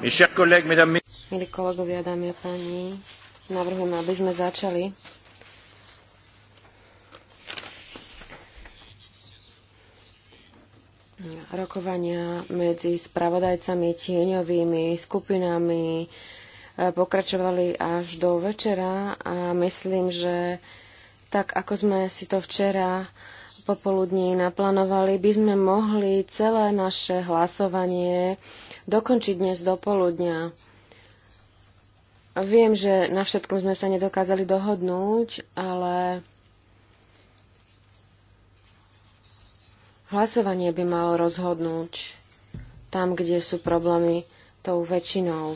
Milí kolegovia, dámy a páni, navrhujem, aby sme začali. Rokovania medzi spravodajcami, tieňovými skupinami eh, pokračovali až do večera a myslím, že tak ako sme si to včera popoludní naplánovali, by sme mohli celé naše hlasovanie dokončiť dnes do poludnia. Viem, že na všetkom sme sa nedokázali dohodnúť, ale hlasovanie by malo rozhodnúť tam, kde sú problémy tou väčšinou.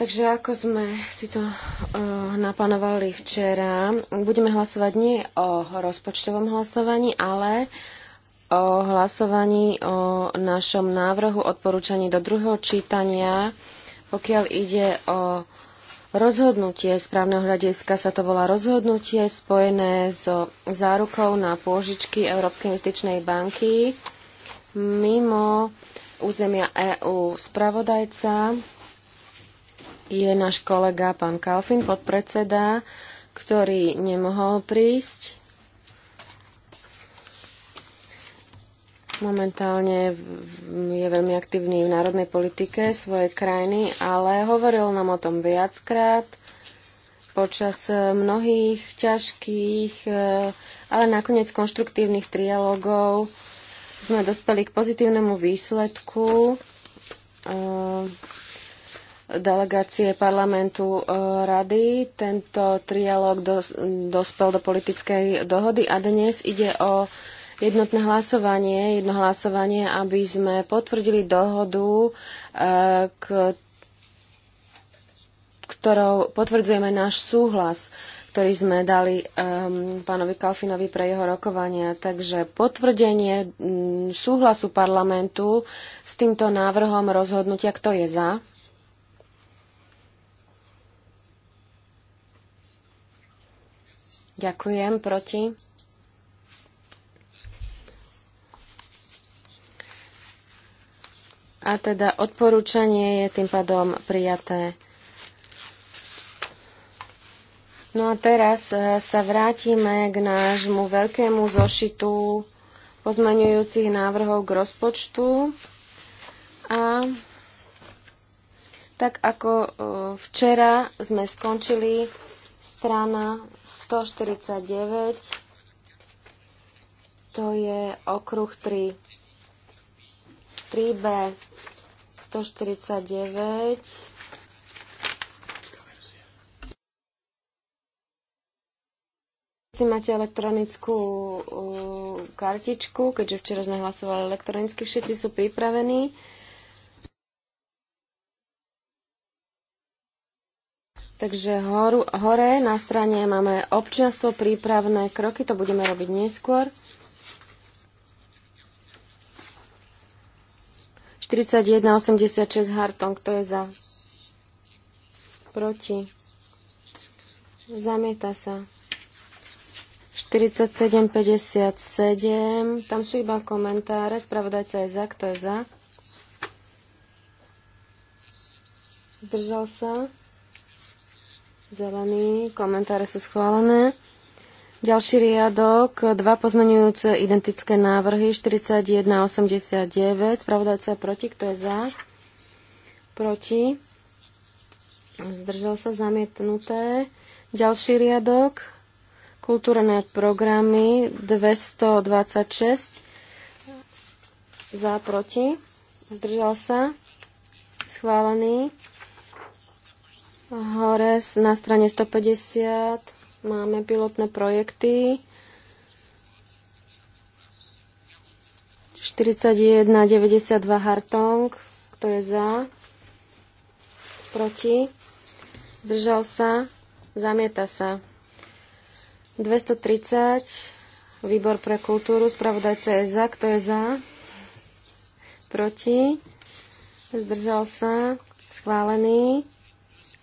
Takže ako sme si to uh, naplánovali včera, budeme hlasovať nie o rozpočtovom hlasovaní, ale uh, o hlasovaní o našom návrhu odporúčaní do druhého čítania. Pokiaľ ide o rozhodnutie správneho hľadiska, sa to volá rozhodnutie spojené so zárukou na pôžičky Európskej investičnej banky mimo územia EÚ. Spravodajca je náš kolega pán Kalfin, podpredseda, ktorý nemohol prísť Momentálne je veľmi aktívny v národnej politike svojej krajiny, ale hovoril nám o tom viackrát počas e, mnohých ťažkých, e, ale nakoniec konštruktívnych trialogov sme dospeli k pozitívnemu výsledku e, delegácie parlamentu rady. Tento trialog dospel do politickej dohody a dnes ide o jednotné hlasovanie, jedno hlasovanie, aby sme potvrdili dohodu, eh, k, ktorou potvrdzujeme náš súhlas ktorý sme dali um, pánovi Kalfinovi pre jeho rokovania. Takže potvrdenie mm, súhlasu parlamentu s týmto návrhom rozhodnutia, kto je za. Ďakujem. Proti? A teda odporúčanie je tým pádom prijaté. No a teraz e, sa vrátime k nášmu veľkému zošitu pozmeňujúcich návrhov k rozpočtu. A tak ako e, včera sme skončili strana 149, to je okruh 3. 3 149 máte elektronickú uh, kartičku, keďže včera sme hlasovali elektronicky, všetci sú pripravení. Takže horu, hore na strane máme občianstvo, prípravné kroky, to budeme robiť neskôr. 41,86 Hartong. Kto je za? Proti. Zamieta sa. 47,57. Tam sú iba komentáre. Spravodajca je za. Kto je za? Zdržal sa. Zelený. Komentáre sú schválené. Ďalší riadok, dva pozmenujúce identické návrhy, 41,89. Spravodajca proti, kto je za? Proti. Zdržal sa zamietnuté. Ďalší riadok, kultúrne programy, 226. Za, proti. Zdržal sa. Schválený. Hore na strane 150. Máme pilotné projekty. 41,92 Hartong. Kto je za? Proti? Držal sa? Zamieta sa. 230. Výbor pre kultúru. Spravodajca je za. Kto je za? Proti? Zdržal sa? Schválený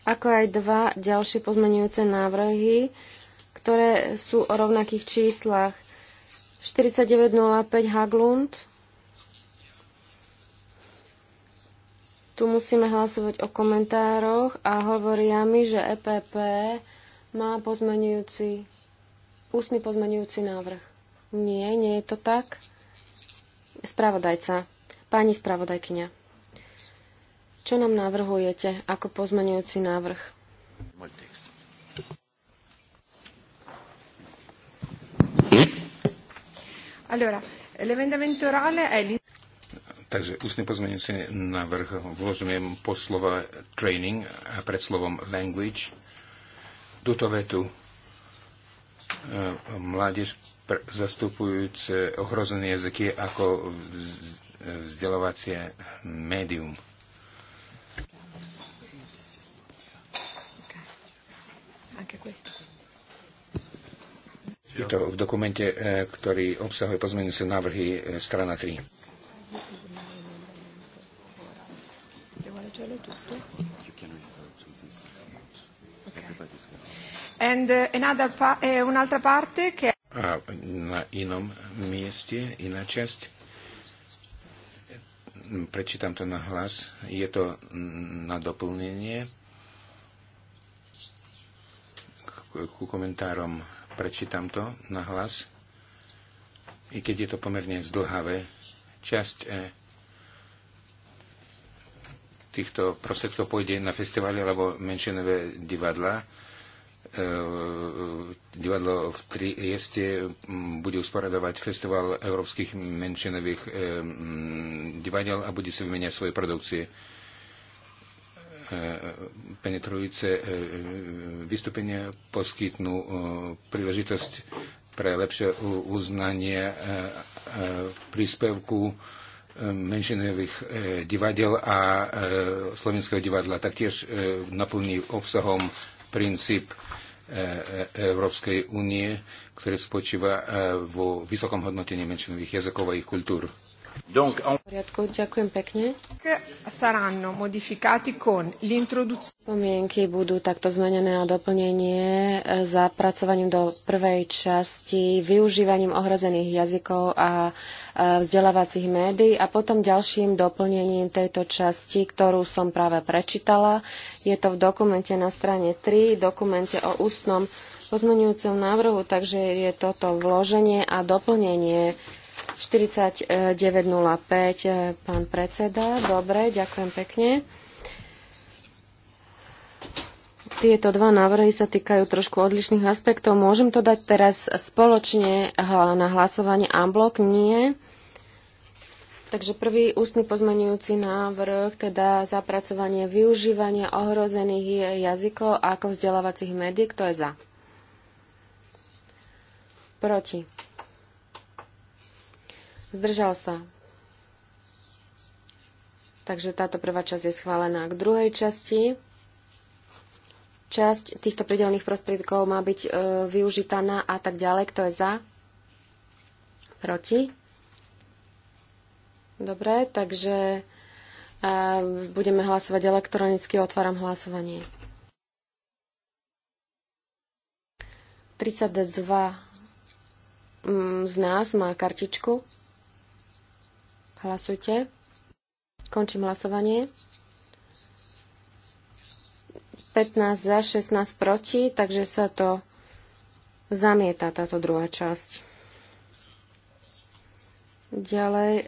ako aj dva ďalšie pozmenujúce návrhy, ktoré sú o rovnakých číslach. 49.05 Haglund. Tu musíme hlasovať o komentároch a hovoria mi, že EPP má pozmenujúci, ústny pozmenujúci návrh. Nie, nie je to tak. Spravodajca. Pani spravodajkyňa. Čo nám navrhujete ako pozmenujúci návrh? Allora, l'emendamento orale è Takže ústne pozmeňujúci návrh vložujem po slovo training a pred slovom language. Tuto vetu e, mládež zastupujúce ohrozené jazyky ako e, vzdelovacie médium. anche questo. Je to v dokumente, eh, ktorý obsahuje pozmenujúce návrhy eh, strana 3. And eh, another pa- eh, un'altra parte che... A na inom mieste, iná časť, prečítam to na hlas, je to na doplnenie ku komentárom. Prečítam to na hlas. I keď je to pomerne zdlhavé, časť eh, týchto prostriedkov pôjde na festivály alebo menšinové divadla. Eh, divadlo v Trieste mm, bude usporadovať festival európskych menšinových eh, mm, divadel a bude si vymeniať svoje produkcie E, e, penetrujúce e, vystúpenia poskytnú príležitosť pre lepšie uznanie príspevku menšinových divadel a slovenského divadla. Taktiež naplní obsahom princíp Európskej únie, ktorý spočíva vo vysokom hodnotení menšinových jazykov a ich kultúr. Donc, on... ďakujem pekne. Saranno modificati con l'introduzione. Pomienky budú takto zmenené a doplnenie e, zapracovaním do prvej časti, využívaním ohrozených jazykov a e, vzdelávacích médií a potom ďalším doplnením tejto časti, ktorú som práve prečítala. Je to v dokumente na strane 3, dokumente o ústnom pozmenujúcom návrhu, takže je toto vloženie a doplnenie 49.05, eh, pán predseda. Dobre, ďakujem pekne. Tieto dva návrhy sa týkajú trošku odlišných aspektov. Môžem to dať teraz spoločne na hlasovanie unblock? Nie. Takže prvý ústny pozmenujúci návrh, teda zapracovanie využívania ohrozených jazykov ako vzdelávacích médií. Kto je za? Proti. Zdržal sa. Takže táto prvá časť je schválená. K druhej časti časť týchto pridelených prostriedkov má byť e, využitá na a tak ďalej. Kto je za? Proti? Dobre, takže e, budeme hlasovať elektronicky. Otváram hlasovanie. 32 mm, z nás má kartičku. Hlasujte. Končím hlasovanie. 15 za, 16 proti, takže sa to zamieta táto druhá časť. Ďalej, e,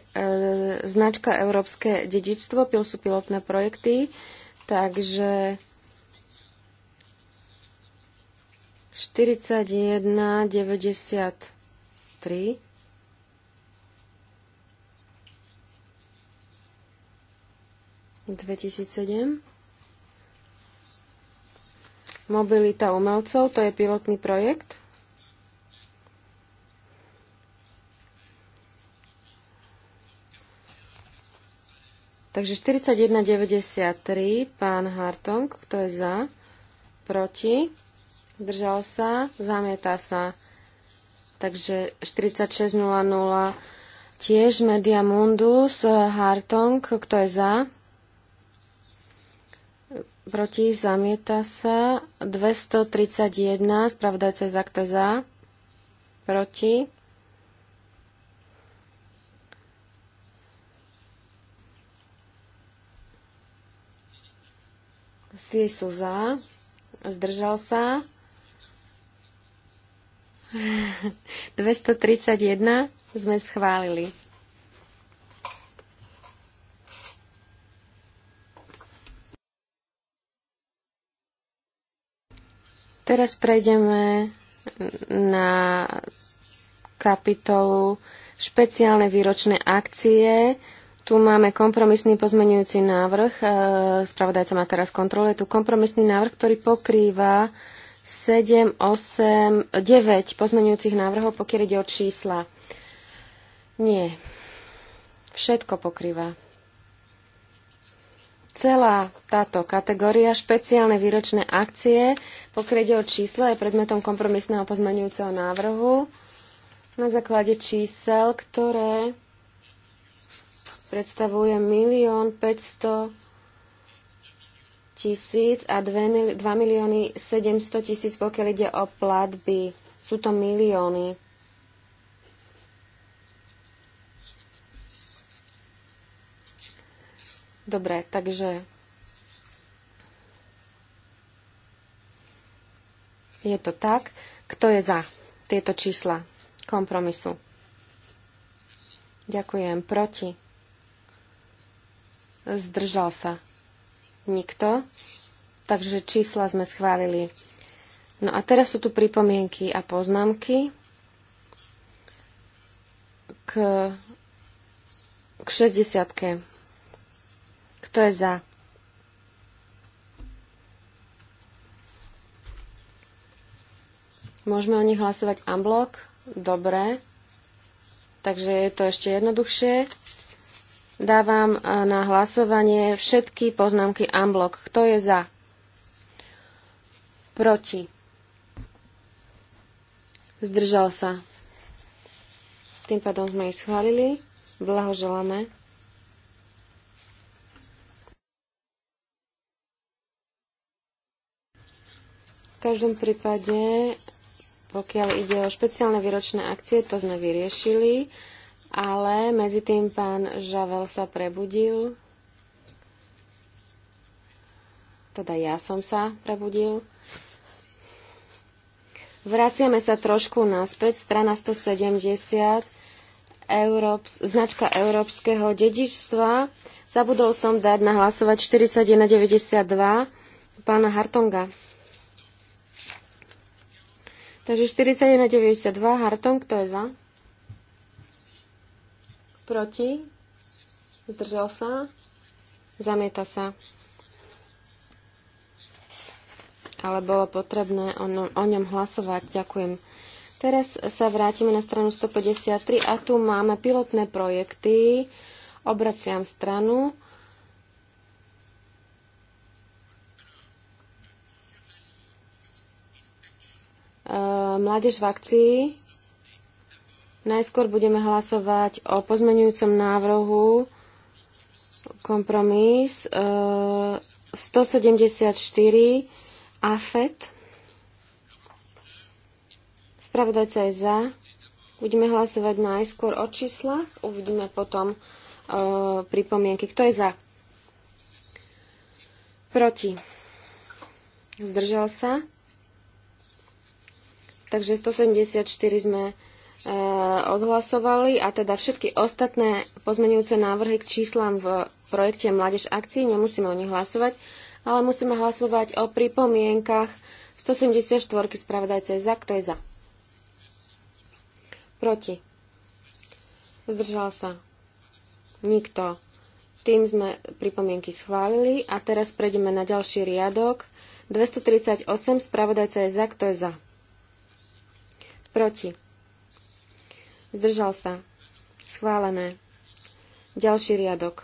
značka Európske dedičstvo, pil sú pilotné projekty, takže 41,93 2007. Mobilita umelcov, to je pilotný projekt. Takže 41,93, pán Hartong, kto je za, proti, držal sa, zamieta sa. Takže 46,00 tiež Media Mundus, Hartong, kto je za, proti, zamieta sa. 231, spravodajca za, kto za, proti. Si sú za, zdržal sa. 231 sme schválili. Teraz prejdeme na kapitolu špeciálne výročné akcie. Tu máme kompromisný pozmenujúci návrh. E, spravodajca má teraz kontrolu. Je tu kompromisný návrh, ktorý pokrýva 7, 8, 9 pozmenujúcich návrhov, pokiaľ ide o čísla. Nie. Všetko pokrýva celá táto kategória špeciálne výročné akcie, pokrede o číslo je predmetom kompromisného pozmenujúceho návrhu na základe čísel, ktoré predstavuje 1 500 tisíc a 2 milióny 700 tisíc, pokiaľ ide o platby. Sú to milióny. Dobre, takže je to tak. Kto je za tieto čísla kompromisu? Ďakujem. Proti? Zdržal sa. Nikto. Takže čísla sme schválili. No a teraz sú tu pripomienky a poznámky k, k 60. -ke. Kto je za? Môžeme o nich hlasovať unblock? Dobre. Takže je to ešte jednoduchšie. Dávam e, na hlasovanie všetky poznámky unblock. Kto je za? Proti. Zdržal sa. Tým pádom sme ich schválili. Blahoželáme. V každom prípade, pokiaľ ide o špeciálne výročné akcie, to sme vyriešili, ale medzi tým pán Žavel sa prebudil. Teda ja som sa prebudil. Vraciame sa trošku naspäť, strana 170, Európs, značka európskeho dedičstva. Zabudol som dať na hlasovať 4192 pána Hartonga. Takže 41 92 Harton, kto je za? Proti? Zdržal sa? Zamieta sa. Ale bolo potrebné o, no, o ňom hlasovať. Ďakujem. Teraz sa vrátime na stranu 153 a tu máme pilotné projekty. Obraciam stranu. mládež v akcii. Najskôr budeme hlasovať o pozmenujúcom návrhu kompromis 174 e, AFET. Spravodajca je za. Budeme hlasovať najskôr o číslach, uvidíme potom e, pripomienky. Kto je za? Proti. Zdržal sa. Takže 174 sme e, odhlasovali a teda všetky ostatné pozmenujúce návrhy k číslam v projekte Mládež akcií nemusíme o nich hlasovať, ale musíme hlasovať o pripomienkach 174 spravodajce za. Kto je za? Proti. Zdržal sa. Nikto. Tým sme pripomienky schválili a teraz prejdeme na ďalší riadok. 238 spravodajca je za. Kto je za? Proti. Zdržal sa. Schválené. Ďalší riadok.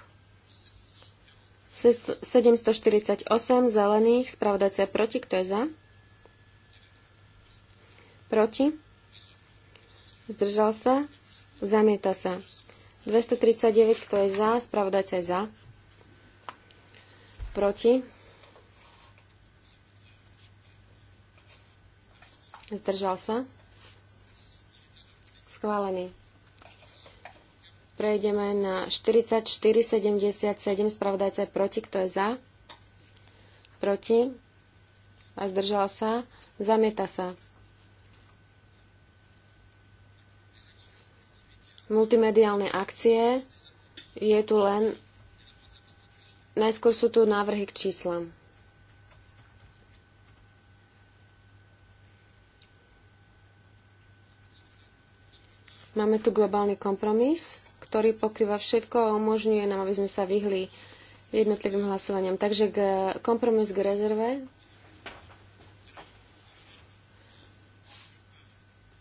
748 zelených, spravodajca proti, kto je za? Proti? Zdržal sa? Zamieta sa. 239, kto je za? Spravodajca je za. Proti? Zdržal sa? Schválený. Prejdeme na 44,77. Spravodajca je proti. Kto je za? Proti. A zdržal sa. Zamieta sa. Multimediálne akcie. Je tu len... Najskôr sú tu návrhy k číslam. Máme tu globálny kompromis, ktorý pokrýva všetko a umožňuje nám, aby sme sa vyhli jednotlivým hlasovaniam. Takže k, kompromis k rezerve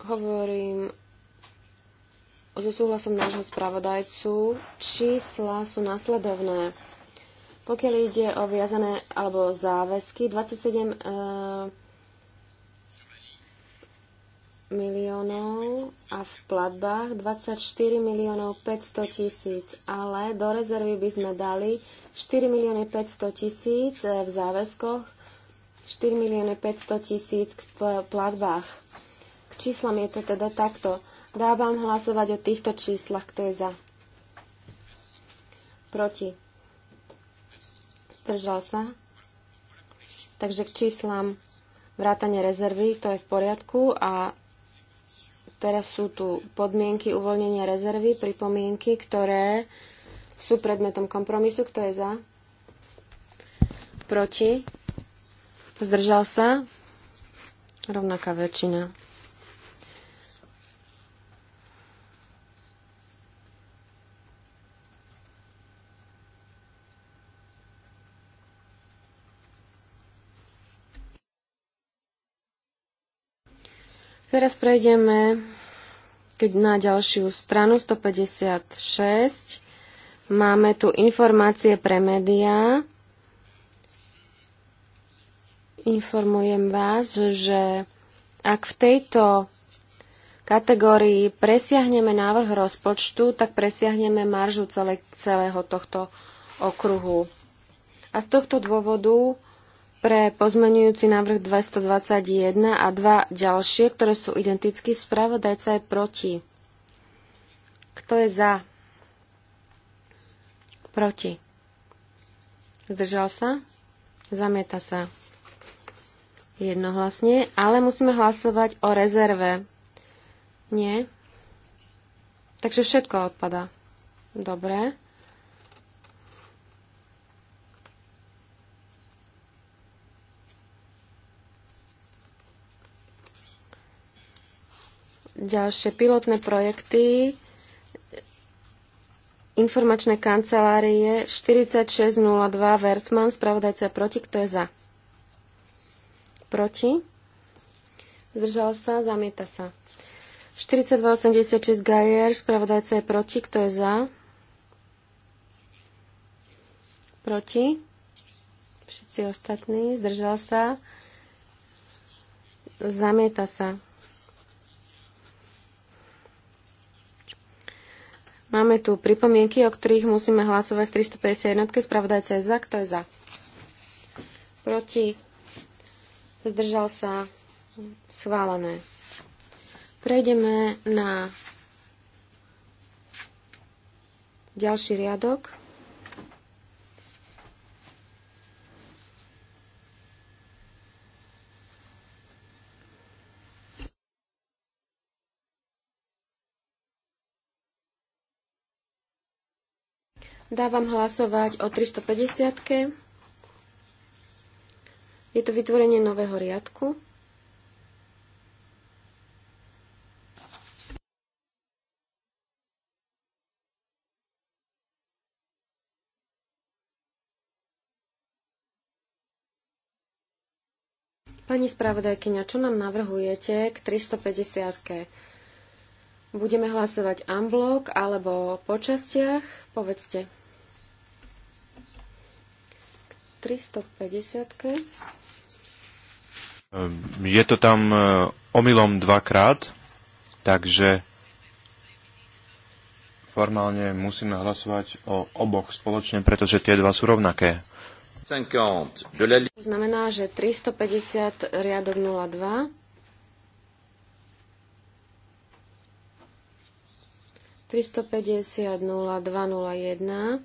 hovorím so súhlasom nášho spravodajcu. Čísla sú následovné. Pokiaľ ide o viazané alebo záväzky, 27 miliónov a v platbách 24 miliónov 500 tisíc, ale do rezervy by sme dali 4 milióny 500 tisíc eh, v záväzkoch, 4 milióny 500 tisíc v platbách. K číslam je to teda takto. Dávam hlasovať o týchto číslach, kto je za. Proti. Držal sa. Takže k číslam vrátanie rezervy, to je v poriadku a teraz sú tu podmienky uvoľnenia rezervy, pripomienky, ktoré sú predmetom kompromisu. Kto je za? Proti? Zdržal sa? Rovnaká väčšina. Teraz prejdeme keď na ďalšiu stranu 156. Máme tu informácie pre médiá. Informujem vás, že ak v tejto kategórii presiahneme návrh rozpočtu, tak presiahneme maržu celé, celého tohto okruhu. A z tohto dôvodu pre pozmenujúci návrh 221 a dva ďalšie, ktoré sú identicky. Spravodajca je proti. Kto je za? Proti. Zdržal sa? Zamieta sa. Jednohlasne, ale musíme hlasovať o rezerve. Nie? Takže všetko odpada. Dobre. Ďalšie pilotné projekty informačné kancelárie 4602 Vertman, spravodajca proti, kto je za? Proti? Zdržal sa, zamieta sa. 4286 Gajer, spravodajca je proti, kto je za? Proti? Všetci ostatní, zdržal sa. Zamieta sa. Máme tu pripomienky, o ktorých musíme hlasovať v 351. Spravodajca je za. Kto je za? Proti? Zdržal sa? Schválené. Prejdeme na ďalší riadok. Dávam hlasovať o 350. Je to vytvorenie nového riadku. Pani spravodajkyňa, čo nám navrhujete k 350? -ke? Budeme hlasovať unblock alebo po častiach? Povedzte. 350. Ehm, je to tam e, omylom dvakrát, takže formálne musíme hlasovať o oboch spoločne, pretože tie dva sú rovnaké. To znamená, že 350 riadok 02 350 02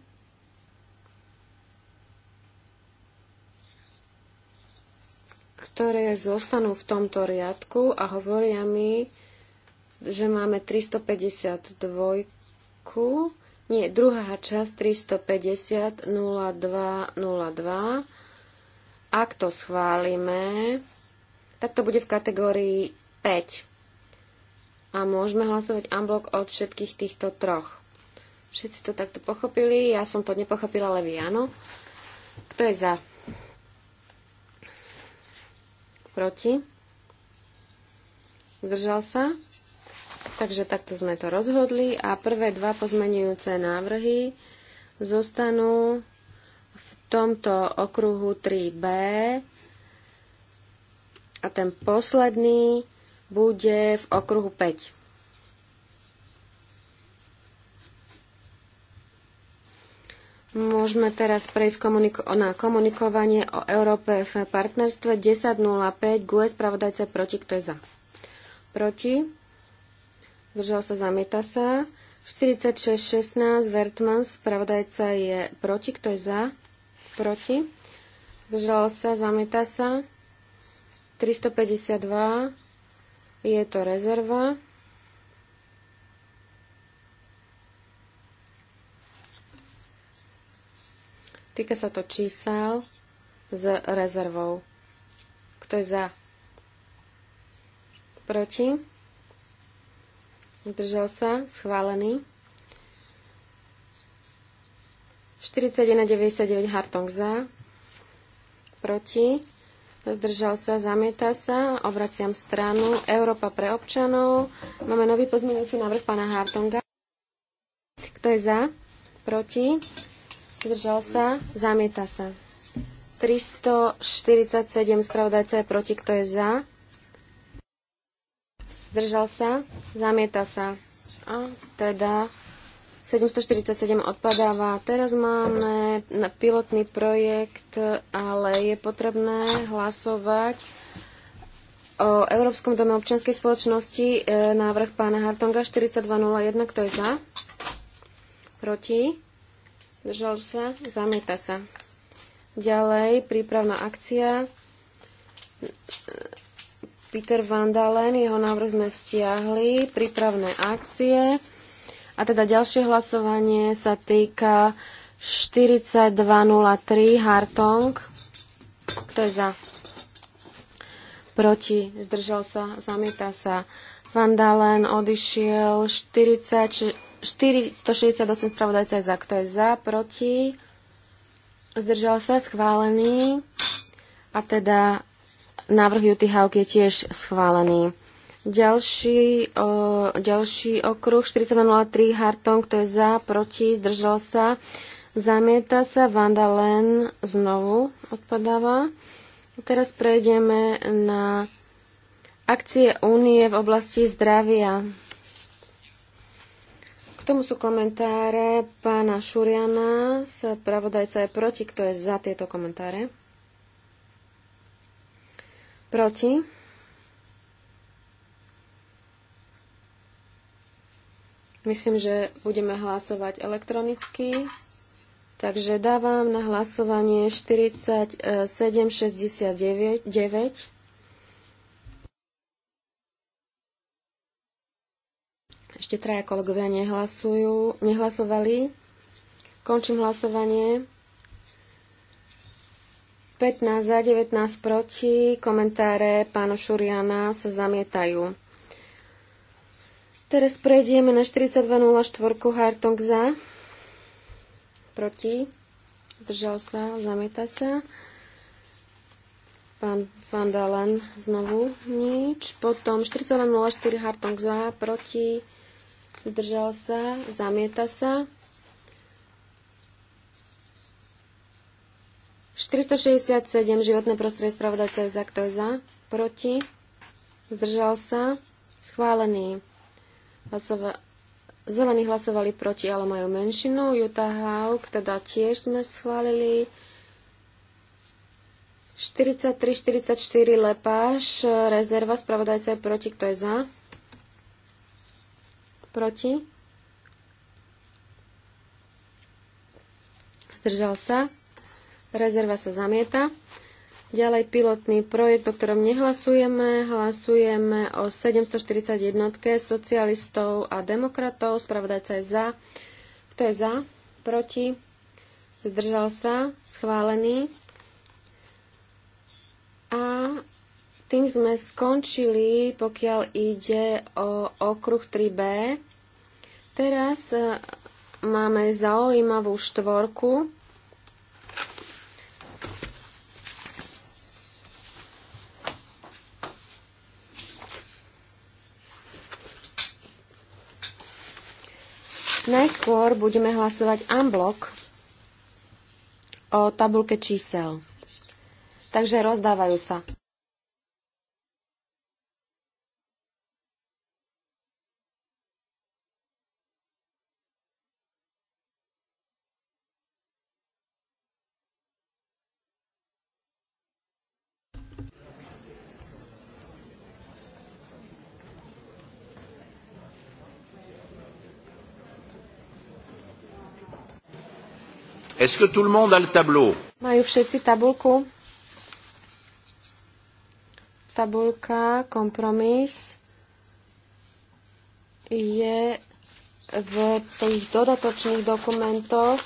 ktoré zostanú v tomto riadku a hovoria mi, že máme 352, nie, druhá časť 350 0202. Ak to schválime, tak to bude v kategórii 5. A môžeme hlasovať unblock od všetkých týchto troch. Všetci to takto pochopili, ja som to nepochopila, ale vy áno. Kto je za? proti, zdržal sa. Takže takto sme to rozhodli a prvé dva pozmenujúce návrhy zostanú v tomto okruhu 3b a ten posledný bude v okruhu 5. Môžeme teraz prejsť komuniko- na komunikovanie o Európe v partnerstve 10.05. GUE spravodajce proti, kto je za? Proti. Držal sa, zamieta sa. 46.16. Vertman, spravodajca je proti, kto je za? Proti. Držal sa, zamieta sa. 352. Je to rezerva. Týka sa to čísel s rezervou. Kto je za? Proti? Zdržal sa? Schválený. 41,99 Hartong za. Proti? Zdržal sa, zamieta sa, obraciam stranu. Európa pre občanov. Máme nový pozmeňujúci návrh pána Hartonga. Kto je za? Proti? Zdržal sa? Zamieta sa. 347 spravodajca je proti, kto je za? Zdržal sa? Zamieta sa. A teda 747 odpadáva. Teraz máme pilotný projekt, ale je potrebné hlasovať o Európskom dome občianskej spoločnosti e, návrh pána Hartonga 4201. Kto je za? Proti? Zdržal sa? Zamieta sa. Ďalej, prípravná akcia. Peter Van Dalen, jeho návrh sme stiahli, prípravné akcie. A teda ďalšie hlasovanie sa týka 4203 Hartong. Kto je za? Proti. Zdržal sa. Zamieta sa. Van Dalen odišiel 46 468 spravodajca je za. Kto je za? Proti? Zdržal sa? Schválený. A teda návrh Juty Hauk je tiež schválený. Ďalší, o, ďalší okruh 4003 Harton, kto je za, proti, zdržal sa. Zamieta sa, Vanda len znovu odpadáva. Teraz prejdeme na akcie únie v oblasti zdravia tomu sú komentáre pána Šuriana, spravodajca je proti, kto je za tieto komentáre. Proti. Myslím, že budeme hlasovať elektronicky. Takže dávam na hlasovanie 4769. Ešte traja kolegovia nehlasujú, nehlasovali. Končím hlasovanie. 15 za, 19 proti. Komentáre pána Šuriana sa zamietajú. Teraz prejdeme na 42.04 Hartong za. Proti. Zdržal sa, zamieta sa. Pán Van Dalen znovu nič. Potom 40.04 Hartong za, proti zdržal sa, zamieta sa. 467 životné prostredie spravodajca je za, kto je za, proti, zdržal sa, schválený. Hlasova- Zelení hlasovali proti, ale majú menšinu. Utah Hawk, teda tiež sme schválili. 43-44 Lepáš, rezerva, spravodajca je proti, kto je za? proti, zdržal sa, rezerva sa zamieta. Ďalej pilotný projekt, o ktorom nehlasujeme. Hlasujeme o 741 socialistov a demokratov. Spravodajca je za. Kto je za? Proti? Zdržal sa? Schválený. A tým sme skončili, pokiaľ ide o okruh 3B. Teraz e, máme zaujímavú štvorku. Najskôr budeme hlasovať unblock o tabulke čísel. Takže rozdávajú sa. Est-ce que tout le monde a le tableau? Majú všetci tabulku? Tabulka, kompromis je v tých dodatočných dokumentoch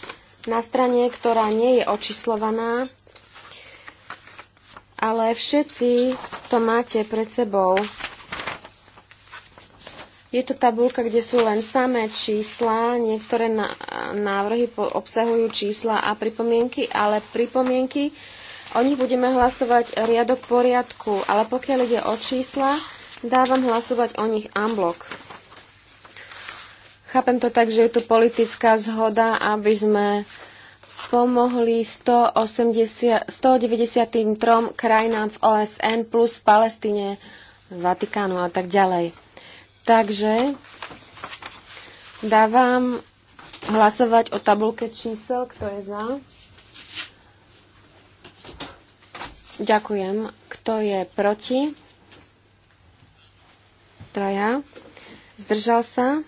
na strane, ktorá nie je očíslovaná, ale všetci to máte pred sebou. Je to tabulka, kde sú len samé čísla, niektoré návrhy obsahujú čísla a pripomienky, ale pripomienky, o nich budeme hlasovať riadok poriadku, ale pokiaľ ide o čísla, dávam hlasovať o nich unblock. Chápem to tak, že je tu politická zhoda, aby sme pomohli 180, 193 krajinám v OSN plus Palestíne, Vatikánu a tak ďalej. Takže dávam hlasovať o tabulke čísel, kto je za. Ďakujem. Kto je proti? Traja. Zdržal sa.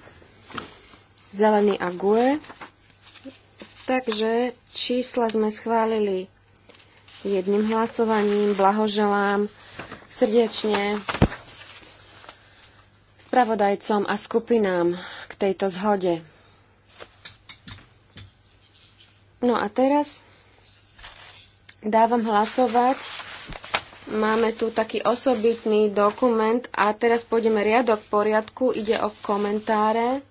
Zelený a GUE. Takže čísla sme schválili jedným hlasovaním. Blahoželám srdečne spravodajcom a skupinám k tejto zhode. No a teraz dávam hlasovať. Máme tu taký osobitný dokument a teraz pôjdeme riadok poriadku. Ide o komentáre.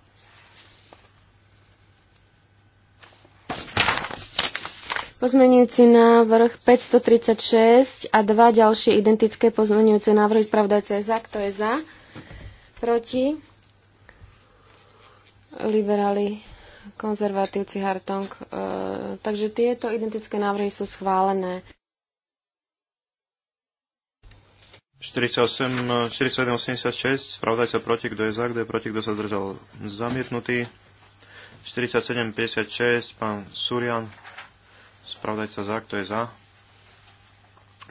Pozmenujúci návrh 536 a dva ďalšie identické pozmenujúce návrhy spravodajca je za. Kto je za? proti. Liberáli, konzervatívci, Hartong. E, takže tieto identické návrhy sú schválené. 48, 4786, spravodaj sa proti, kto je za, kto je proti, kto sa zdržal zamietnutý. 4756, pán Surian, spravodaj sa za, kto je za,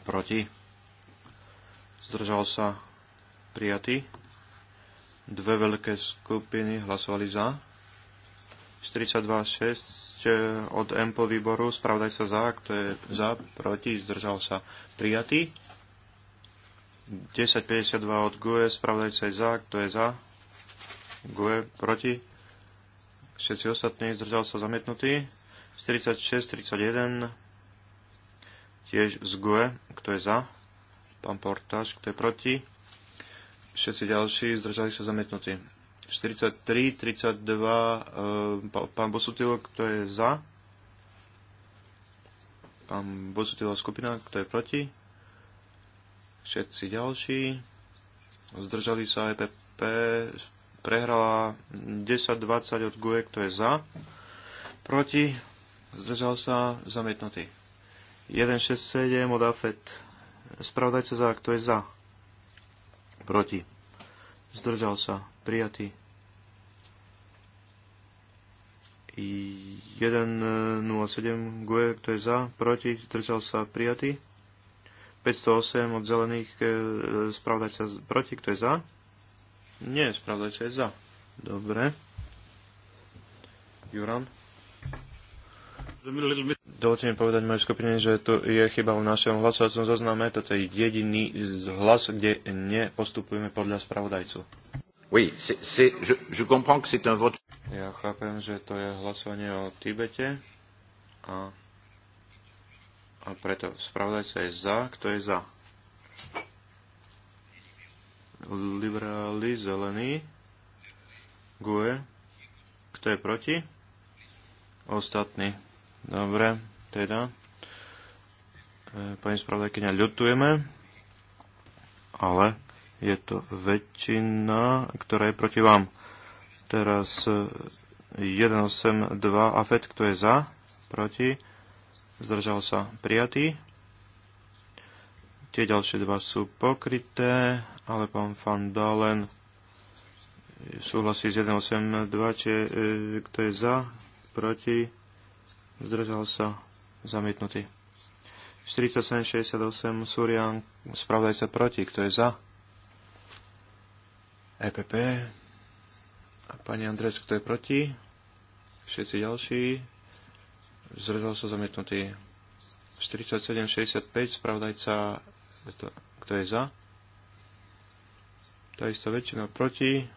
proti, zdržal sa prijatý. Dve veľké skupiny hlasovali za. 42.6 eh, od EMPO výboru, sa za, kto je za, proti, zdržal sa prijatý. 10.52 od GUE, spravodajca je za, kto je za, GUE proti, všetci ostatní, zdržal sa zamietnutý. 46.31 tiež z GUE, kto je za, pán Portáš, kto je proti, všetci ďalší zdržali sa zamietnutí. 43, 32, e, pán Bosutilo kto je za? Pán Bosutilo, skupina, kto je proti? Všetci ďalší. Zdržali sa EPP, prehrala 10-20 od GUE, kto je za? Proti? Zdržal sa zamietnutý. 1-6-7 od AFET. Spravodajca za, kto je za? proti, zdržal sa, prijatý. 107 GUE, kto je za, proti, zdržal sa, prijatý. 508 od zelených, e, spravdať sa proti, kto je za? Nie, spravdať sa je za. Dobre. Juran. Dovolte mi povedať mojej skupine, že to je chyba v našom hlasovacom zozname. Toto je jediný hlas, kde nepostupujeme podľa spravodajcu. Oui, je, je comprends que c'est un vote. Ja chápem, že to je hlasovanie o Tibete a, a preto spravodajca je za. Kto je za? Liberáli, zelený, GUE. Kto je proti? Ostatní. Dobre, teda. E, pani spravodajkyňa, ľutujeme, ale je to väčšina, ktorá je proti vám. Teraz 182 e, AFET, kto je za, proti, zdržal sa prijatý. Tie ďalšie dva sú pokryté, ale pán Van Dalen súhlasí s 182, či, e, kto je za, proti, zdržal sa, zamietnutý. 4768 Surian, spravdaj sa proti, kto je za? EPP. A pani Andres, kto je proti? Všetci ďalší. Zdržal sa zamietnutý. 4765 sa, kto je za? Tá istá väčšina proti.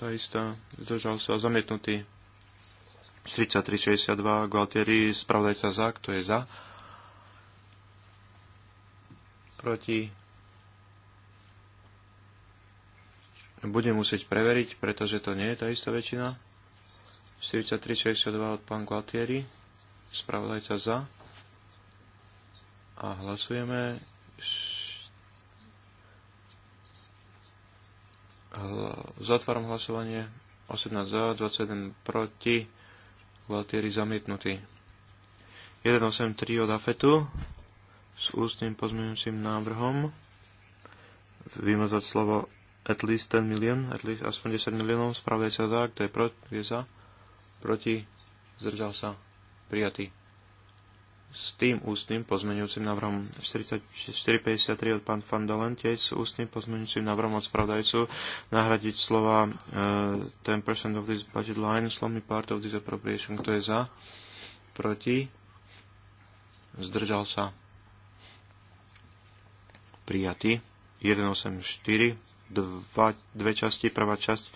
Tá istá zdržal sa zamietnutý. 4362 Gualtieri, spravodajca za, kto je za? Proti? Budem musieť preveriť, pretože to nie je tá istá väčšina. 62 od pán Gualtieri, spravodajca za. A hlasujeme. Zatváram hlasovanie. 18 za, 21 proti Gualtieri zamietnutý. 183 od AFETu s ústnym pozmeňujúcim návrhom vymazať slovo at least 10 million, at least aspoň 10 miliónov, spravdaj sa za, kto je, pro, je za, proti, zdržal sa, prijatý s tým ústnym pozmeňujúcim návrhom 4453 od pán Van tiež s ústnym pozmeňujúcim návrhom od spravodajcu nahradiť slova uh, e, 10% of this budget line slovný part of this appropriation. Kto je za? Proti? Zdržal sa? Prijatý. 184. Dva, dve časti. Prvá časť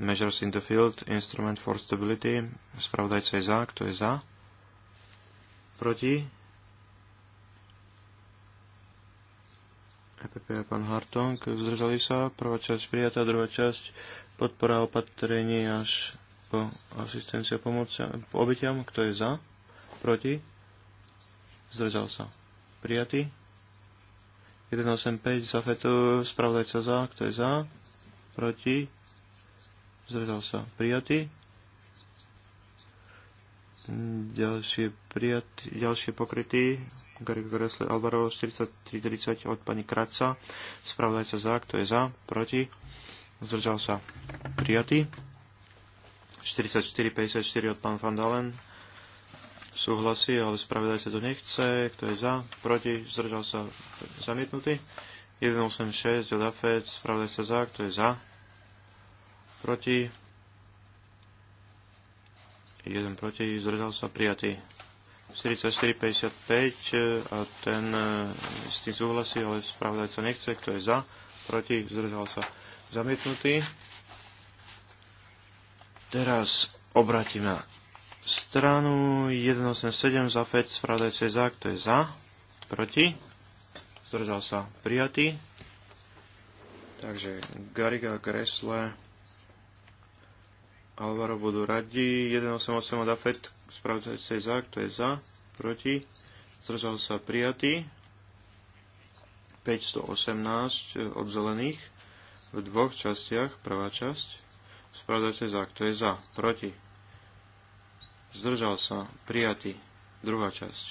Measures in the Field, Instrument for Stability. Spravodajca je za. Kto je za? Proti? EPP a pán Hartong. Zdržali sa. Prvá časť prijatá, druhá časť podpora opatrení až po asistencia pomoci po obetiam. Kto je za? Proti? Zdržal sa. Prijatý? 185 za fetu, spravodajca za, kto je za? Proti? Zdržal sa. Prijatý? ďalšie, prijat, ďalšie pokrytý Gary Gresle Alvaro 4330 od pani Kraca spravodajca za, kto je za, proti zdržal sa prijatý 4454 od pán Van Dalen súhlasí, ale sa to nechce kto je za, proti, zdržal sa zamietnutý 186 od AFED sa za, kto je za proti 1 proti, zdržal sa prijatý. 44,55 e, a ten e, s tým súhlasí, ale spravodajca nechce, kto je za, proti, zdržal sa zamietnutý. Teraz obratím na stranu 187 za FED, spravodajca je za, kto je za, proti, zdržal sa prijatý. Takže Gariga Kresle Alvaro budú radi. 188 od AFET, spravodajca je za, kto je za, proti, zdržal sa prijatý. 518 e, od zelených v dvoch častiach, prvá časť, spravodajca je za, kto je za, proti, zdržal sa, prijatý, druhá časť,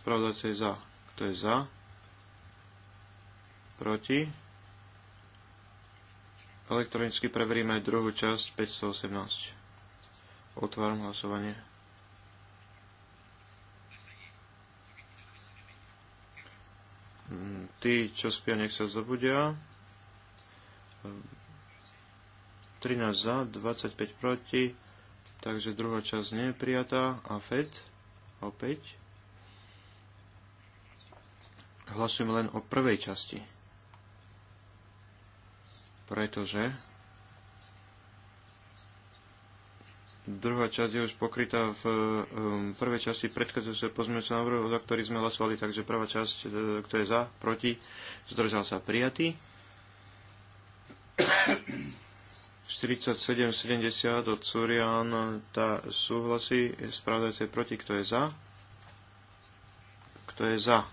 spravodajca je za, kto je za, proti, Elektronicky preveríme aj druhú časť 518. Otváram hlasovanie. Mm, tí, čo spia, nech sa zobudia. 13 za, 25 proti, takže druhá časť nie je prijatá a FED opäť. Hlasujem len o prvej časti pretože druhá časť je už pokrytá um, v prvej časti predchádzajúceho pozmeňujúceho návrhu, za ktorý sme hlasovali, takže prvá časť, e, kto je za, proti, zdržal sa prijatý. 4770 od Surian, tá súhlasí, spravodajce proti, kto je za? Kto je za?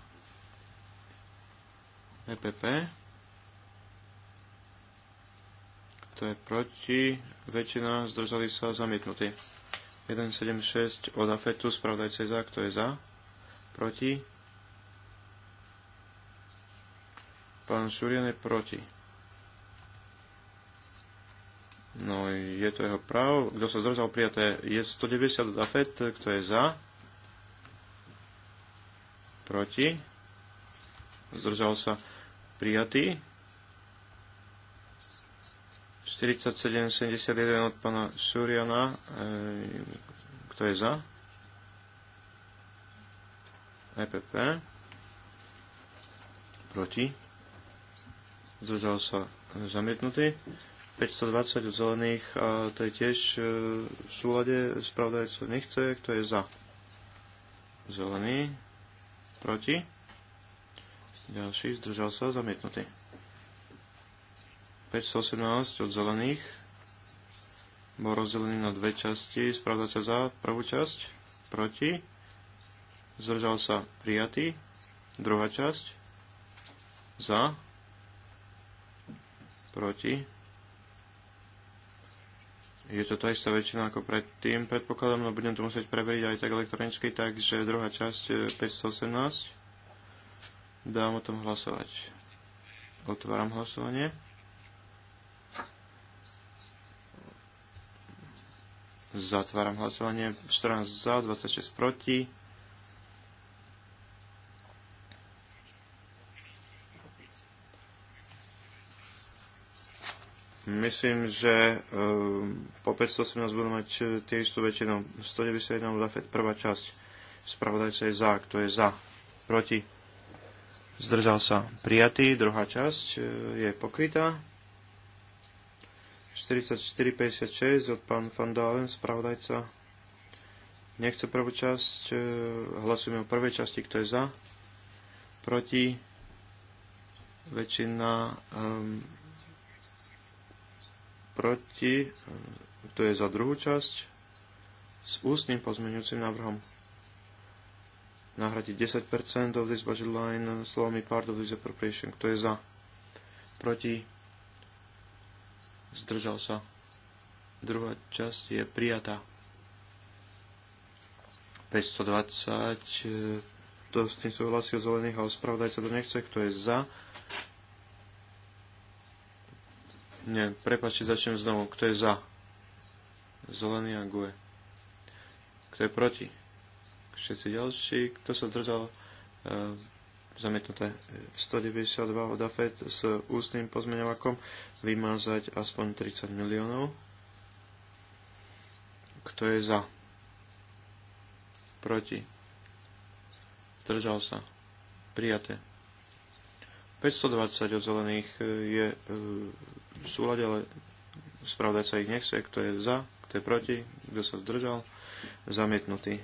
EPP. to je proti, väčšina zdržali sa zamietnutí. 176 od Afetu, spravodajce za, kto je za, proti. Pán Šurian je proti. No, je to jeho právo. Kto sa zdržal prijaté, je 190 od Afet, kto je za, proti. Zdržal sa prijatý. 47,71 od pána Šuriana. E, kto je za? EPP. Proti. Zdržal sa zamietnutý. 520 od zelených a to je tiež e, v súlade spravodajca nechce, kto je za. Zelený. Proti. Ďalší zdržal sa zamietnutý. 518 od zelených bol rozdelený na dve časti. Spravda sa za prvú časť, proti. Zdržal sa prijatý. Druhá časť, za, proti. Je to tá istá väčšina ako predtým, predpokladám, no budem to musieť preveriť aj tak elektronicky, takže druhá časť 518. E, Dám o tom hlasovať. Otváram hlasovanie. Zatváram hlasovanie. 14 za, 26 proti. Myslím, že e, po 518 budú mať e, tie istú väčšinu. 191 FED prvá časť. Spravodajca je za, kto je za, proti. Zdržal sa prijatý, druhá časť e, je pokrytá. 4456 od pán Van Dalen, spravodajca. Nechce prvú časť. E, hlasujeme o prvej časti, kto je za. Proti. Väčšina um, proti. Kto je za druhú časť? S ústnym pozmeňujúcim návrhom. Nahradiť 10% of this budget line slovami part of this appropriation. Kto je za? Proti zdržal sa. Druhá časť je prijatá. 520, e, to s tým súhlasil zelených zelených, ale sa to nechce, kto je za. Nie, prepačte, začnem znovu. Kto je za? Zelený a GUE. Kto je proti? Všetci ďalší. Kto sa zdržal? E, zamietnuté 192 od AFED s ústnym pozmeňovakom vymazať aspoň 30 miliónov. Kto je za? Proti? Zdržal sa? Prijaté. 520 od zelených e, je e, v súlade, ale spravdať sa ich nechce. Kto je za? Kto je proti? Kto sa zdržal? Zamietnutý.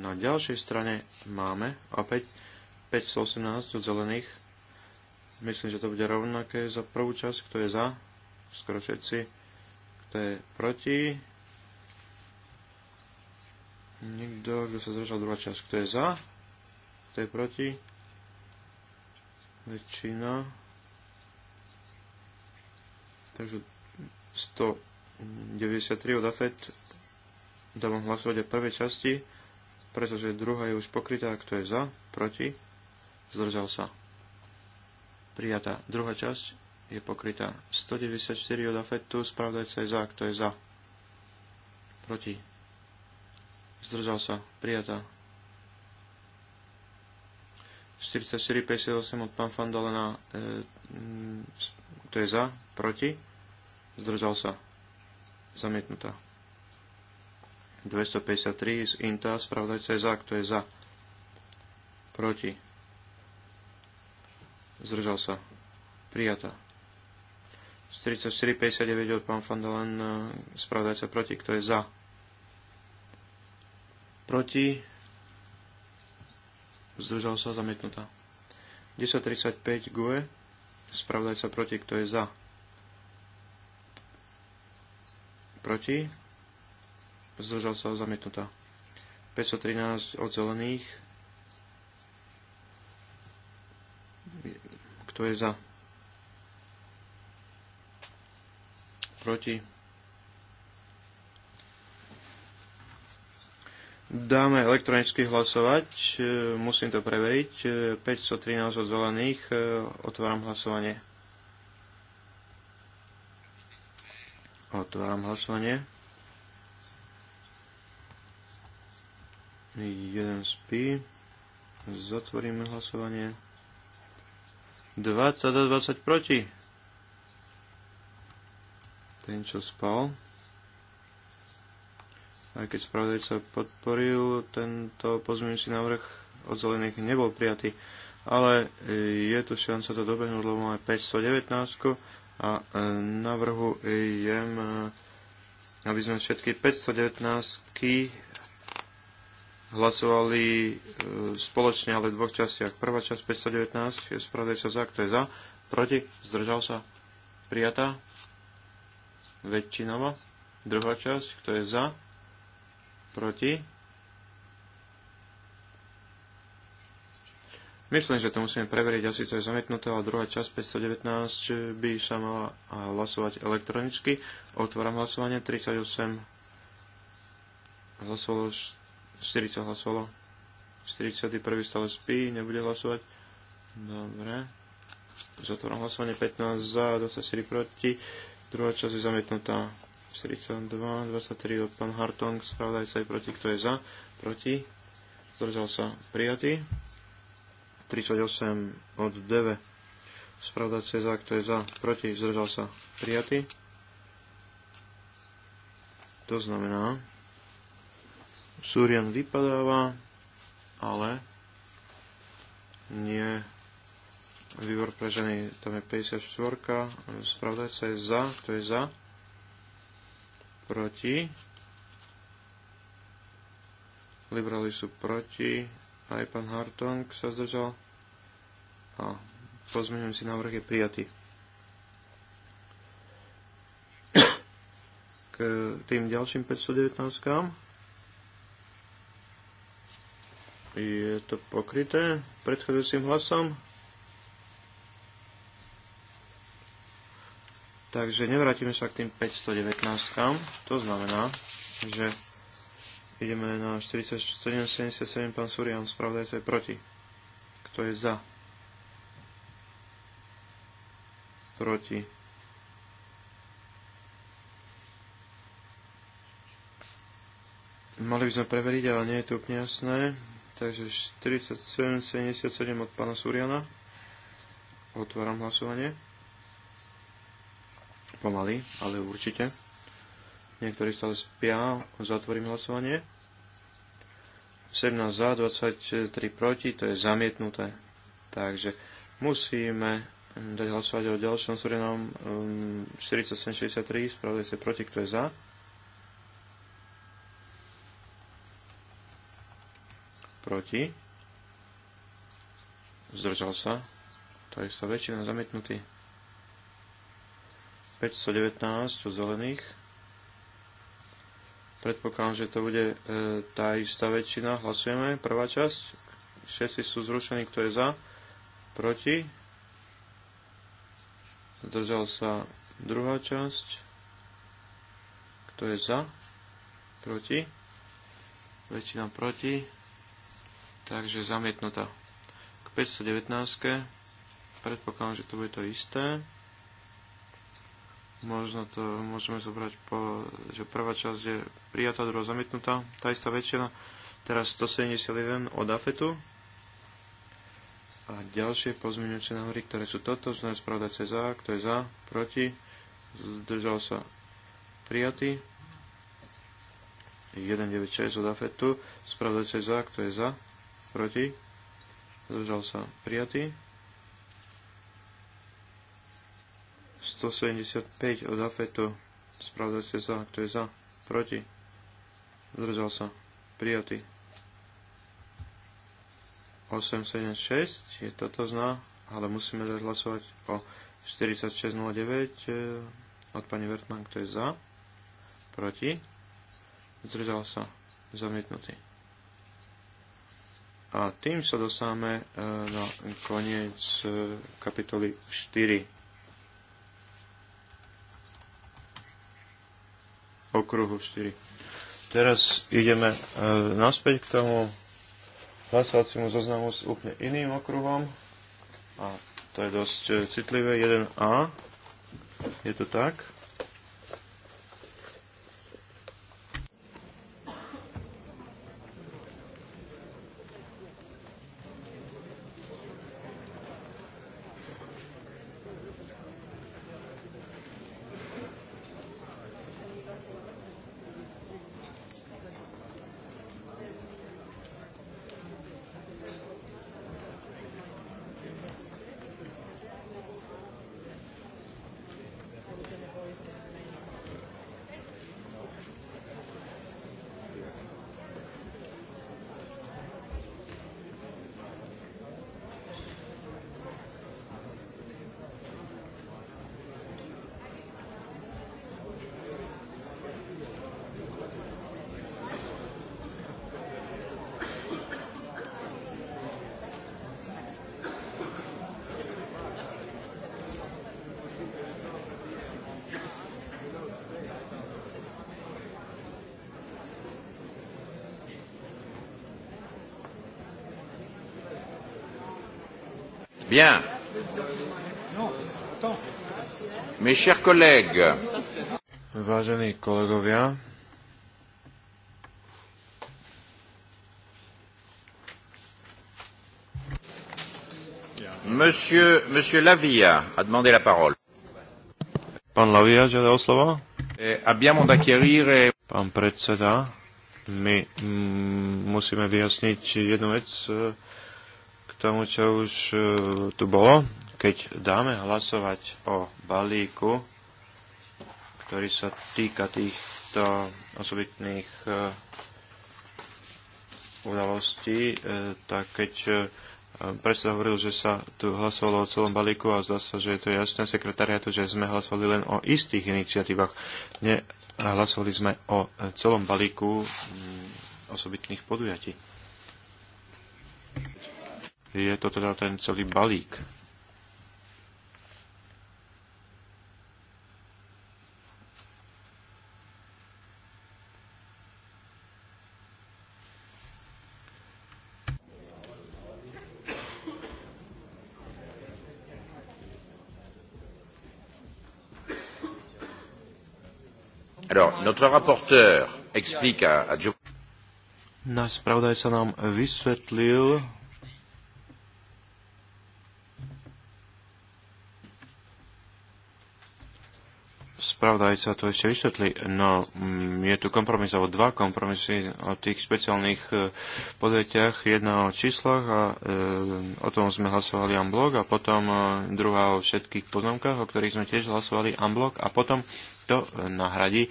Na ďalšej strane máme opäť 518 od zelených. Myslím, že to bude rovnaké za prvú časť, kto je za, skoro všetci, kto je proti. Nikto, kto sa zdržal druhá časť, kto je za, kto je proti. Väčšina. Takže 193 od AFET. Dávam hlasovať o prvej časti pretože druhá je už pokrytá, kto je za, proti, zdržal sa. Prijatá druhá časť je pokrytá 194 od afetu, spravdajca je za, kto je za, proti, zdržal sa, prijatá. 44,58 od pán Fandalena, e, kto je za, proti, zdržal sa, zamietnutá. 253 z INTA, spravodajca je za, kto je za? Proti. Zdržal sa. Prijatá. 59 od pán Fandalen, e, spravodajca proti, kto je za? Proti. Zdržal sa, zamietnutá. 10.35 GUE, spravodajca proti, kto je za? Proti zdržal sa zamietnutá. 513 od zelených. Kto je za? Proti? Dáme elektronicky hlasovať, musím to preveriť. 513 od zelených, otváram hlasovanie. Otváram hlasovanie. Jeden spí. Zatvoríme hlasovanie. 20 a 20 proti. Ten, čo spal. Aj keď spravodajca podporil tento pozmeňujúci návrh od zelených nebol prijatý, ale e, je tu šanca to dobehnúť, lebo máme 519 a e, jem, e, aby sme všetky 519 hlasovali e, spoločne, ale v dvoch častiach. Prvá časť 519, spravodaj sa za, kto je za, proti, zdržal sa, prijatá, väčšinova. Druhá časť, kto je za, proti. Myslím, že to musíme preveriť, asi to je zamietnuté, ale druhá časť 519 e, by sa mala hlasovať elektronicky. Otváram hlasovanie 38 hlasovalo 40 hlasovalo. 41. stále spí, nebude hlasovať. Dobre. Zatvorom hlasovanie 15 za, 24 proti. Druhá časť je zamietnutá. 42, 23 od pán Hartong, sa aj proti, kto je za, proti. Zdržal sa prijatý. 38 od 9, Spravodajca sa za, kto je za, proti, zdržal sa prijatý. To znamená, Súrian vypadáva, ale nie výbor pre ženy, tam je 54, spravodajca je za, to je za, proti, liberáli sú proti, aj pán Hartong sa zdržal a si návrh je prijatý. K tým ďalším 519 Je to pokryté predchádzajúcim hlasom? Takže nevrátime sa k tým 519. -kám. To znamená, že ideme na 4777, pán Surian, spravodajca je proti. Kto je za? Proti. Mali by sme preveriť, ale nie je to úplne jasné. Takže 47,77 od pána Suriana. Otváram hlasovanie. Pomaly, ale určite. Niektorí stále spia. Zatvorím hlasovanie. 17 za, 23 proti, to je zamietnuté. Takže musíme dať hlasovať o ďalšom Surianom 47,63, um, spravili proti, kto je za. proti, zdržal sa, to je sa väčšina zamietnutý. 519 od zelených. Predpokladám, že to bude e, tá istá väčšina. Hlasujeme. Prvá časť. Všetci sú zrušení, kto je za. Proti. Zdržal sa druhá časť. Kto je za? Proti. Väčšina proti Takže zamietnutá. K 519. Predpokladám, že to bude to isté. Možno to môžeme zobrať po, že prvá časť je prijatá, druhá zamietnutá. Tá istá väčšina. Teraz 171 od AFETu. A ďalšie pozmeňujúce návrhy, ktoré sú totožné, spravodajce za, kto je za, proti, zdržal sa prijatý. 196 od AFETu, spravodajce za, kto je za, proti, zdržal sa prijatý. 175 od Afetu, ste za, kto je za, proti, zdržal sa prijatý. 876 je toto zná, ale musíme dať hlasovať o 4609 e, od pani Vertman, kto je za, proti, zdržal sa, zamietnutý. A tým sa dosáme e, na koniec e, kapitoly 4. Okruhu 4. Teraz ideme e, naspäť k tomu hlasovaciemu zoznamu s úplne iným okruhom. A to je dosť citlivé. 1A. Je to tak? Bien. Mes chers collègues. Vážení kolegovia, Monsieur, Monsieur Lavia a demandé la parole. Pán Lavia žiada o slovo? Eh, abbiamo da chiarire... Pán predseda, my mm, musíme vyjasniť jednu vec. Eh, tomu, čo už e, tu bolo. Keď dáme hlasovať o balíku, ktorý sa týka týchto osobitných e, udalostí, e, tak keď predseda hovoril, že sa tu hlasovalo o celom balíku a zdá sa, že je to jasné sekretariatu, že sme hlasovali len o istých iniciatívach. Nehlasovali sme o celom balíku osobitných podujatí je to teda ten celý balík. Alors, notre rapporteur explique à, à Náš spravodaj sa nám vysvetlil spravodajca to ešte vysvetlí, no mm, je tu kompromis, alebo dva kompromisy o tých špeciálnych e, podvetiach. Jedna o číslach a e, o tom sme hlasovali unblock a potom e, druhá o všetkých poznámkach, o ktorých sme tiež hlasovali unblock a potom to e, nahradí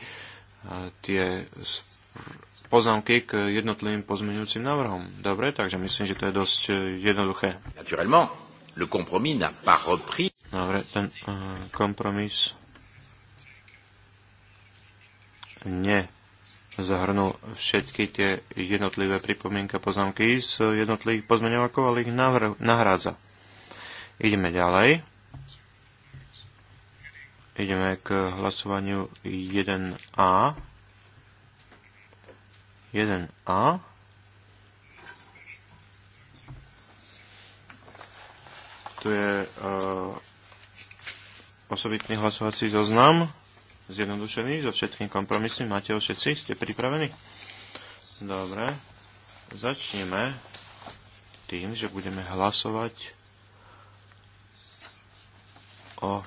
tie poznámky k jednotlivým pozmeňujúcim návrhom. Dobre, takže myslím, že to je dosť jednoduché. Naturellement, le compromis n'a pas repris. Dobre, ten uh, kompromis nezahrnul všetky tie jednotlivé pripomienka poznámky z jednotlivých pozmeňovakov, ale ich nahrádza. Ideme ďalej. Ideme k hlasovaniu 1A. 1A. Tu je uh, osobitný hlasovací zoznam zjednodušený so všetkým kompromisom. Máte ho všetci? Ste pripravení? Dobre. Začneme tým, že budeme hlasovať o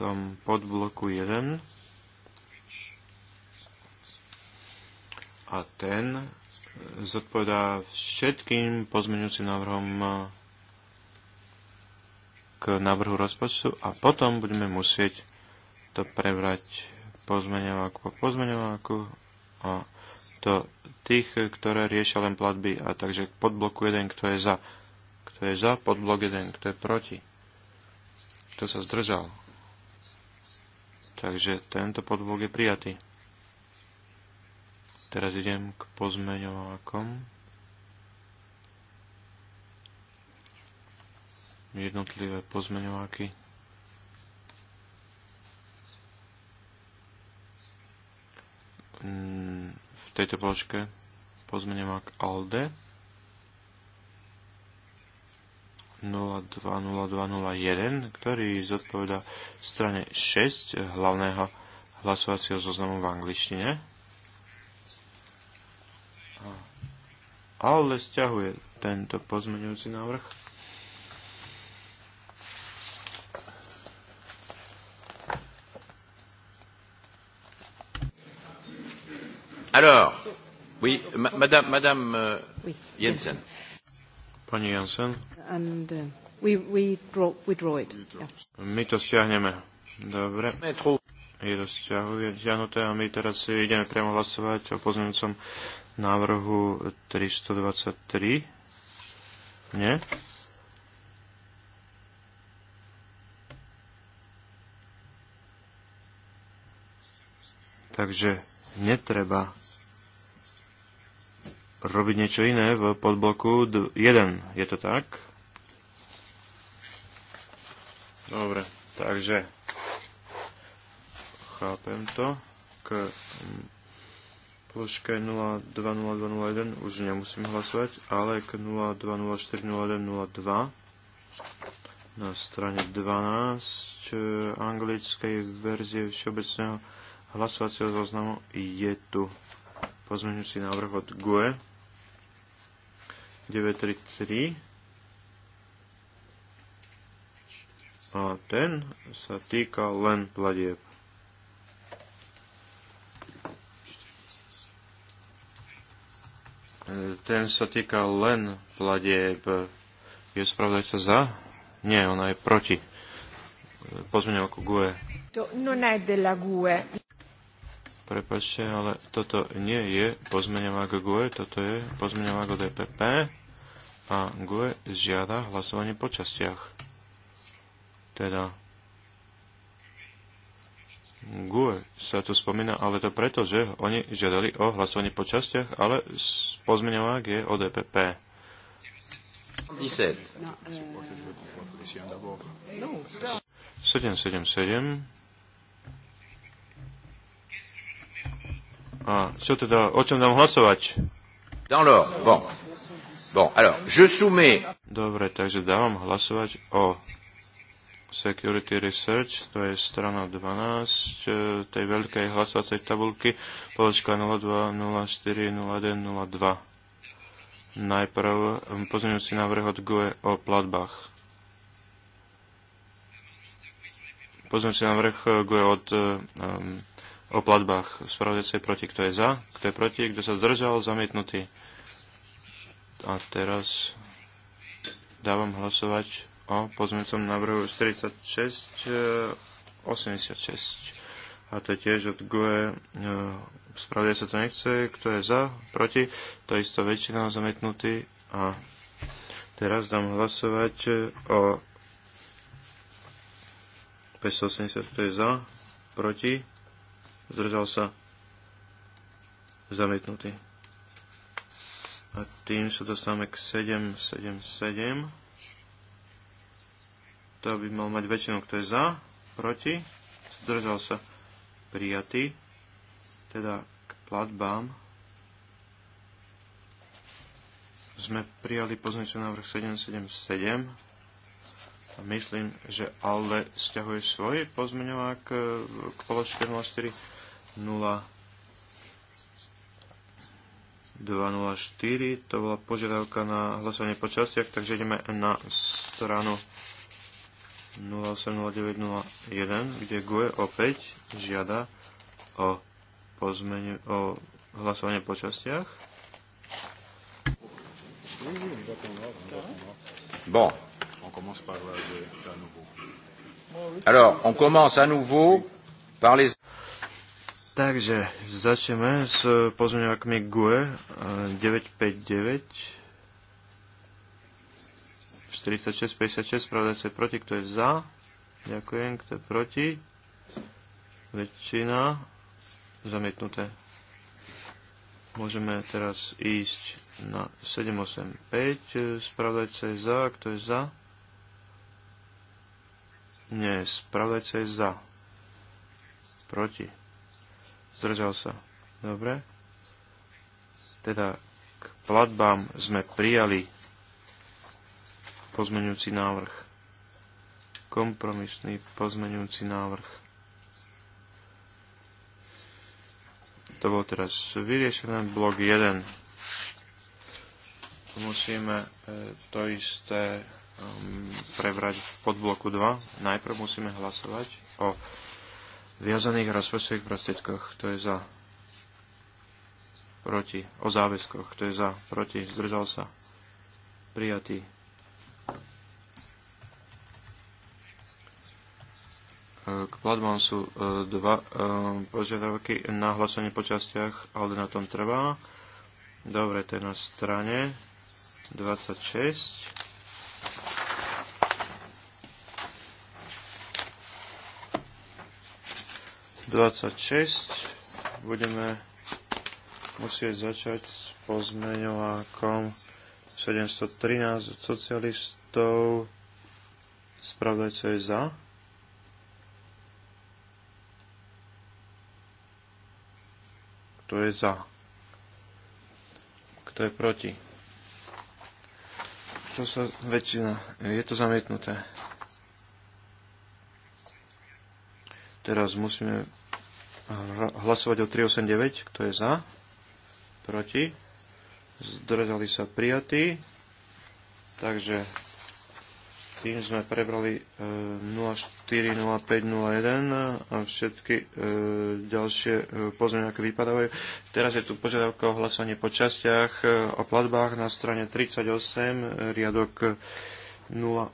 tom podbloku 1 a ten zodpovedá všetkým pozmeňujúcim návrhom k návrhu rozpočtu a potom budeme musieť to prebrať pozmeňovák po pozmeňováku a to tých, ktoré riešia len platby. A takže pod bloku 1, kto je za. Kto je za, pod blok 1, kto je proti. Kto sa zdržal. Takže tento podblok je prijatý. Teraz idem k pozmeňovákom. Jednotlivé pozmeňováky. Mm, v tejto položke pozmenem ak ALDE 020201, ktorý zodpoveda strane 6 hlavného hlasovacieho zoznamu v angličtine. Ale stiahuje tento pozmeňujúci návrh. Alors, oui, ma, madame, madame euh, oui, Jensen. Pani Jensen. And, uh, we, we draw, we draw it. Yeah. My to stiahneme. Dobre. Je to stiahnuté a my teraz ideme priamo hlasovať o pozmeňujúcom návrhu 323. Nie? Takže netreba robiť niečo iné v podbloku 1. Je to tak? Dobre, takže chápem to. K položke 020201 už nemusím hlasovať, ale k 02040102 na strane 12 e, anglickej verzie všeobecného hlasovacieho zoznamu je tu pozmeňujúci návrh od GUE 933 a ten sa týka len platieb. E, ten sa týka len platieb. Je spravodajca za? Nie, ona je proti. E, Pozmeňovaku GUE. To non è della GUE. Prepačte, ale toto nie je pozmeňovák GUE, toto je pozmeňovák k DPP e a GUE žiada hlasovanie po častiach. Teda GUE sa tu spomína, ale to preto, že oni žiadali o hlasovanie po častiach, ale pozmeňovák je o DPP. 777 A čo teda, o čom dám hlasovať? Dans l'ordre. Bon. Bon, alors, je soumets... Dobre, takže dávam hlasovať o Security Research, to je strana 12 e, tej veľkej hlasovacej tabulky, položka 02040102. Najprv e, pozmeňujúci návrh od GUE o platbách. Pozmeňujúci návrh e, GUE od um, o platbách. Spravodajca je proti. Kto je za? Kto je proti? Kto sa zdržal? Zamietnutý. A teraz dávam hlasovať o pozmeňujúcom návrhu 46 86. Eh, A to je tiež od GUE. Eh, sa to nechce. Kto je za? Proti? To isto väčšina zamietnutý. A teraz dám hlasovať eh, o 580, kto je za, proti, zdržal sa, zamietnutý. A tým sa dostávame k 7, 7, 7. To by mal mať väčšinu, kto je za, proti, zdržal sa, prijatý, teda k platbám. Sme prijali pozmeňujúci návrh 777 a myslím, že ale stiahuje svoj pozmeňovák e, k položke 04 0204, to bola požiadavka na hlasovanie po častiach, takže ideme na stranu 080901, kde GUE opäť žiada o, pozmeniu, o hlasovanie po častiach. Bon. On commence par la, de, à nouveau. Alors, on commence à nouveau par les... Takže začneme s pozmeňovakmi GUE 959 46, 56, pravda sa proti, kto je za? Ďakujem, kto je proti? Väčšina zamietnuté. Môžeme teraz ísť na 785, eh, spravodajca je za, kto je za? Nie, spravodajca je za. Proti zdržal sa. Dobre. Teda k platbám sme prijali pozmeňujúci návrh. Kompromisný pozmeňujúci návrh. To bol teraz vyriešené. Blok 1. Musíme e, to isté um, prebrať v podbloku 2. Najprv musíme hlasovať o viazaných rozpočtových prostriedkoch. Kto je za? Proti. O záväzkoch. Kto je za? Proti. Zdržal sa. Prijatý. K platbám sú e, dva e, požiadavky na hlasovanie po častiach, ale na tom trvá. Dobre, to je na strane 26. 26 budeme musieť začať s pozmeňovákom 713 od socialistov. Spravdajca je za. Kto je za? Kto je proti? Čo sa väčšina? Je to zamietnuté. Teraz musíme hlasovať o 389. Kto je za? Proti? Zdržali sa prijatí. Takže tým sme prebrali 040501 e, a všetky e, ďalšie ako e, vypadávajú. Teraz je tu požiadavka o hlasovanie po častiach o platbách na strane 38, riadok 08 02.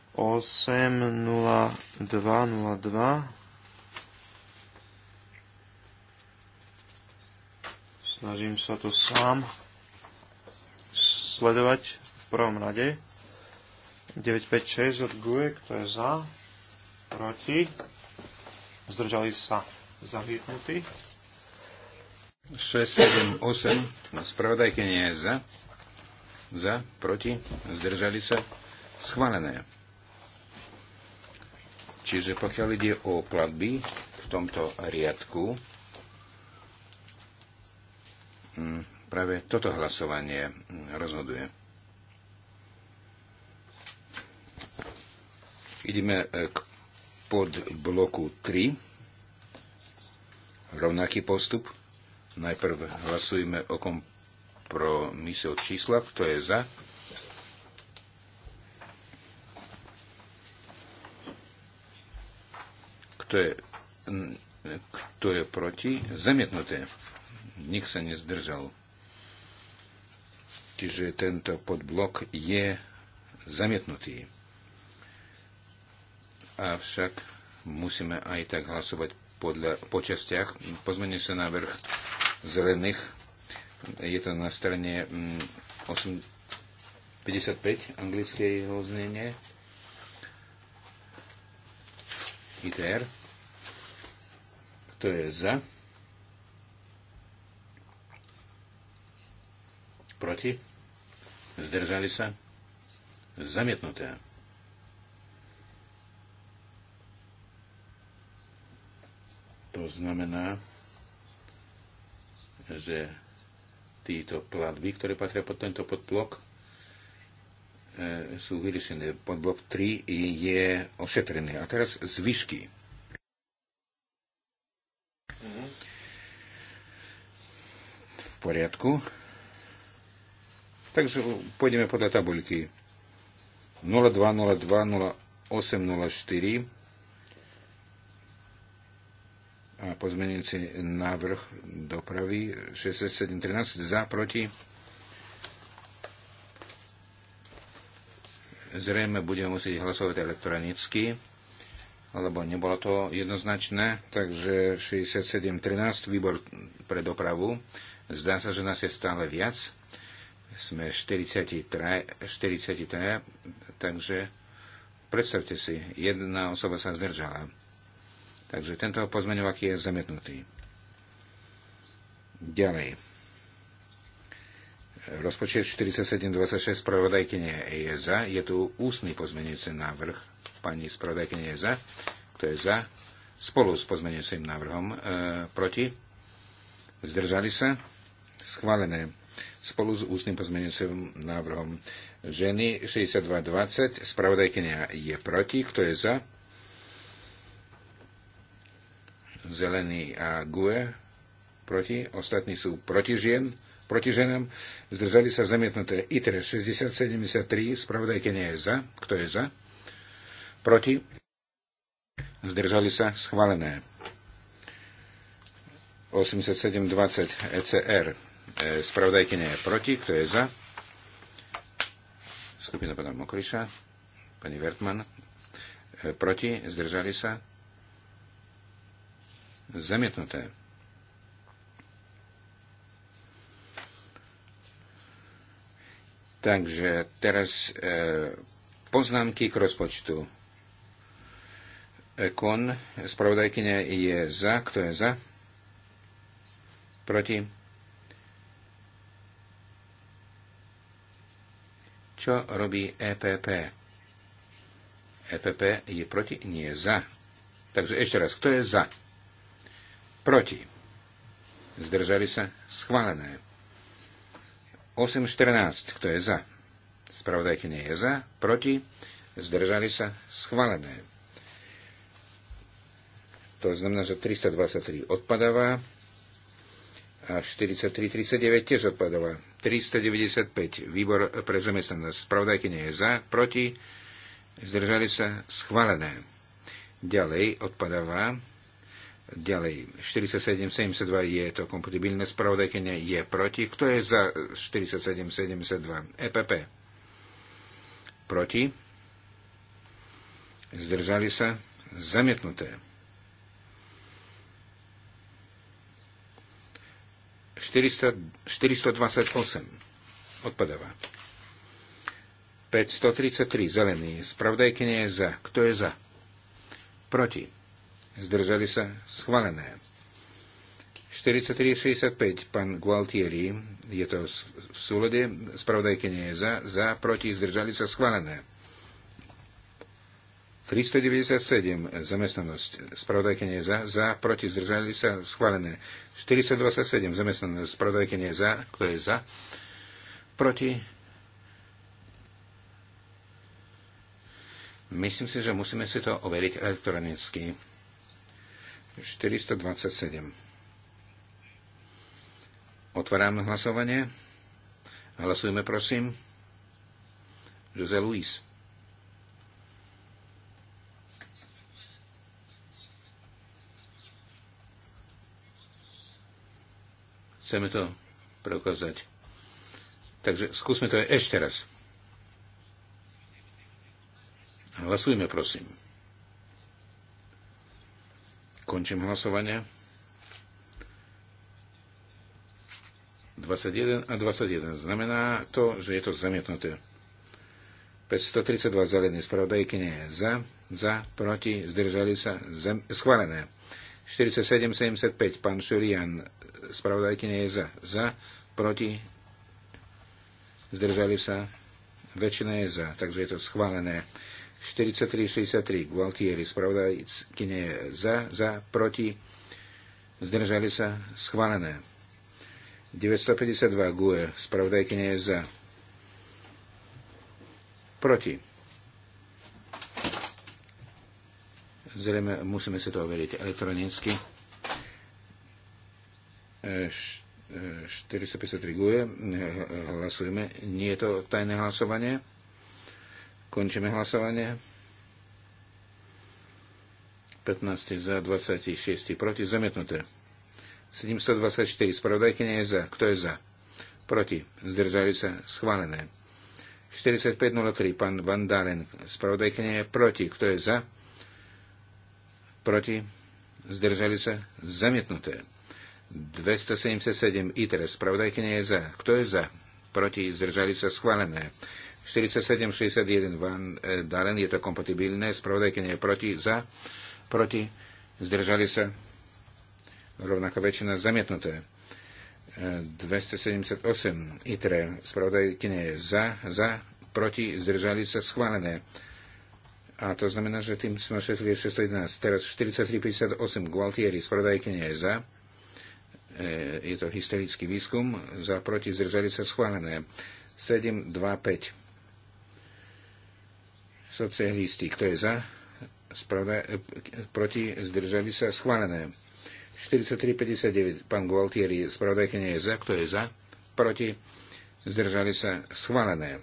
Snažím sa to sám sledovať v prvom rade. 956 od GUE, kto je za, proti, zdržali sa zamietnutí. 6, 7, 8, na spravodajke nie je za, za, proti, zdržali sa, schválené. Čiže pokiaľ ide o platby v tomto riadku, Mm, práve toto hlasovanie rozhoduje. Ideme e, k bloku 3. Rovnaký postup. Najprv hlasujeme o kompromise o čísla, Kto je za? Kto je, kto je proti? Zamietnuté. Nik sa nezdržal. Čiže tento podblok je zamietnutý. Avšak musíme aj tak hlasovať podľa, po častiach. Pozmenie sa na vrch zelených. Je to na strane 8, 55 anglického znenie. ITR. Kto je za? Proti? Zdržali sa? Zamietnuté. To znamená, že títo platby, ktoré patria pod tento podblok, e, sú vyriešené. Podblok 3 je ošetrený. A teraz zvyšky. Mhm. V poriadku. Takže pôjdeme podľa tabuľky. 0202 a pozmenujúci návrh dopravy 6713 za proti zrejme budeme musieť hlasovať elektronicky lebo nebolo to jednoznačné takže 6713 výbor pre dopravu zdá sa, že nás je stále viac sme 43, 43, takže predstavte si, jedna osoba sa zdržala. Takže tento pozmeňovak je zametnutý. Ďalej. Rozpočet 4726 nie je za. Je tu ústny pozmeňujúci návrh. Pani nie je za. Kto je za? Spolu s pozmeňujúcim návrhom. E, proti? Zdržali sa? Schválené spolu s ústnym pozmeňujúcim návrhom ženy 6220. Spravodajkynia je proti. Kto je za? Zelený a GUE proti. Ostatní sú proti žien. Proti ženám zdržali sa zamietnuté ITRE 6073. Spravodajkynia je za. Kto je za? Proti. Zdržali sa schválené. 8720 ECR E, spravodajkynia je proti. Kto je za? Skupina pána Mokriša. Pani Vertman. E, proti. Zdržali sa. Zamietnuté. Takže teraz e, poznámky k rozpočtu. Kon, spravodajkynia je za. Kto je za? Proti? Čo robí EPP? EPP je proti, nie za. Takže ešte raz, kto je za? Proti. Zdržali sa? Schválené. 8.14. Kto je za? nie je za. Proti. Zdržali sa? Schválené. To znamená, že 323 odpadáva a 4339 tiež odpadala. 395. Výbor pre zamestnanosť. Spravodajky nie je za, proti. Zdržali sa schválené. Ďalej odpadáva. Ďalej 4772 je to kompatibilné. Spravodajkynia je proti. Kto je za 4772? EPP. Proti. Zdržali sa. Zamietnuté. 428 odpadáva. 533 zelený. nie je za. Kto je za? Proti. Zdržali sa schválené. 43.65 pán Gualtieri, je to v súlede, nie je za, za, proti, zdržali sa schválené. 397 zamestnanosť, spravodajke nie za, za, proti, zdržali sa, schválené. 427 zamestnanosť, spravodajke nie za, kto je za, proti. Myslím si, že musíme si to overiť elektronicky. 427. Otváram hlasovanie. Hlasujme, prosím. José Luis. Chceme to preukázať. Takže skúsme to ešte raz. Hlasujme, prosím. Končím hlasovanie. 21 a 21. Znamená to, že je to zamietnuté. 532 nie je za, za, proti, zdržali sa, zem, schválené. 47,75 pán Šurian nie je za. Za, proti, zdržali sa. Väčšina je za, takže je to schválené. 43-63 Gualtieri, nie je za, za, proti, zdržali sa, schválené. 952 GUE, nie je za, proti. Zrejme musíme si to overiť elektronicky. 453 guje. Eh, hlasujeme. Nie je to tajné hlasovanie. Končíme hlasovanie. 15 za, 26 proti. Zamietnuté. 724. Spravodajky nie je za. Kto je za? Proti. Zdržali sa. Schválené. 4503. Pán Van Dalen. Spravodajky nie je proti. Kto je za? Proti. Zdržali sa. Zamietnuté. 277 ITRE. Spravodajkynia je za. Kto je za? Proti. Zdržali sa schválené. 4761 Van eh, Dalen. Je to kompatibilné. Spravodajkynia je proti. Za. Proti. Zdržali sa. Rovnaká väčšina zamietnuté. 278 eh, ITRE. Spravodajkynia je za. Za. Proti. Zdržali sa schválené. A to znamená, že tým sme ošetli 611. Teraz 4358 Gualtieri. Spravodajkynia je za je to historický výskum, za eh, proti zdržali sa schválené. 7, 2, 5. Socialisti, kto je za? Spravda, proti zdržali sa schválené. 43,59. Pán Gualtieri, spravodajka nie je za. Kto je za? Proti. Zdržali sa schválené.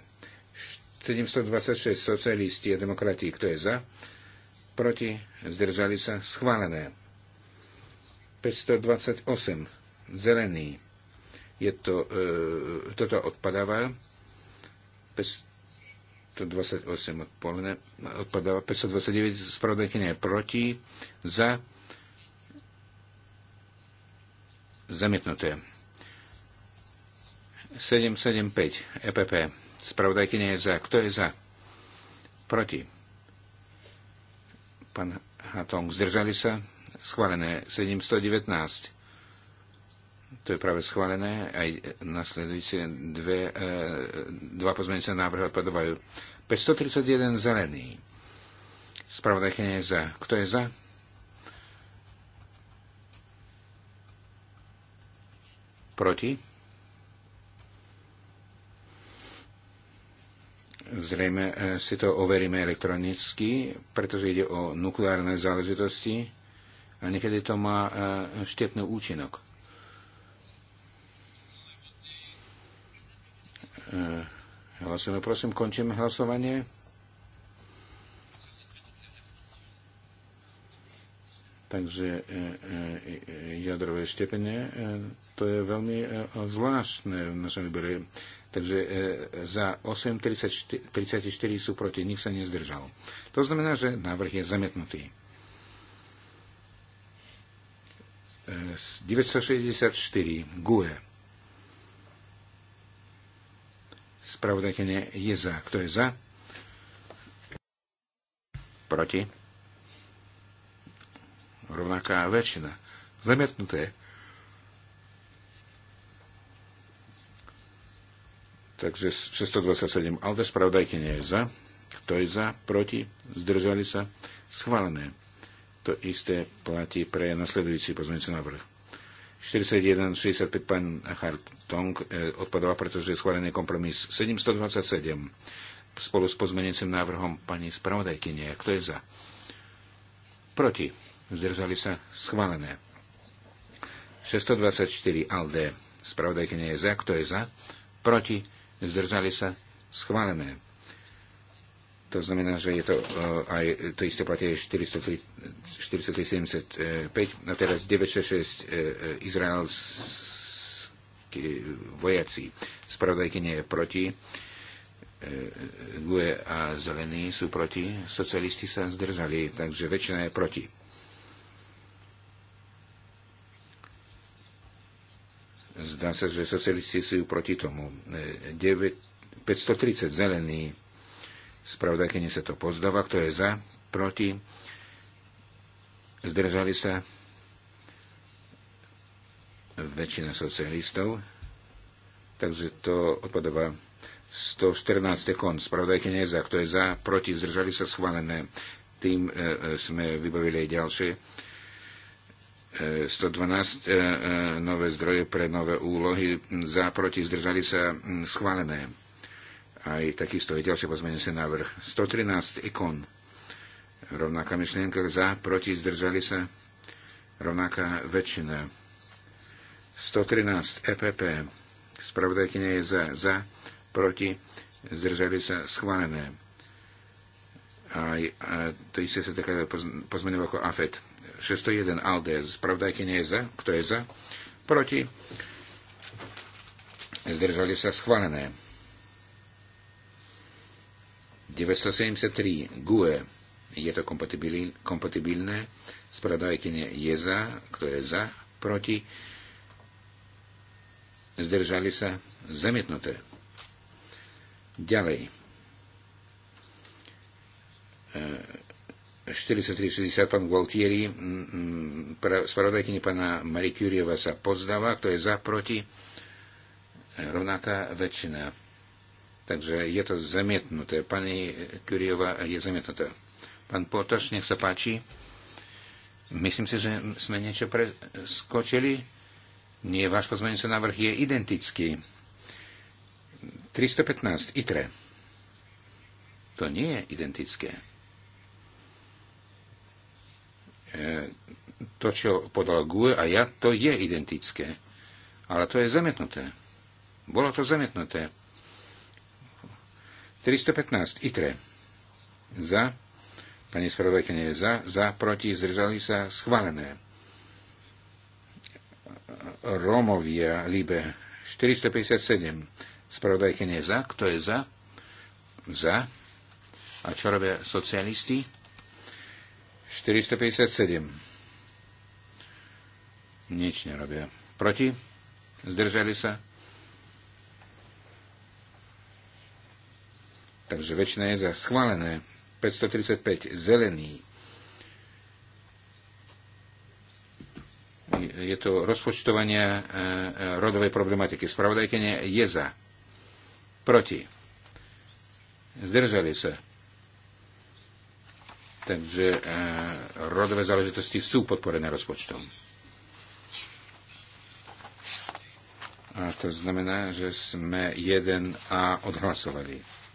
726 socialisti a demokrati. Kto je za? Proti. Zdržali sa schválené. 528 zelený. Je to, e, toto odpadáva 528 odpolené, odpadáva 529, spravodajkynia je proti, za zamietnuté. 775 EPP. Spravodajkynia je za. Kto je za? Proti. Pán Hatong, zdržali sa? Schválené 719 to je práve schválené, aj nasledujúce dve, e, dva pozmeňujúce návrhy odpadovajú. 531 zelený. nie je za. Kto je za? Proti? Zrejme e, si to overíme elektronicky, pretože ide o nukleárne záležitosti a niekedy to má e, štetný účinok. E, hlasujeme, prosím, končíme hlasovanie. Takže e, e, jadrové štepenie, to je veľmi zvláštne v našom výbore. Takže za 8.34 sú proti, nik sa nezdržal. To znamená, že návrh je zamietnutý. 964 GUE Spravodajkenie je za. Kto je za? Proti? Rovnaká väčšina. Zamietnuté. Takže 627 Alde nie je za. Kto je za? Proti? Zdržali sa? Schválené. To isté platí pre nasledujúci pozmeňujúci návrh. 41-65 pán Hartong e, odpadáva, pretože je schválený kompromis 727 spolu s pozmenencem návrhom pani spravodajkyne. Kto je za? Proti. Zdržali sa schválené. 624 ALD. Spravodajkyne je za. Kto je za? Proti. Zdržali sa schválené. To znamená, že je to eh, aj, to isté platí 475 a teraz 966 eh, eh, izraelskí vojaci. Spravodajky nie je proti. GUE a zelení sú proti, socialisti sa zdržali, takže väčšina je proti. Zdá sa, že socialisti sú proti tomu. 9, 530 zelení Spravodajkyne sa to pozdáva. Kto je za? Proti? Zdržali sa? Väčšina socialistov. Takže to odpadáva 114. kon. Spravodajkyne je za. Kto je za? Proti? Zdržali sa? Schválené. Tým e, e, sme vybavili aj ďalšie. 112 e, nové zdroje pre nové úlohy. Za, proti, zdržali sa schválené. Aj takisto je ďalší pozmenený návrh. 113 ikon. Rovnaká myšlienka za, proti, zdržali sa. Rovnaká väčšina. 113 EPP. Spravodajkynia je za, za, proti, zdržali sa, schválené. Aj, a to isté sa taká pozmenuje ako AFET. 601 ALDE. Spravodajkynia je za, kto je za, proti, zdržali sa, schválené. 973 GUE. Je to kompatibilné s Spravodajkyne je za, kto je za, proti. Zdržali sa zamietnuté. Ďalej. 4360 e, pán Gualtieri, spravodajkyni pána Marie Curieva sa pozdáva, kto je za, proti, e, rovnaká väčšina Takže je to zamietnuté. Pani Kuriova je zamietnuté. Pán Potoš, nech sa páči. Myslím si, že sme niečo preskočili. Nie, váš pozmeňujúci návrh je identický. 315 ITRE. To nie je identické. E, to, čo podal GUE a ja, to je identické. Ale to je zamietnuté. Bolo to zamietnuté. 315. ITRE. Za. Pani nie je za. Za. Proti. Zdržali sa. Schválené. Romovia. Libe. 457. nie je za. Kto je za? Za. A čo robia socialisti? 457. Nič nerobia. Proti? Zdržali sa? Takže väčšina je za. Schválené. 535. Zelený. Je to rozpočtovanie e, e, rodovej problematiky. Spravodajkenie je za. Proti. Zdržali sa. Takže e, rodové záležitosti sú podporené rozpočtom. A to znamená, že sme 1A odhlasovali.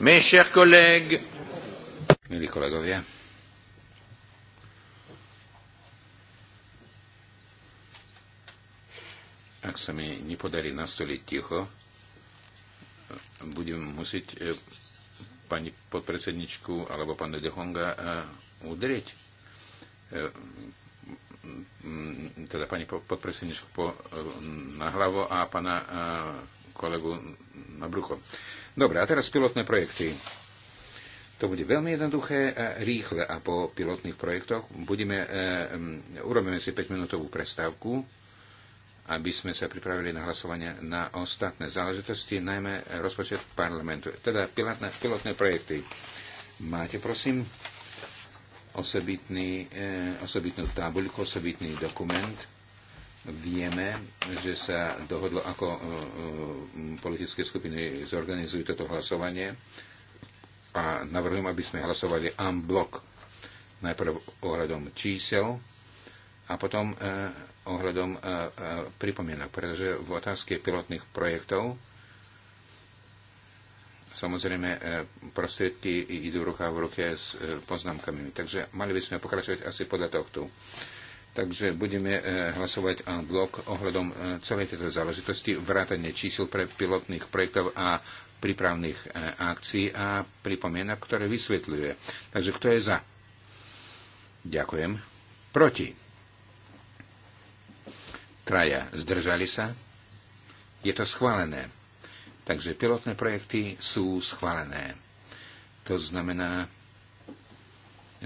Mes chers collègues, milí kolegovia, ak sa mi nepodarí nastoliť ticho, budem musieť e, pani podpredsedničku alebo pána Honga e, udrieť. E, teda pani podpredsedničku po, na hlavo a pana kolegu na brucho. Dobre, a teraz pilotné projekty. To bude veľmi jednoduché a e, rýchle a po pilotných projektoch budeme, e, urobíme si 5-minútovú prestávku, aby sme sa pripravili na hlasovanie na ostatné záležitosti, najmä rozpočet parlamentu, teda pilotné, pilotné projekty. Máte, prosím, osobitný, e, osobitnú tabuľku, osobitný dokument, Vieme, že sa dohodlo, ako e, e, politické skupiny zorganizujú toto hlasovanie a navrhujem, aby sme hlasovali en blok. Najprv ohľadom čísel a potom e, ohľadom pripomienok, pretože v otázke pilotných projektov samozrejme prostriedky idú ruka v ruke s poznámkami. Takže mali by sme pokračovať asi podľa tohto. Takže budeme e, hlasovať en blok ohľadom e, celej tejto záležitosti, vrátanie čísel pre pilotných projektov a prípravných e, akcií a pripomienok, ktoré vysvetľuje. Takže kto je za? Ďakujem. Proti? Traja zdržali sa? Je to schválené. Takže pilotné projekty sú schválené. To znamená,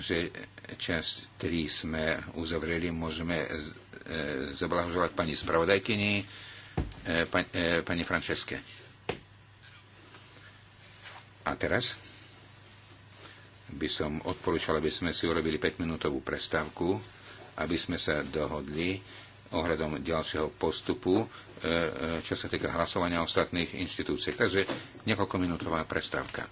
že Časť 3 sme uzavreli. Môžeme e, zablahožovať pani spravodajkyni, e, e, pani Franceske. A teraz by som odporúčal, aby sme si urobili 5-minútovú prestávku, aby sme sa dohodli ohľadom ďalšieho postupu, čo sa týka hlasovania ostatných inštitúcií. Takže niekoľkominútová prestávka.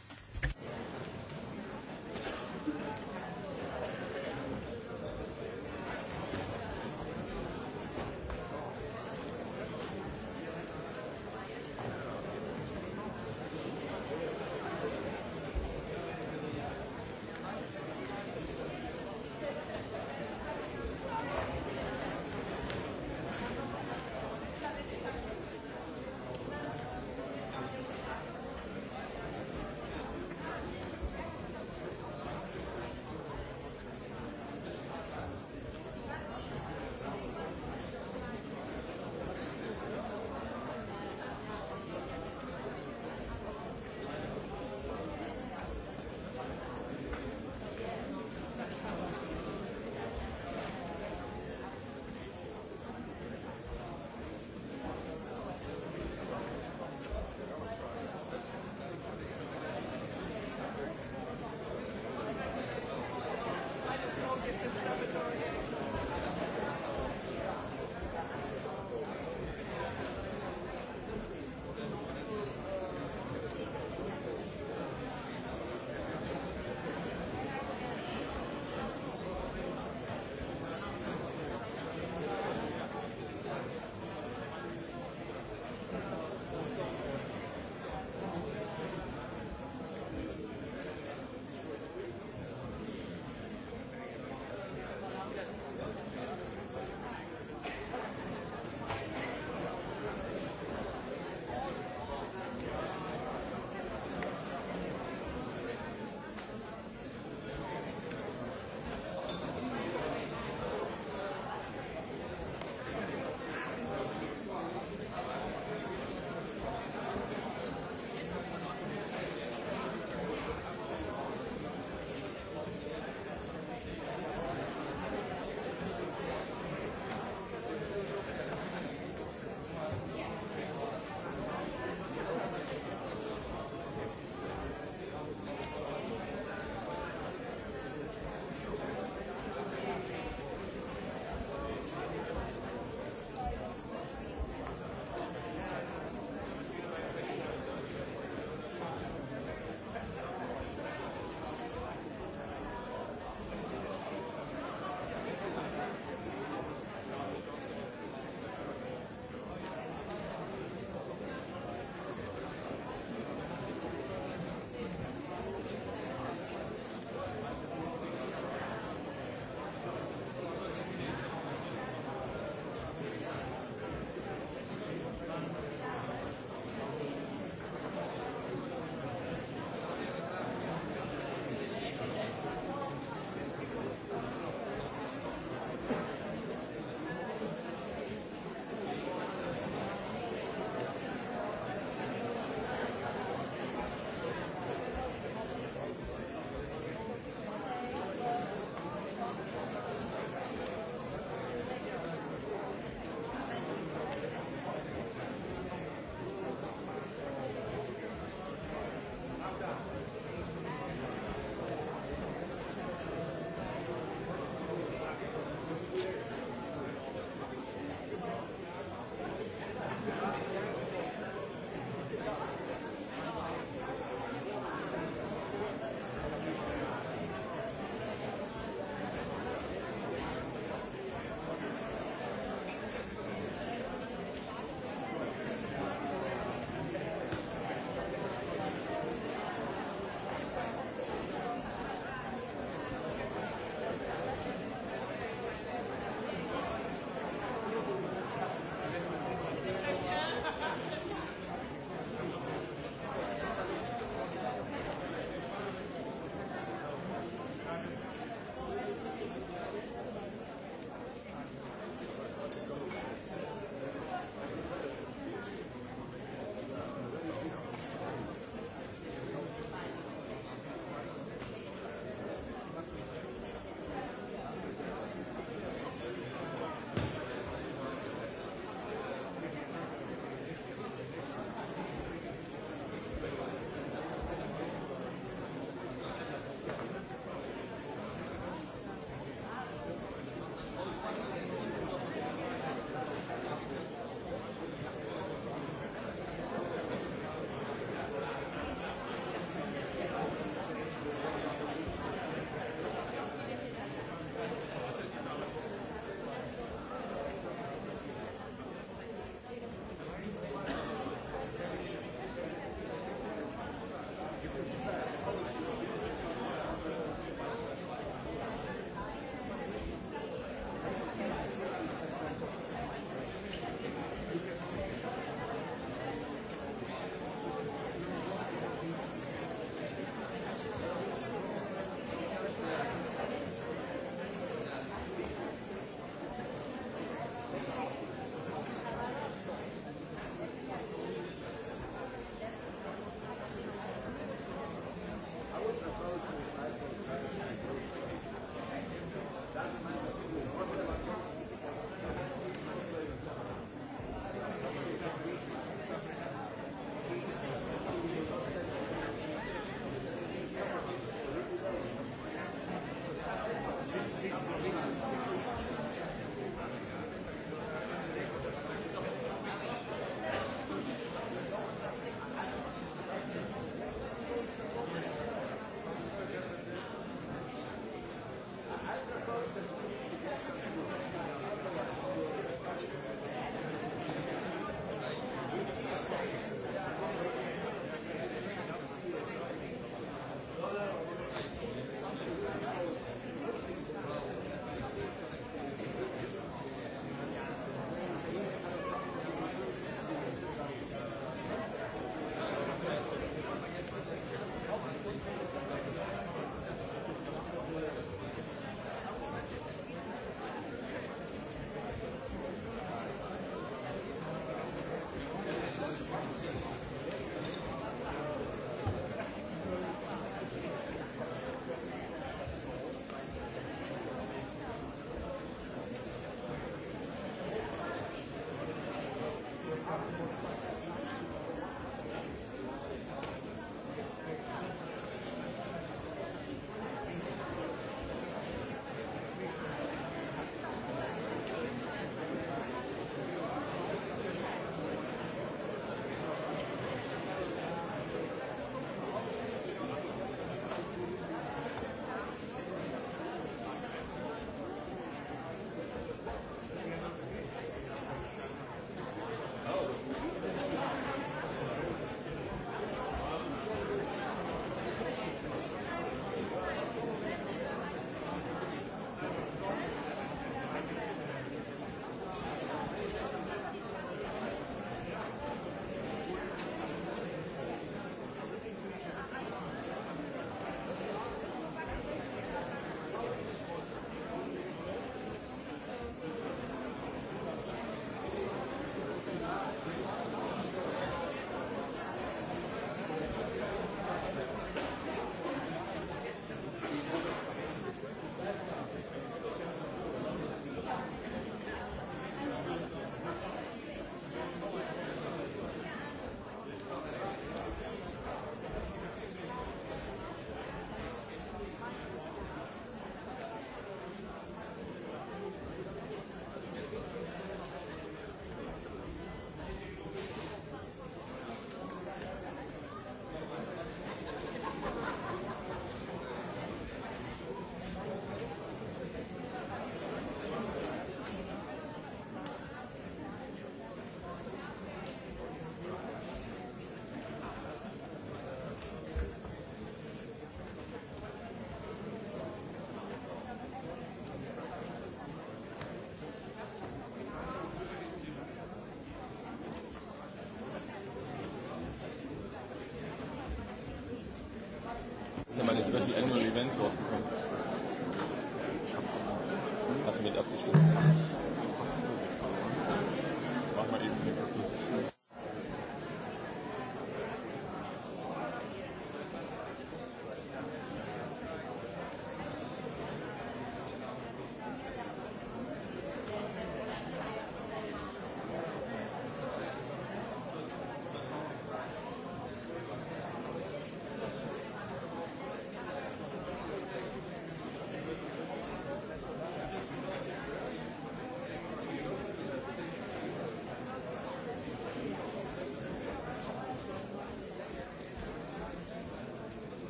Open Source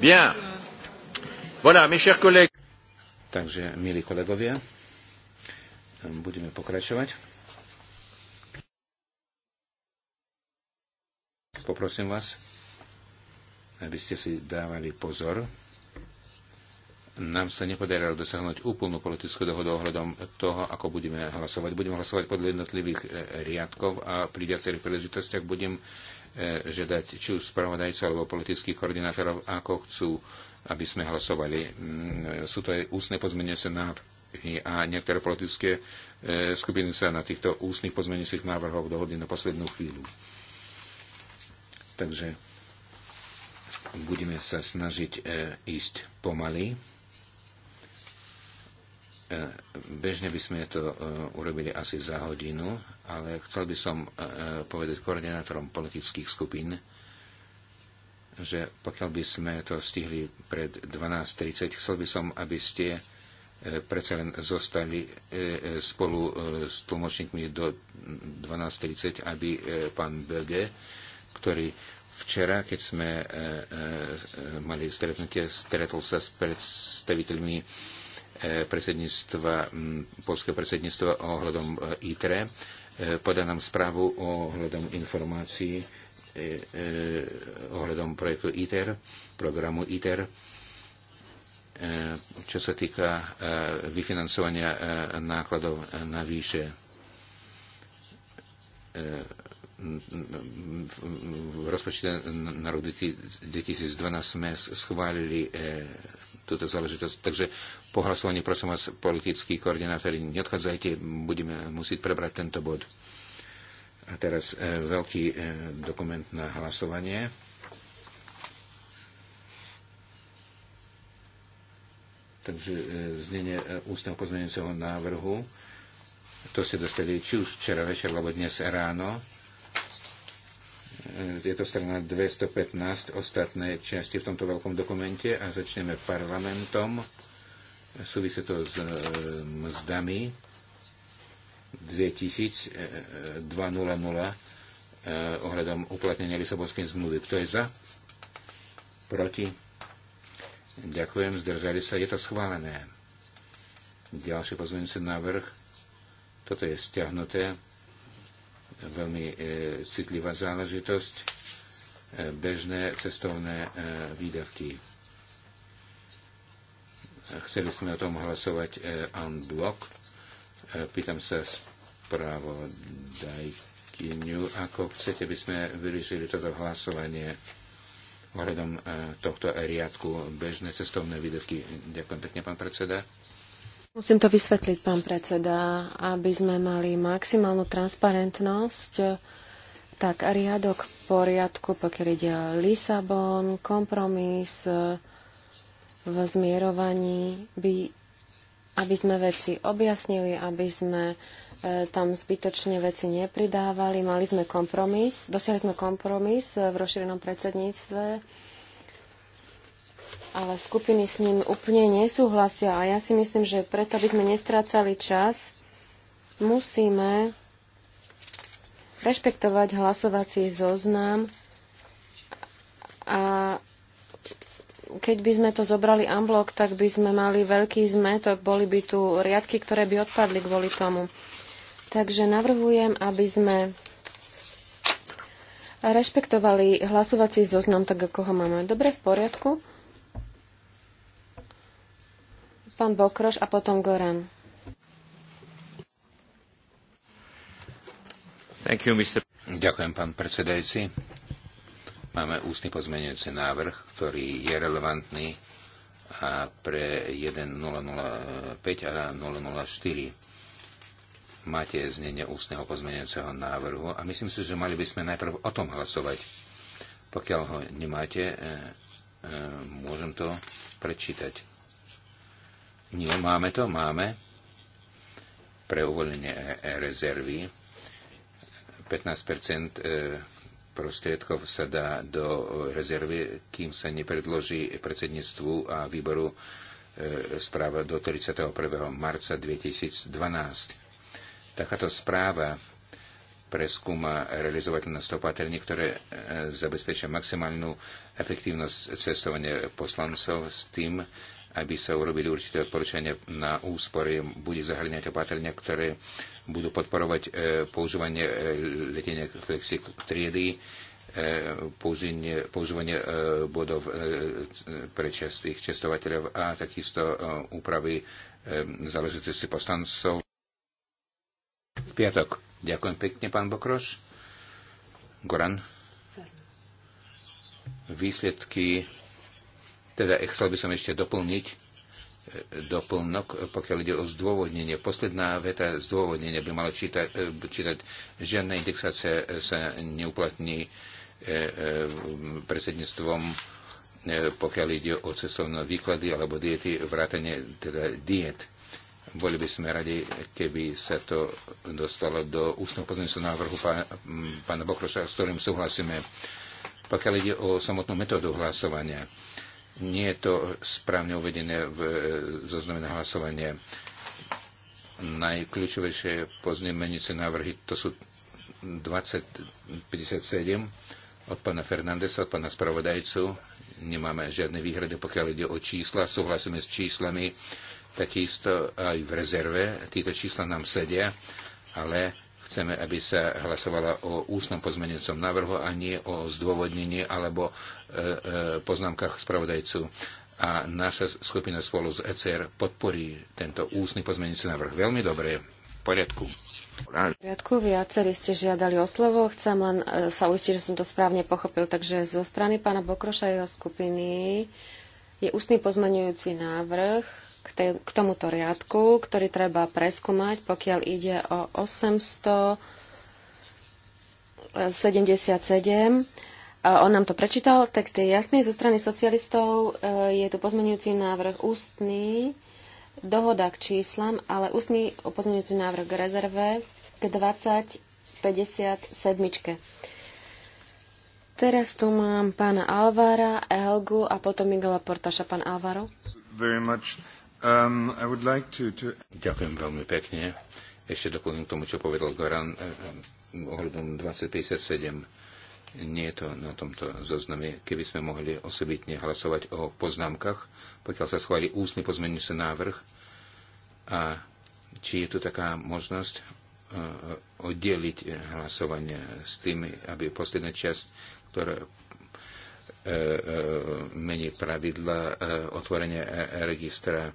Bien. Voilà, mes chers collègues. Takže, milí kolegovia, budeme pokračovať. Poprosím vás, aby ste si dávali pozor. Nám sa nepodarilo dosiahnuť úplnú politickú dohodu ohľadom toho, ako budeme hlasovať. Budeme hlasovať podľa jednotlivých eh, riadkov a pri viacerých príležitostiach budem že dať či už spravodajcov alebo politických koordinátorov, ako chcú, aby sme hlasovali. Mm, sú to aj ústne pozmeňujúce návrhy a niektoré politické e, skupiny sa na týchto ústnych pozmeňujúcich návrhoch dohodli na poslednú chvíľu. Takže budeme sa snažiť e, ísť pomaly. E, bežne by sme to urobili asi za hodinu ale chcel by som e, e, povedať koordinátorom politických skupín, že pokiaľ by sme to stihli pred 12.30, chcel by som, aby ste e, predsa len zostali spolu s tlmočníkmi do 12.30, aby pán Belge, ktorý včera, keď sme mali stretnutie, stretol sa s predstaviteľmi predsedníctva, polského predsedníctva ohľadom ITRE, E, poda nám správu o hľadom informácií e, e, ohľadom projektu ITER, programu ITER, čo sa týka vyfinancovania nákladov na výše v rozpočte na rok 2012 sme schválili e, túto záležitosť. Takže po hlasovaní prosím vás, politickí koordinátori, neodchádzajte, budeme musieť prebrať tento bod. A teraz e, veľký e, dokument na hlasovanie. Takže znenie ústneho pozmeňujúceho návrhu. To ste dostali či už včera večer, alebo dnes ráno je to strana 215, ostatné časti v tomto veľkom dokumente a začneme parlamentom. Súvisí to s e, mzdami 2000, 200 e, e, ohľadom uplatnenia Lisabonskej zmluvy. Kto je za? Proti? Ďakujem, zdržali sa. Je to schválené. Ďalší pozmeňujúci návrh. Toto je stiahnuté veľmi e, citlivá záležitosť, e, bežné cestovné e, výdavky. Chceli sme o tom hlasovať unblock. Pýtam sa spravodajkyňu, ako chcete, by sme vyriešili toto hlasovanie ohľadom tohto riadku bežné cestovné výdavky. Ďakujem pekne, pán predseda. Musím to vysvetliť, pán predseda, aby sme mali maximálnu transparentnosť. Tak a riadok poriadku, pokiaľ ide o Lisabon, kompromis e, v zmierovaní, by, aby sme veci objasnili, aby sme e, tam zbytočne veci nepridávali. Mali sme kompromis, dosiahli sme kompromis v rozšírenom predsedníctve ale skupiny s ním úplne nesúhlasia a ja si myslím, že preto, aby sme nestrácali čas, musíme rešpektovať hlasovací zoznam a keď by sme to zobrali amblok, tak by sme mali veľký zmetok, boli by tu riadky, ktoré by odpadli kvôli tomu. Takže navrhujem, aby sme rešpektovali hlasovací zoznam tak, ako ho máme. Dobre, v poriadku. Pán Bokroš a potom Goran. Thank you, Mr. Ďakujem, pán predsedajúci. Máme ústny pozmeňujúci návrh, ktorý je relevantný a pre 1005 a 004 máte znenie ústneho pozmeňujúceho návrhu a myslím si, že mali by sme najprv o tom hlasovať. Pokiaľ ho nemáte, eh, eh, môžem to prečítať nie, máme to, máme. Pre uvoľnenie e, e, rezervy 15 e, prostriedkov sa dá do rezervy, kým sa nepredloží predsedníctvu a výboru správa do 31. marca 2012. Takáto správa preskúma realizovateľnosť opatrení, ktoré zabezpečia maximálnu efektívnosť cestovania poslancov s tým, aby sa urobili určité odporúčania na úspory, bude zahrňať opatrenia, ktoré budú podporovať e, používanie e, letenia flexi triedy, e, používanie, používanie bodov pre čestých cestovateľov a takisto úpravy záležitosti postancov. V piatok. Ďakujem pekne, pán Bokroš. Goran. Výsledky teda eh, chcel by som ešte doplniť eh, doplnok, eh, pokiaľ ide o zdôvodnenie. Posledná veta zdôvodnenia by mala čítať, čítať žiadna indexácia sa neuplatní predsedníctvom, pokiaľ ide o cestovné výklady alebo diety, vrátanie teda diet. Boli by sme radi, keby sa to dostalo do ústneho pozornosti návrhu pána, pána Bokroša, s ktorým súhlasíme. Pokiaľ ide o samotnú metódu hlasovania, nie je to správne uvedené v zozname na hlasovanie. Najkľúčovejšie poznemenujúce návrhy to sú 2057 od pána Fernandesa, od pána spravodajcu. Nemáme žiadne výhrady, pokiaľ ide o čísla. Súhlasíme s číslami takisto aj v rezerve. Títo čísla nám sedia, ale Chceme, aby sa hlasovala o ústnom pozmenujúcom návrhu a nie o zdôvodnení alebo e, e, poznámkach spravodajcu. A naša skupina spolu s ECR podporí tento ústny pozmenujúci návrh. Veľmi dobre. V poriadku. V poriadku, viacerí ste žiadali o slovo. Chcem len e, sa uistiť, že som to správne pochopil. Takže zo strany pána Bokroša jeho skupiny je ústny pozmenujúci návrh k, tej, k tomuto riadku, ktorý treba preskúmať, pokiaľ ide o 877. On nám to prečítal, text je jasný. Zo strany socialistov e, je tu pozmenujúci návrh ústny, dohoda k číslam, ale ústny pozmenujúci návrh k rezerve k 2057. Teraz tu mám pána Alvára, Elgu a potom Miguela Portaša. Pán Alvaro. Very much. Um, Ďakujem veľmi pekne. Ešte doplním k tomu, čo povedal Goran eh, eh, ohľadom 2057. Nie je to na tomto zozname. Keby sme mohli osobitne hlasovať o poznámkach, pokiaľ sa schváli ústny pozmenujúci návrh a či je tu taká možnosť eh, oddeliť hlasovanie s tým, aby posledná časť, ktorá E, e, mení pravidla e, otvorenia registra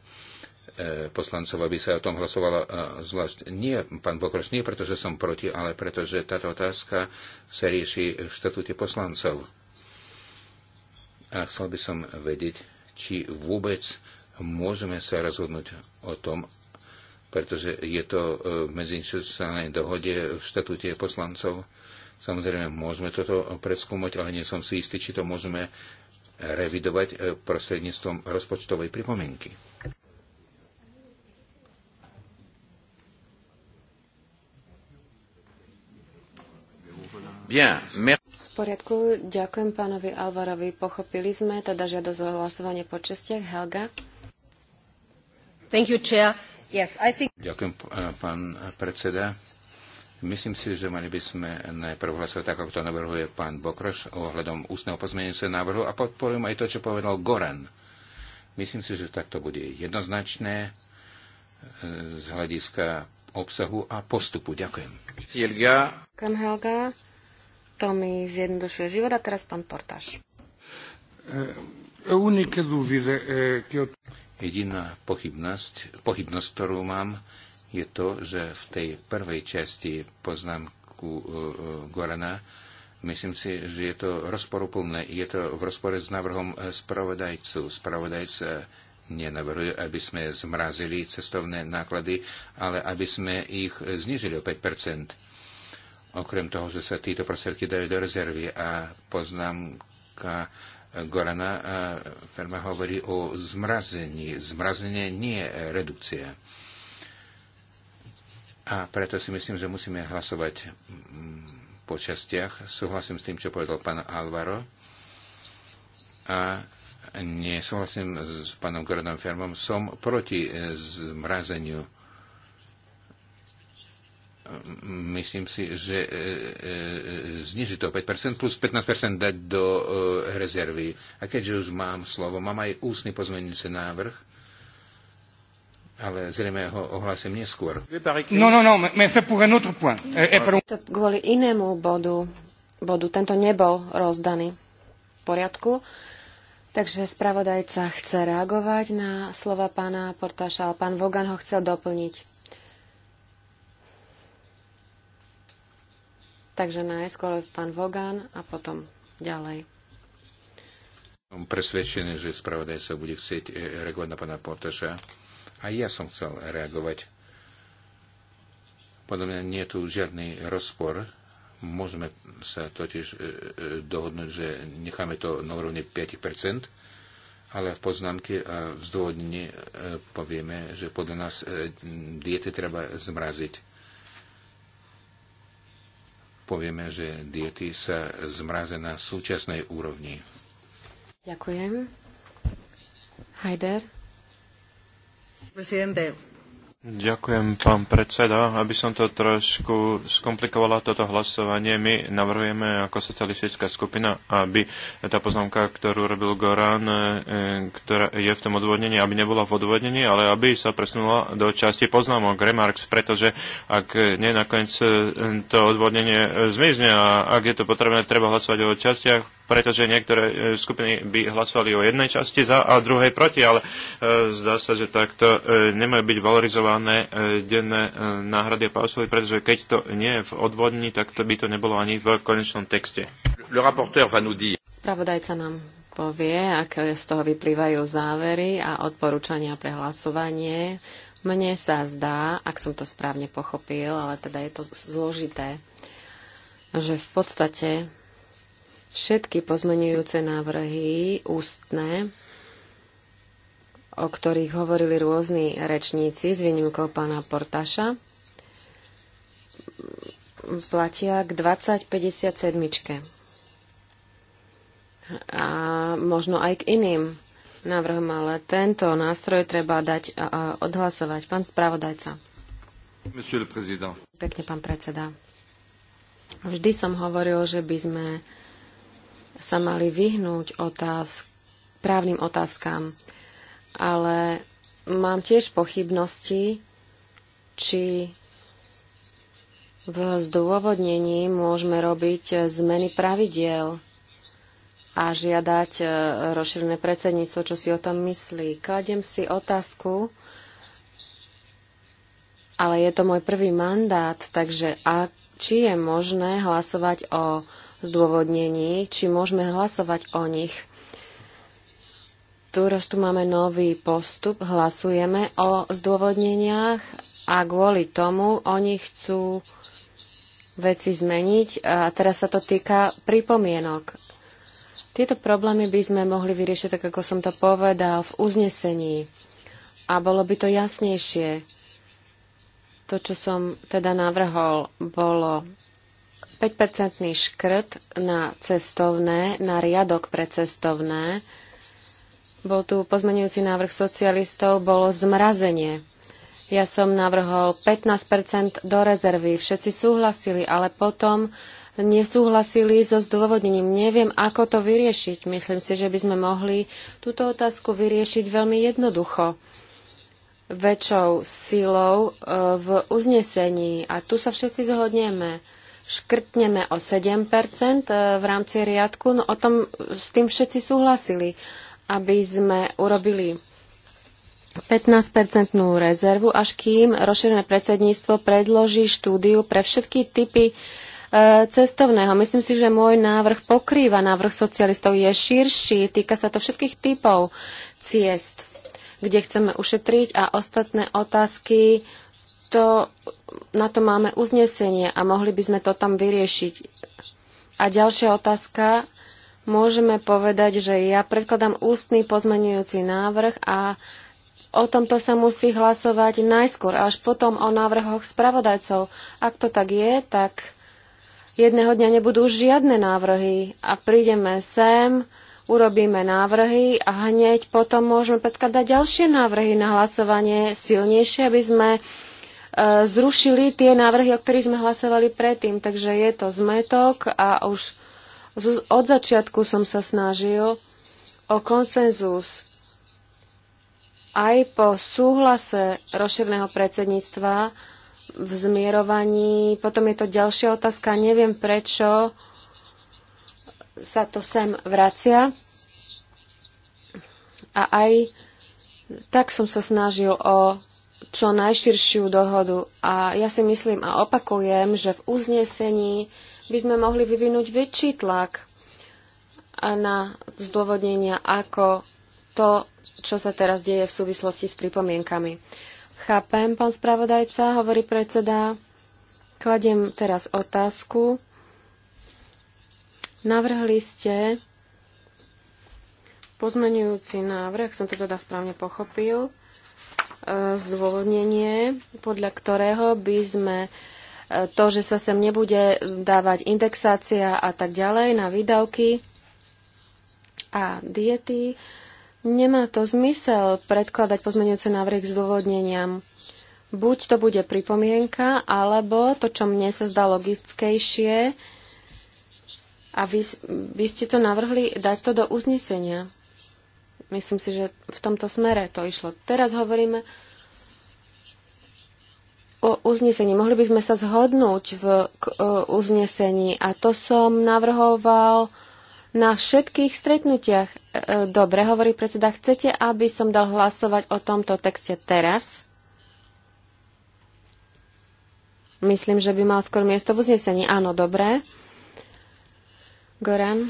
poslancov, aby sa o tom hlasovalo zvlášť. Nie, pán Bokroš, nie preto, že som proti, ale preto, že táto otázka sa rieši v štatúte poslancov. A chcel by som vedieť, či vôbec môžeme sa rozhodnúť o tom, pretože je to v medziinstitucionálnej dohode v štatúte poslancov Samozrejme, môžeme toto preskúmať, ale nie som si istý, či to môžeme revidovať eh, prostredníctvom rozpočtovej pripomienky. V poriadku, ďakujem pánovi Alvarovi. Pochopili sme teda žiadosť o hlasovanie po čestiach. Helga. Thank you, chair. Yes, I think... Ďakujem, eh, pán predseda. Myslím si, že mali by sme najprv hlasovať tak, ako to navrhuje pán Bokroš ohľadom ústneho pozmenenia návrhu a podporujem aj to, čo povedal Goran. Myslím si, že takto bude jednoznačné e, z hľadiska obsahu a postupu. Ďakujem. Silvia. Kam Helga. To mi zjednodušuje život a teraz pán Portáš. E, e, Jediná pochybnosť, pochybnosť, ktorú mám, je to, že v tej prvej časti poznámku e, e, Gorana myslím si, že je to rozporuplné. Je to v rozpore s návrhom e, spravodajcu. Spravodajca nenavrhuje, aby sme zmrazili cestovné náklady, ale aby sme ich znižili o 5 Okrem toho, že sa títo prostriedky dajú do rezervy a poznámka Gorana, firma hovorí o zmrazení. Zmrazenie nie je redukcia. A preto si myslím, že musíme hlasovať mm, po častiach. Súhlasím s tým, čo povedal pán Alvaro. A nesúhlasím s pánom Gordon Fermom. Som proti e, zmrazeniu. Myslím si, že e, e, zniží to 5% plus 15% dať do rezervy. A keďže už mám slovo, mám aj ústny pozmeňujúci návrh ale zrejme ho ohlasím neskôr. No, no, no, mais c'est pour un autre point. Eh, eh, to kvôli inému bodu, bodu. Tento nebol rozdaný v poriadku. Takže spravodajca chce reagovať na slova pána Portáša, ale pán Vogan ho chcel doplniť. Takže najskôr pán Vogan a potom ďalej. Som presvedčený, že spravodajca bude chcieť eh, reagovať na pána Portáša a ja som chcel reagovať. Podľa mňa nie je tu žiadny rozpor. Môžeme sa totiž e, e, dohodnúť, že necháme to na úrovni 5%, ale v poznámke a v zdôvodnení e, povieme, že podľa nás diety treba zmraziť povieme, že diety sa zmrazia na súčasnej úrovni. Ďakujem. Hajder. Presidente. Ďakujem, pán predseda. Aby som to trošku skomplikovala, toto hlasovanie, my navrhujeme ako socialistická skupina, aby tá poznámka, ktorú robil Goran, e, ktorá je v tom odvodnení, aby nebola v odvodnení, ale aby sa presunula do časti poznámok, remarks, pretože ak nie, nakoniec e, to odvodnenie zmizne a ak je to potrebné, treba hlasovať o častiach, pretože niektoré e, skupiny by hlasovali o jednej časti za a druhej proti, ale e, zdá sa, že takto e, nemajú byť valorizované denné náhrady a pausoly, pretože keď to nie je v odvodni, tak to by to nebolo ani v konečnom texte. Spravodajca nám povie, aké z toho vyplývajú závery a odporúčania pre hlasovanie. Mne sa zdá, ak som to správne pochopil, ale teda je to zložité, že v podstate všetky pozmenujúce návrhy ústne, o ktorých hovorili rôzni rečníci s výnimkou pána Portaša, platia k 2057. A možno aj k iným návrhom, ale tento nástroj treba dať a odhlasovať. Pán spravodajca. Pekne, pán predseda. Vždy som hovoril, že by sme sa mali vyhnúť otázk, právnym otázkam. Ale mám tiež pochybnosti, či v zdôvodnení môžeme robiť zmeny pravidiel a žiadať e, rozšírené predsedníctvo, čo si o tom myslí. Kladiem si otázku, ale je to môj prvý mandát, takže a či je možné hlasovať o zdôvodnení, či môžeme hlasovať o nich. Teraz tu máme nový postup, hlasujeme o zdôvodneniach a kvôli tomu oni chcú veci zmeniť a teraz sa to týka pripomienok. Tieto problémy by sme mohli vyriešiť, tak ako som to povedal, v uznesení. A bolo by to jasnejšie. To, čo som teda navrhol, bolo 5-percentný škrt na cestovné, na riadok pre cestovné. Bol tu pozmenujúci návrh socialistov, bolo zmrazenie. Ja som navrhol 15 do rezervy. Všetci súhlasili, ale potom nesúhlasili so zdôvodnením. Neviem, ako to vyriešiť. Myslím si, že by sme mohli túto otázku vyriešiť veľmi jednoducho väčšou silou e, v uznesení. A tu sa všetci zhodneme škrtneme o 7 e, v rámci riadku. No o tom s tým všetci súhlasili, aby sme urobili 15-percentnú rezervu, až kým rozšírené predsedníctvo predloží štúdiu pre všetky typy e, cestovného. Myslím si, že môj návrh pokrýva návrh socialistov, je širší, týka sa to všetkých typov ciest, kde chceme ušetriť a ostatné otázky to, na to máme uznesenie a mohli by sme to tam vyriešiť. A ďalšia otázka, môžeme povedať, že ja predkladám ústny pozmenujúci návrh a O tomto sa musí hlasovať najskôr, až potom o návrhoch spravodajcov. Ak to tak je, tak jedného dňa nebudú žiadne návrhy a prídeme sem, urobíme návrhy a hneď potom môžeme predkladať ďalšie návrhy na hlasovanie silnejšie, aby sme Eh, zrušili tie návrhy, o ktorých sme hlasovali predtým. Takže je to zmetok a už od začiatku som sa snažil o konsenzus aj po súhlase rozširného predsedníctva v zmierovaní. Potom je to ďalšia otázka. Neviem, prečo sa to sem vracia. A aj tak som sa snažil o čo najširšiu dohodu. A ja si myslím a opakujem, že v uznesení by sme mohli vyvinúť väčší tlak na zdôvodnenia ako to, čo sa teraz deje v súvislosti s pripomienkami. Chápem, pán spravodajca, hovorí predseda. Kladiem teraz otázku. Navrhli ste pozmenujúci návrh, som to teda správne pochopil, zdôvodnenie, podľa ktorého by sme e, to, že sa sem nebude dávať indexácia a tak ďalej na výdavky a diety, nemá to zmysel predkladať pozmeňujúce návrhy k zdôvodneniam. Buď to bude pripomienka, alebo to, čo mne sa zdá logickejšie, a vy, vy ste to navrhli dať to do uznesenia. Myslím si, že v tomto smere to išlo. Teraz hovoríme o uznesení. Mohli by sme sa zhodnúť v e, uznesení a to som navrhoval na všetkých stretnutiach. E, e, dobre, hovorí predseda, chcete, aby som dal hlasovať o tomto texte teraz? Myslím, že by mal skôr miesto v uznesení. Áno, dobre. Goran.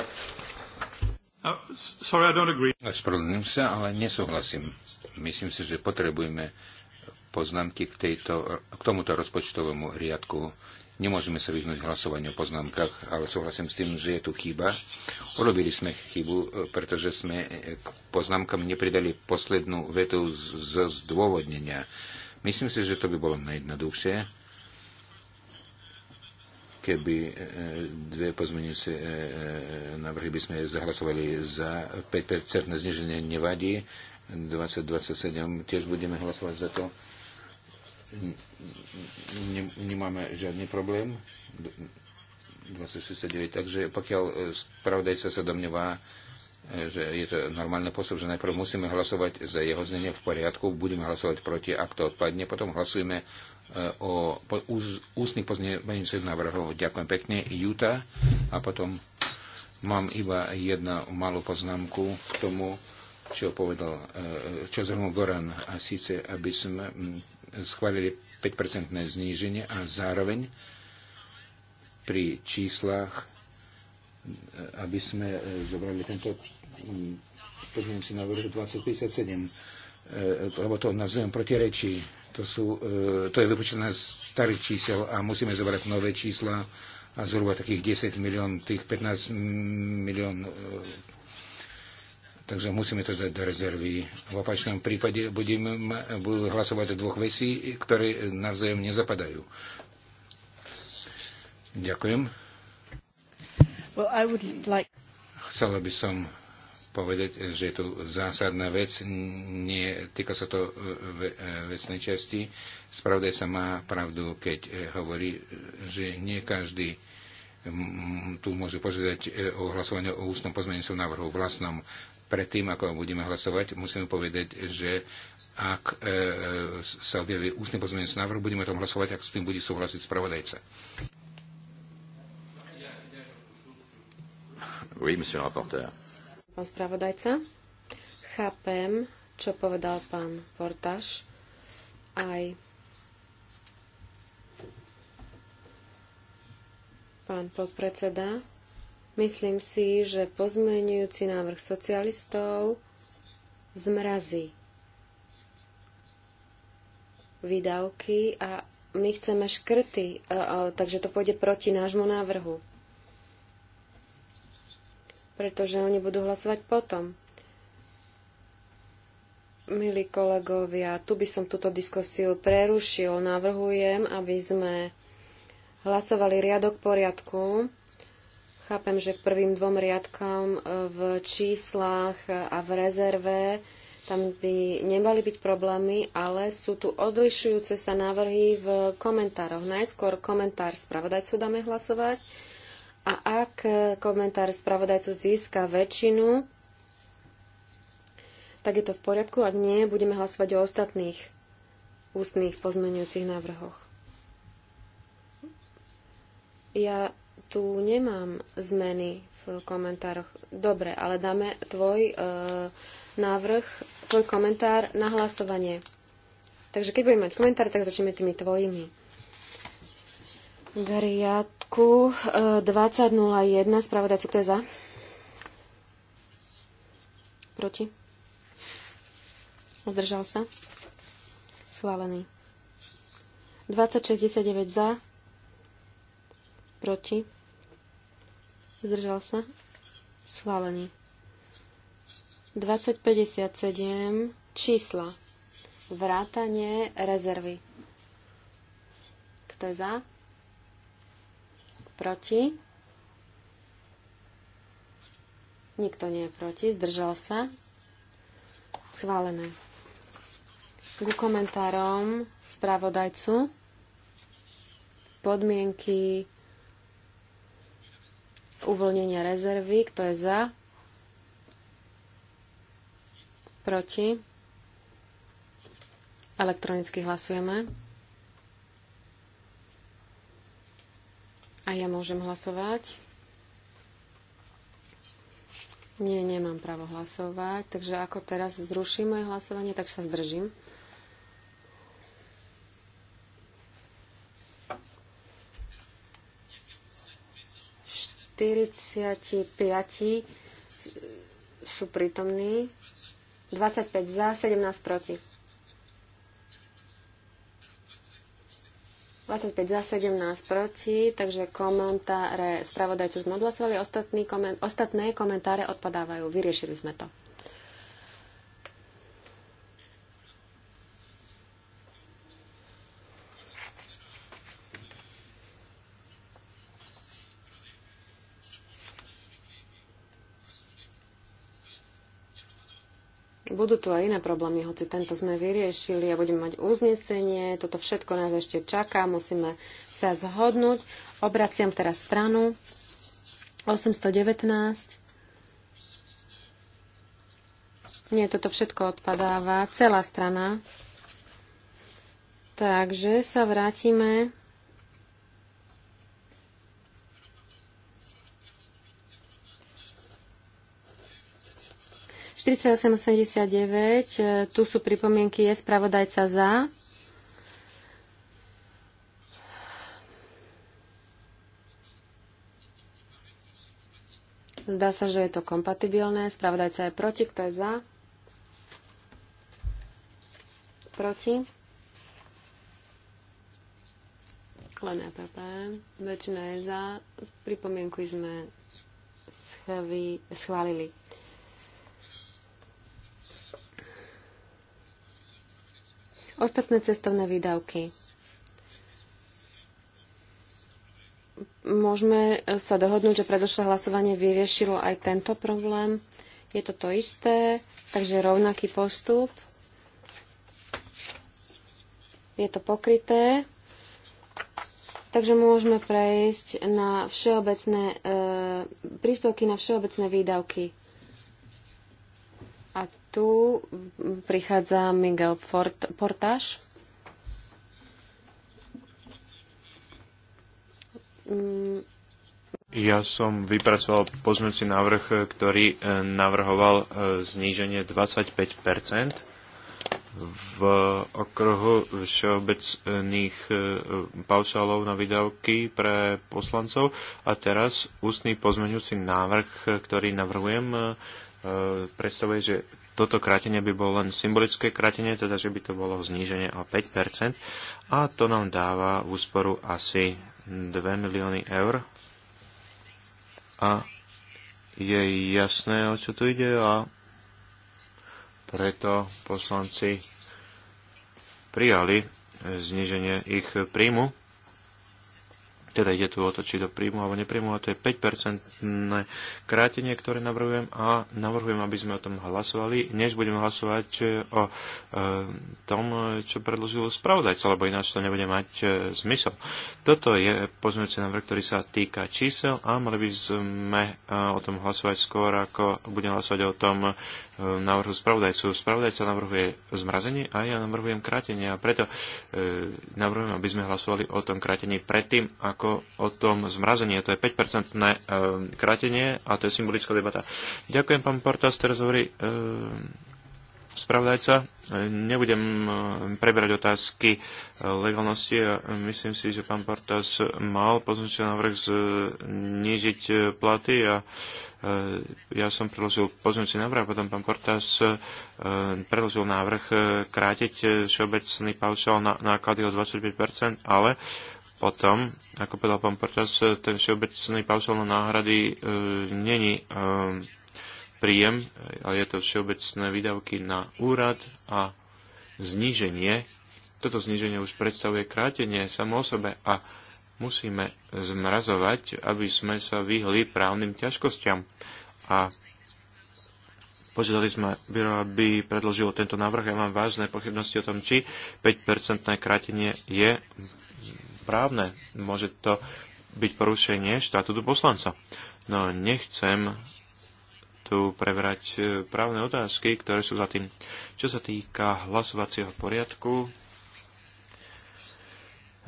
Uh, sorry, I don't agree. Spravedlňujem sa, ale nesúhlasím. Myslím si, že potrebujeme poznámky k, tejto, k tomuto rozpočtovému riadku. Nemôžeme sa vyhnúť hlasovaniu o poznámkach, ale súhlasím s tým, že je tu chyba. Urobili sme chybu, pretože sme k poznámkam nepridali poslednú vetu z, z zdôvodnenia. Myslím si, že to by bolo najjednoduchšie keby e, e, dve pozmeňujúce e, návrhy by sme zahlasovali za 5% zniženie nevadí. 2027 tiež budeme hlasovať za to. Nemáme žiadny problém. 2069. Takže pokiaľ spravodajca sa domnievá, že je to normálny postup, že najprv musíme hlasovať za jeho znenie v poriadku, budeme hlasovať proti, ak to odpadne, potom hlasujeme Eh, o ústnych pozmeňujúcich návrhov. Ďakujem pekne. Juta. A potom mám iba jednu malú poznámku k tomu, čo povedal, eh, čo zhrnul Goran. A síce, aby sme hm, schválili 5-percentné zníženie a zároveň pri číslach, eh, aby sme zobrali tento hm, pozmeňujúci návrh 2057 lebo to navzájom protirečí to, sú, e, to je vypočítané z starých čísel a musíme zobrať nové čísla a zhruba takých 10 milión, tých 15 milión. E, takže musíme to dať do rezervy. V opačnom prípade budeme, budú hlasovať o dvoch vecí, ktoré navzájom nezapadajú. Ďakujem. Well, I would like... Chcela by som povedať, že je to zásadná vec, nie, týka sa to e, e, vecnej časti. Spravdaj sa má pravdu, keď e, hovorí, že nie každý tu môže požiadať o hlasovanie o ústnom pozmenencom návrhu vlastnom. Predtým, ako budeme hlasovať, musíme povedať, že ak sa objaví ústny pozmenencom návrh, budeme o tom hlasovať, ak s tým bude súhlasiť spravodajca. Oui, monsieur le rapporteur pán spravodajca. Chápem, čo povedal pán Portaš. Aj pán podpredseda. Myslím si, že pozmenujúci návrh socialistov zmrazí výdavky a my chceme škrty, takže to pôjde proti nášmu návrhu pretože oni budú hlasovať potom. Milí kolegovia, tu by som túto diskusiu prerušil. Navrhujem, aby sme hlasovali riadok poriadku. Chápem, že k prvým dvom riadkom e, v číslach a v rezerve tam by nemali byť problémy, ale sú tu odlišujúce sa návrhy v komentároch. Najskôr komentár spravodajcu dáme hlasovať a ak komentár spravodajcu získa väčšinu, tak je to v poriadku. Ak nie, budeme hlasovať o ostatných ústných pozmenujúcich návrhoch. Ja tu nemám zmeny v komentároch. Dobre, ale dáme tvoj e, návrh, tvoj komentár na hlasovanie. Takže keď budeme mať komentár, tak začneme tými tvojimi k riadku 20.01 spravodajcu, kto je za? Proti? Zdržal sa? Schválený. 2069 za. Proti. Zdržal sa? Schválený. 2057 čísla. Vrátanie rezervy. Kto je za? proti. Nikto nie je proti, zdržal sa. Schválené. Ku komentárom spravodajcu podmienky uvoľnenia rezervy, kto je za, proti. Elektronicky hlasujeme. A ja môžem hlasovať? Nie, nemám právo hlasovať. Takže ako teraz zruším moje hlasovanie, tak sa zdržím. Štyridsiati piati sú prítomní. 25 za, 17 proti. 25 za 17 proti, takže komentáre spravodajcu sme odhlasovali, ostatné komentáre odpadávajú. Vyriešili sme to. budú tu aj iné problémy, hoci tento sme vyriešili a budeme mať uznesenie, toto všetko nás ešte čaká, musíme sa zhodnúť. Obraciam teraz stranu 819. Nie, toto všetko odpadáva, celá strana. Takže sa vrátime 4889, e, tu sú pripomienky, je spravodajca za. Zdá sa, že je to kompatibilné. Spravodajca je proti, kto je za? Proti. Len APP. E Väčšina je za. Pripomienku sme schválili. Ostatné cestovné výdavky. Môžeme sa dohodnúť, že predošlé hlasovanie vyriešilo aj tento problém. Je to to isté, takže rovnaký postup. Je to pokryté. Takže môžeme prejsť na všeobecné e, príspevky na všeobecné výdavky tu prichádza Miguel Fort- Portáš. Mm. Ja som vypracoval pozmeňujúci návrh, ktorý e, navrhoval e, zníženie 25 v okruhu všeobecných e, paušálov na výdavky pre poslancov. A teraz ústny pozmeňujúci návrh, ktorý navrhujem, predstavuje, že toto krátenie by bolo len symbolické krátenie, teda že by to bolo zníženie o 5%, a to nám dáva úsporu asi 2 milióny eur. A je jasné, o čo tu ide a preto poslanci prijali zniženie ich príjmu teda ide tu o to, či to príjmu alebo nepríjmu, a to je 5 krátenie, ktoré navrhujem a navrhujem, aby sme o tom hlasovali, než budeme hlasovať e, o e, tom, čo predložil spravodajca, lebo ináč to nebude mať e, zmysel. Toto je pozmeňujúci návrh, ktorý sa týka čísel a mali by sme e, o tom hlasovať skôr, ako budeme hlasovať o tom, návrhu spravodajcu. Spravodajca navrhuje zmrazenie a ja navrhujem krátenie a preto e, navrhujem, aby sme hlasovali o tom krátení predtým, ako o tom zmrazenie. To je 5 e, krátenie a to je symbolická debata. Ďakujem, pán Portas, teraz hovorí e, spravodajca. E, nebudem e, preberať otázky e, legalnosti a myslím si, že pán Portas mal pozornosť návrh znižiť platy a e, E, ja som predložil pozmeňujúci návrh a potom pán Portas e, predložil návrh e, krátiť všeobecný paušál na náklady o 25%, ale potom, ako povedal pán Portas, ten všeobecný paušál na náhrady není príjem, ale je to všeobecné výdavky na úrad a zníženie. Toto zníženie už predstavuje krátenie samo o sebe a musíme zmrazovať, aby sme sa vyhli právnym ťažkosťam. A Požiadali sme byro, aby predložilo tento návrh. Ja mám vážne pochybnosti o tom, či 5-percentné krátenie je právne. Môže to byť porušenie do poslanca. No nechcem tu prebrať eh, právne otázky, ktoré sú za tým. Čo sa týka hlasovacieho poriadku,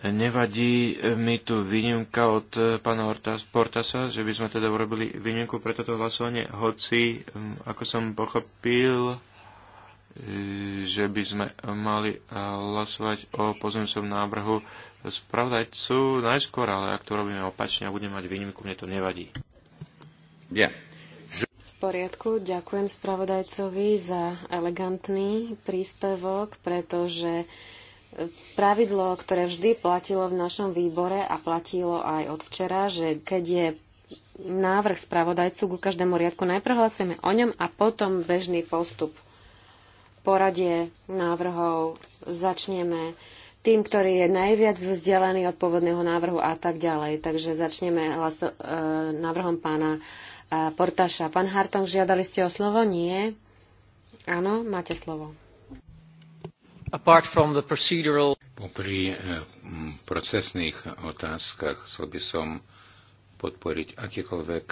Nevadí e, mi tu výnimka od e, pána Portasa, že by sme teda urobili výnimku pre toto hlasovanie, hoci, ako som pochopil, e, že by sme mali hlasovať o pozemcom návrhu spravodajcu najskôr, ale ak to robíme opačne a budeme mať výnimku, mne to nevadí. Ja. V poriadku, ďakujem spravodajcovi za elegantný príspevok, pretože pravidlo, ktoré vždy platilo v našom výbore a platilo aj od včera, že keď je návrh spravodajcu ku každému riadku, najprv hlasujeme o ňom a potom bežný postup. Poradie návrhov začneme tým, ktorý je najviac vzdelený od pôvodného návrhu a tak ďalej. Takže začneme hlaso- e, návrhom pána e, Portaša. Pán Hartong, žiadali ste o slovo? Nie. Áno, máte slovo. Apart from the procedural... Popri eh, procesných otázkach chcel by som podporiť akékoľvek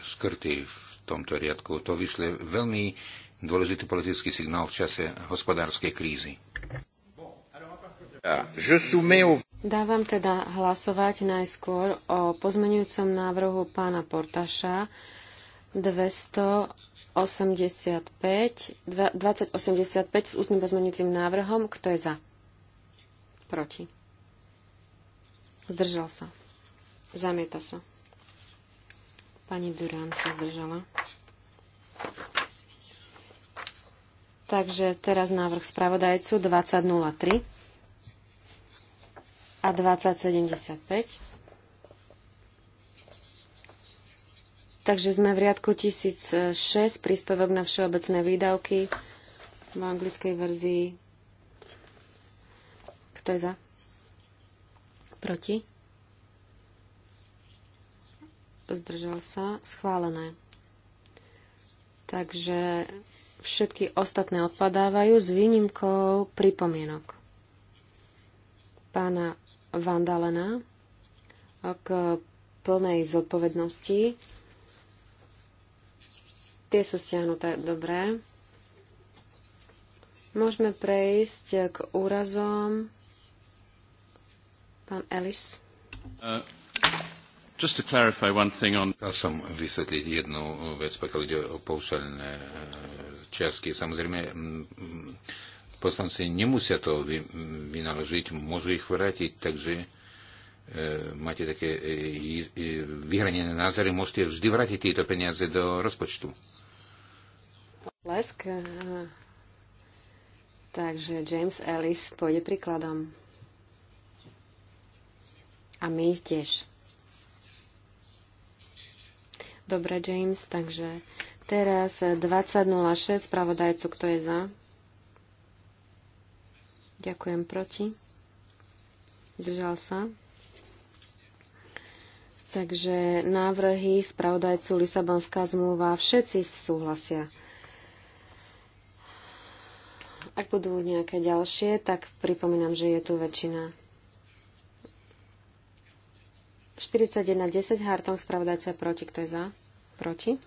skrty eh, v tomto riadku. To vyšle veľmi dôležitý politický signál v čase hospodárskej krízy. Dávam teda hlasovať najskôr o pozmenujúcom návrhu pána Portaša 200 85, 2085 s ústnym pozmeňujúcim návrhom. Kto je za? Proti. Zdržal sa. Zamieta sa. Pani Durán sa zdržala. Takže teraz návrh spravodajcu 2003 a 2075. Takže sme v riadku 1006, príspevok na všeobecné výdavky v anglickej verzii. Kto je za? Proti? Zdržal sa. Schválené. Takže všetky ostatné odpadávajú s výnimkou pripomienok pána Vandalena k plnej zodpovednosti Tie sú stiahnuté. dobré. Môžeme prejsť k úrazom. Pán Ellis. Uh, just to clarify one thing on... Chcel som vysvetliť jednu vec, pokiaľ ide o poušalné uh, čiastky. Samozrejme, poslanci nemusia to vy, vynaložiť, môžu ich vrátiť, takže e, máte také e, e, vyhranené názory, môžete vždy vrátiť tieto peniaze do rozpočtu. Lesk. Eh, takže James Ellis pôjde príkladom. A my tiež. Dobre, James, takže teraz 20.06, eh, spravodajcu, kto je za? Ďakujem, proti? Držal sa? Takže návrhy spravodajcu Lisabonská zmluva, všetci súhlasia. Ak budú nejaké ďalšie, tak pripomínam, že je tu väčšina. 41 10 hartov, spravodajca proti. Kto je za? Proti.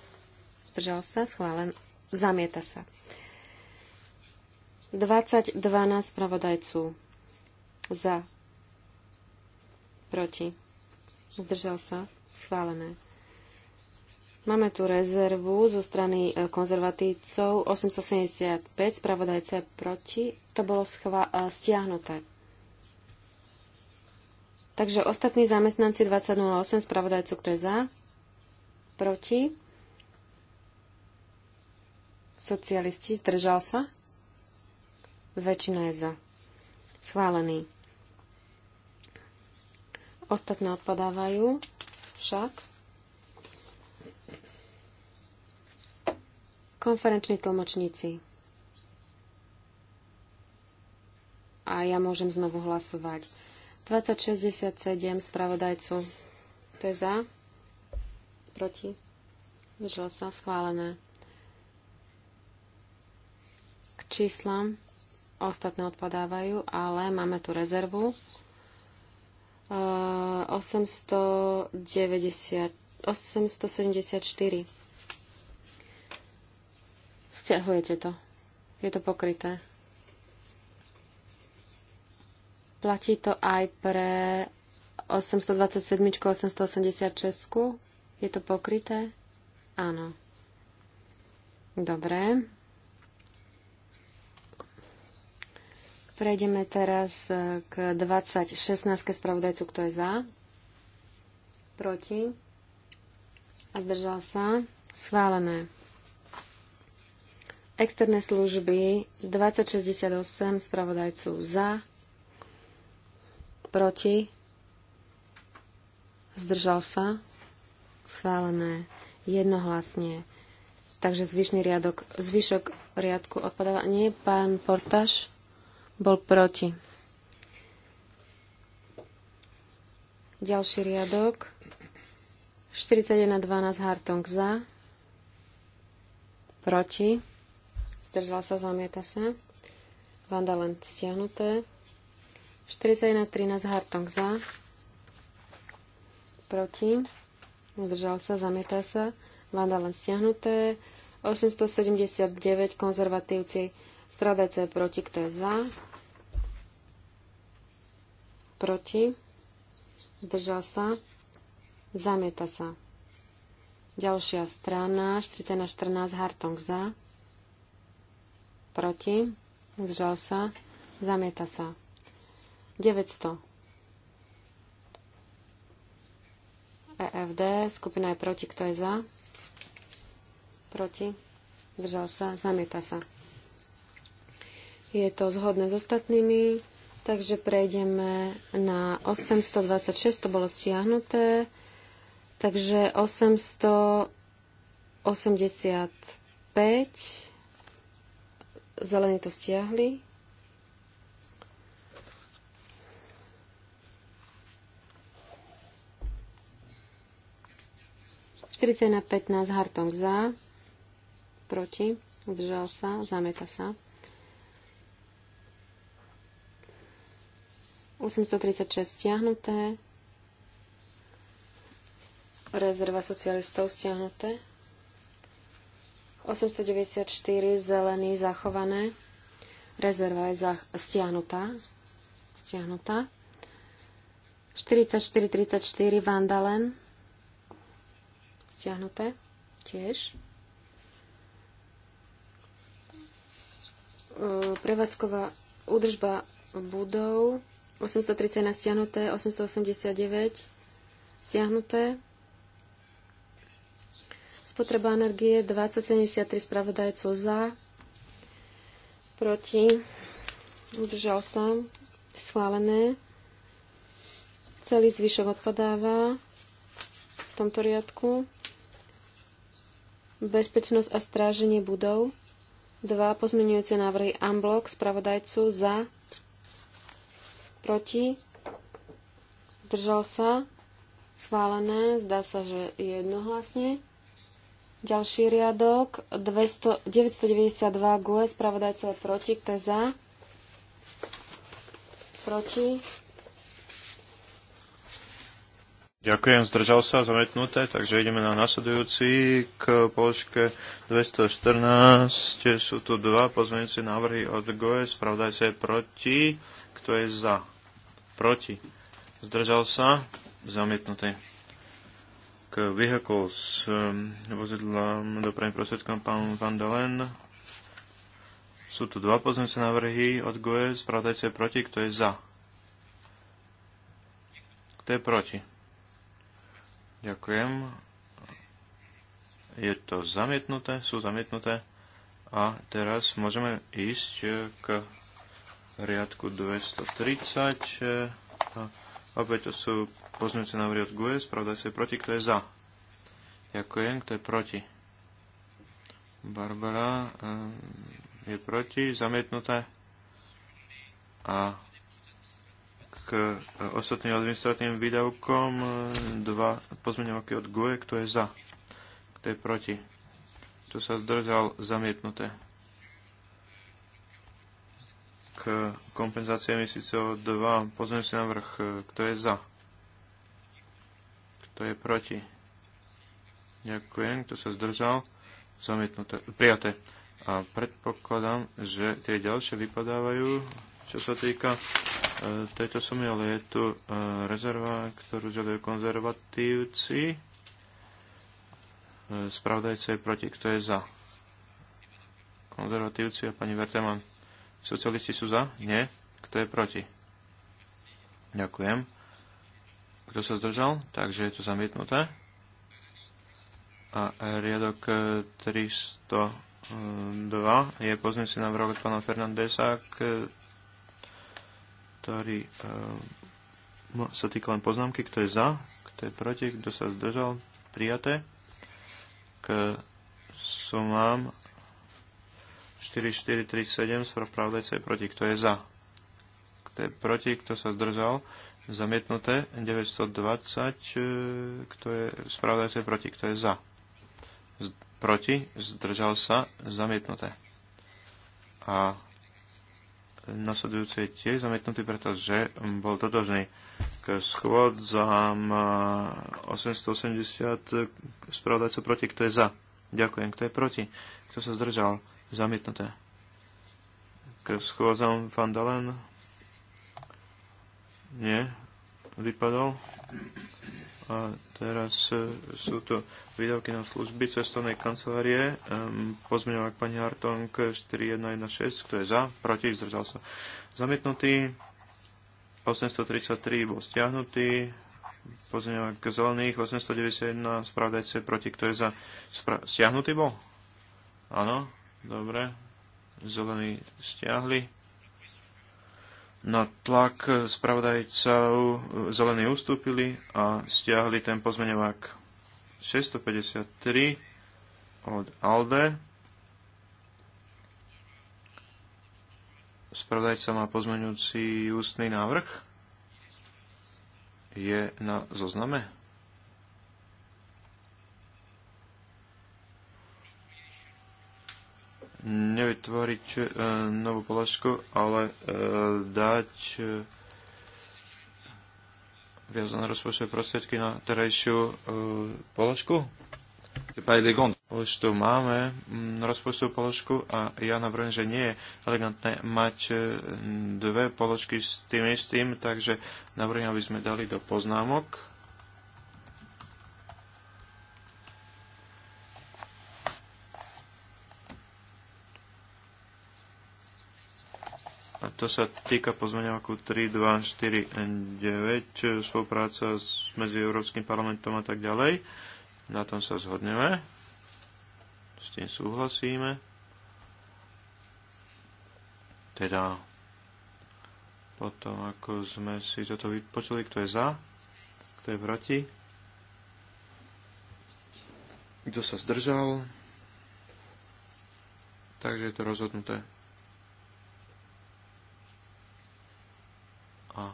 Zdržal sa? Schválen. Zamieta sa. 20.12 spravodajcu za. Proti. Zdržal sa? Schválené. Máme tu rezervu zo strany e, konzervatívcov 875, spravodajce proti. To bolo e, stiahnuté. Takže ostatní zamestnanci 2008, spravodajcu kto je za? Proti? Socialisti, zdržal sa? Väčšina je za. Schválený. Ostatné odpadávajú však. konferenční tlmočníci. A ja môžem znovu hlasovať. 2067 spravodajcu. To je za? Proti? Držal sa schválené. K číslam ostatné odpadávajú, ale máme tu rezervu. 890, ehm, 874. Sťahujete to. Je to pokryté. Platí to aj pre 827, 886. Je to pokryté? Áno. Dobre. Prejdeme teraz e, k 2016 spravodajcu, kto je za. Proti. A zdržal sa. Schválené. Externé služby 2068 spravodajcu za, proti, zdržal sa, schválené jednohlasne. Takže zvyšný riadok, zvyšok riadku odpadáva. Nie, pán Portaž bol proti. Ďalší riadok. 41.12 Hartong za. Proti zdržal sa, zamieta sa. len stiahnuté. 41 13 Hartong za. Proti. Zdržal sa, zamieta sa. len stiahnuté. 879 konzervatívci spravodajce proti, kto je za. Proti. Zdržal sa. Zamieta sa. Ďalšia strana, 40 na 14, Hartong za proti, zdržal sa, zamieta sa. 900. EFD, skupina je proti, kto je za, proti, zdržal sa, zamieta sa. Je to zhodné s ostatnými, takže prejdeme na 826, to bolo stiahnuté, takže 885 Zelení to stiahli. na 15 Hartong za, proti, zdržal sa, zameta sa. 836 stiahnuté, rezerva socialistov stiahnuté. 894 zelený zachované. Rezerva je za, stiahnutá. Stiahnutá. 44 Vandalen. Stiahnuté. Tiež. Prevádzková údržba budov. 831 stiahnuté. 889 stiahnuté. Spotreba energie 2073 spravodajcov za. Proti. Udržal sa. Schválené. Celý zvyšok odpadáva v tomto riadku. Bezpečnosť a stráženie budov. Dva pozmenujúce návrhy unblock spravodajcu za. Proti. udržal sa. Schválené. Zdá sa, že je jednohlasne. Ďalší riadok, 992 GUE, spravodajca je proti, kto je za? Proti? Ďakujem, zdržal sa, zametnuté, takže ideme na nasledujúci k položke 214. Sú tu dva pozmeňujúce návrhy od GOE, spravodajca je proti, kto je za? Proti. Zdržal sa, zametnuté k vehicles, um, vozidlám, dopravným prostriedkom, pán Van Dalen. Sú tu dva pozmeňujúce návrhy od GOE, spravodajca je proti, kto je za? Kto je proti? Ďakujem. Je to zamietnuté, sú zamietnuté. A teraz môžeme ísť k riadku 230. A opäť to sú Pozmeňujúce návrhy od GUE, spravdaj sa je proti, kto je za. Ďakujem, kto je proti. Barbara eh, je proti, zamietnuté. A k ostatným administratívnym výdavkom eh, dva pozmeňovaky od GUE, kto je za, kto je proti. Kto sa zdržal, zamietnuté kompenzácie mesiacov 2. Pozrieme si návrh, kto je za. Kto je proti? Ďakujem. Kto sa zdržal? Zamietnuté. Prijaté. A predpokladám, že tie ďalšie vypadávajú, čo sa týka e, tejto sumy, ale je tu e, rezerva, ktorú žiadajú konzervatívci. E, spravdajce je proti. Kto je za? Konzervatívci a pani Verteman. Socialisti sú za? Nie. Kto je proti? Ďakujem. Kto sa zdržal? Takže je to zamietnuté. A riadok 302 e, je poznesený vrok od pána Fernandesa, ktorý e, no, sa týka len poznámky, kto je za, kto je proti, kto sa zdržal, prijaté. K sumám 4437 správdajca je proti, kto je za, kto je proti, kto sa zdržal, zamietnuté, 920, e, kto je, spravodajca je proti, kto je za, Z, proti, zdržal sa, zamietnuté. A nasledujúce je tiež zamietnutý, pretože bol totožný k schôdzam 880, spravodajca proti, kto je za, ďakujem, kto je proti, kto sa zdržal, zamietnuté. K schôdzam Van Dalen nie, vypadol. A teraz e, sú to výdavky na služby cestovnej kancelárie. Pozmeňovák pani Hartong 4116, e, kto je za, proti, zdržal sa. Zamietnutý. 833 bol stiahnutý. Pozmeňovák zelených 891, spravdajce proti, kto je za. Spra- stiahnutý bol? Áno, dobre. Zelený stiahli na tlak spravodajcov zelení ustúpili a stiahli ten pozmeňovák 653 od ALDE. Spravodajca má pozmeňujúci ústny návrh. Je na zozname? nevytvoriť e, novú položku, ale e, dať e, viazané rozpočtové prostriedky na terajšiu položku? Už tu máme mm, rozpočtovú položku a ja navrhujem, že nie je elegantné mať dve položky s tým istým, takže navrhujem, aby sme dali do poznámok To sa týka pozmeňovaku 3, 2, 4, 9, spolupráca medzi Európskym parlamentom a tak ďalej. Na tom sa zhodneme. S tým súhlasíme. Teda potom, ako sme si toto vypočuli, kto je za, kto je proti, kto sa zdržal. Takže je to rozhodnuté. a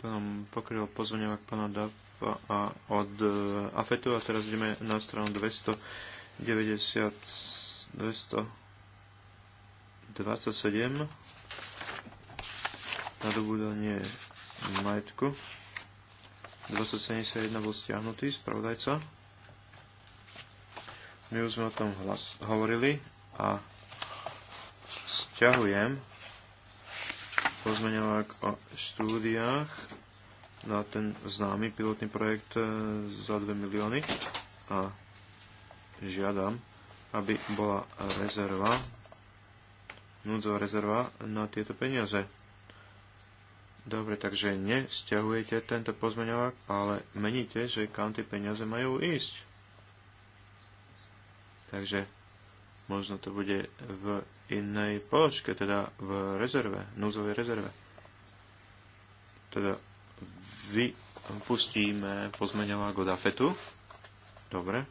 to nám pokryl pozvňovak pána Dafa a od e, Afetu a teraz ideme na stranu 290 227 nadobúdanie majetku 271 bol stiahnutý spravodajca my už sme o tom hlas- hovorili a stiahujem pozmeňovák o štúdiách na ten známy pilotný projekt e, za 2 milióny a žiadam, aby bola rezerva, núdzová rezerva na tieto peniaze. Dobre, takže nesťahujete tento pozmeňovák, ale meníte, že kam tie peniaze majú ísť. Takže Možno to bude v inej položke, teda v rezerve, núzovej rezerve. Teda vypustíme pozmeňová Godafetu. Dobre.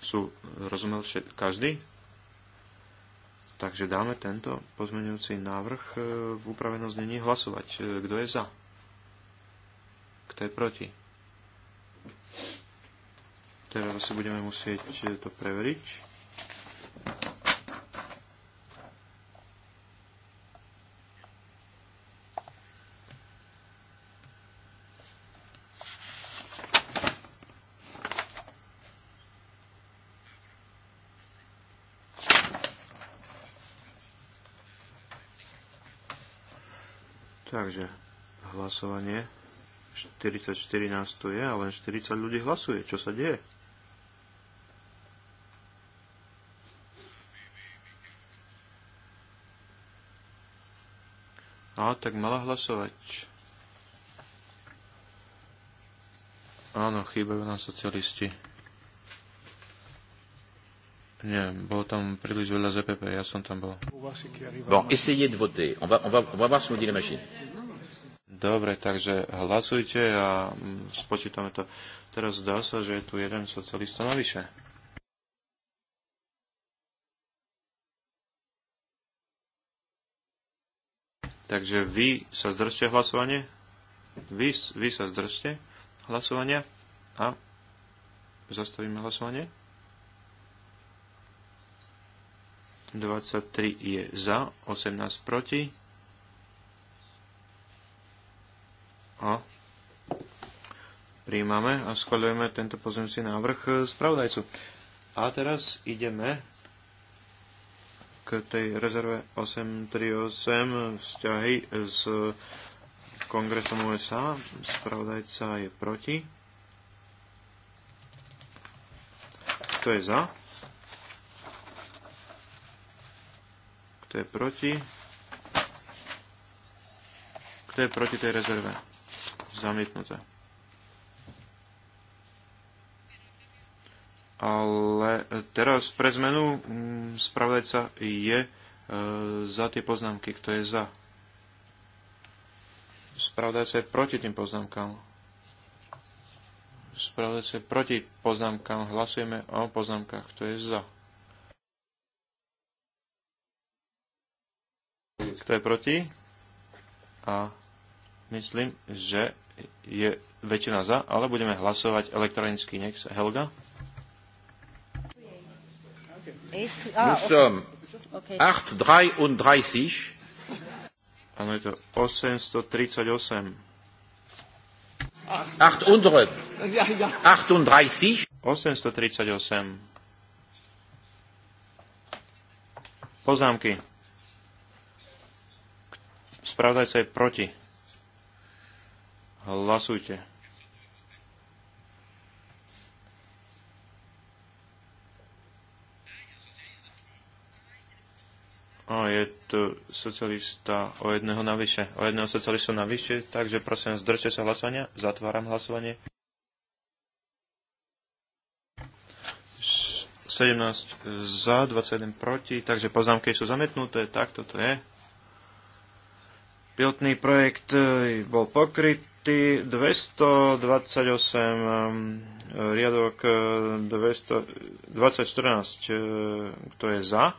Sú, rozumel všet, každý? Takže dáme tento pozmeňujúci návrh e, v upravenom znení hlasovať. E, kto je za? Kto je proti? Teraz asi budeme musieť e, to preveriť. Takže hlasovanie 44 nás tu je a len 40 ľudí hlasuje. Čo sa deje? A tak mala hlasovať. Áno, chýbajú nám socialisti. Nie, bolo tam príliš veľa ZPP, ja som tam bol. Bon, essayez de voter. On va, on va, on va voir ce nous dit la machine. Dobre, takže hlasujte a mm, spočítame to. Teraz zdá sa, že je tu jeden socialista navyše. Takže vy sa zdržte hlasovanie. Vy, vy sa zdržte hlasovania a zastavíme hlasovanie. 23 je za, 18 proti. A príjmame a schváľujeme tento pozemný návrh spravodajcu. A teraz ideme k tej rezerve 838 vzťahy s kongresom USA. Spravodajca je proti. To je za? Kto je proti? Kto je proti tej rezerve? Zamietnuté. Ale teraz pre zmenu mm, spravodajca je e, za tie poznámky, kto je za. Spravodajca je proti tým poznámkam. Spravodajca je proti poznámkam. Hlasujeme o poznámkach, kto je za. kto je proti. A myslím, že je väčšina za, ale budeme hlasovať elektronicky. Nech sa, Helga. Ah, okay. Nous sommes 833. Áno, je to 838. 838. 838. Poznámky. Spravodajca je proti. Hlasujte. O, je tu socialista o jedného navyše. O jedného socialistu navyše, takže prosím, zdržte sa hlasovania. Zatváram hlasovanie. 17 za, 21 proti, takže poznámky sú zametnuté. tak toto je. Pilotný projekt e, bol pokrytý 228 e, riadok 2014, e, kto je za?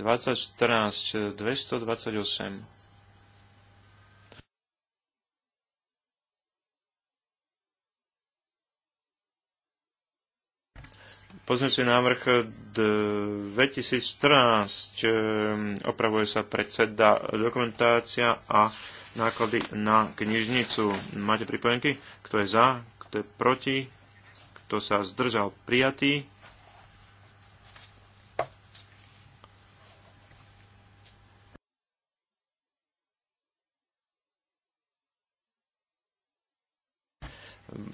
Dvadsať štrnáct, dvesto dvadsať osem. Pozmeňujúci návrh 2014 eh, opravuje sa predseda dokumentácia a náklady na knižnicu. Máte pripojenky? Kto je za? Kto je proti? Kto sa zdržal? Prijatý?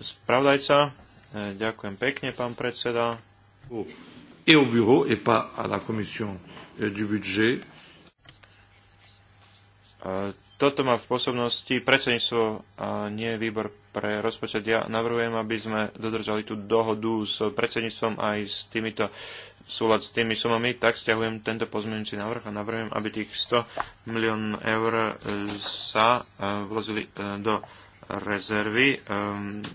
Spravdajca. Eh, ďakujem pekne, pán predseda et au bureau et pas à la commission euh, du budget. Toto má v pôsobnosti predsedníctvo a nie výbor pre rozpočet. Ja navrhujem, aby sme dodržali tú dohodu s predsedníctvom aj s týmito súlad s tými sumami, tak stiahujem tento pozmeňujúci návrh a navrhujem, aby tých 100 milión eur e, sa e, vložili e, do rezervy.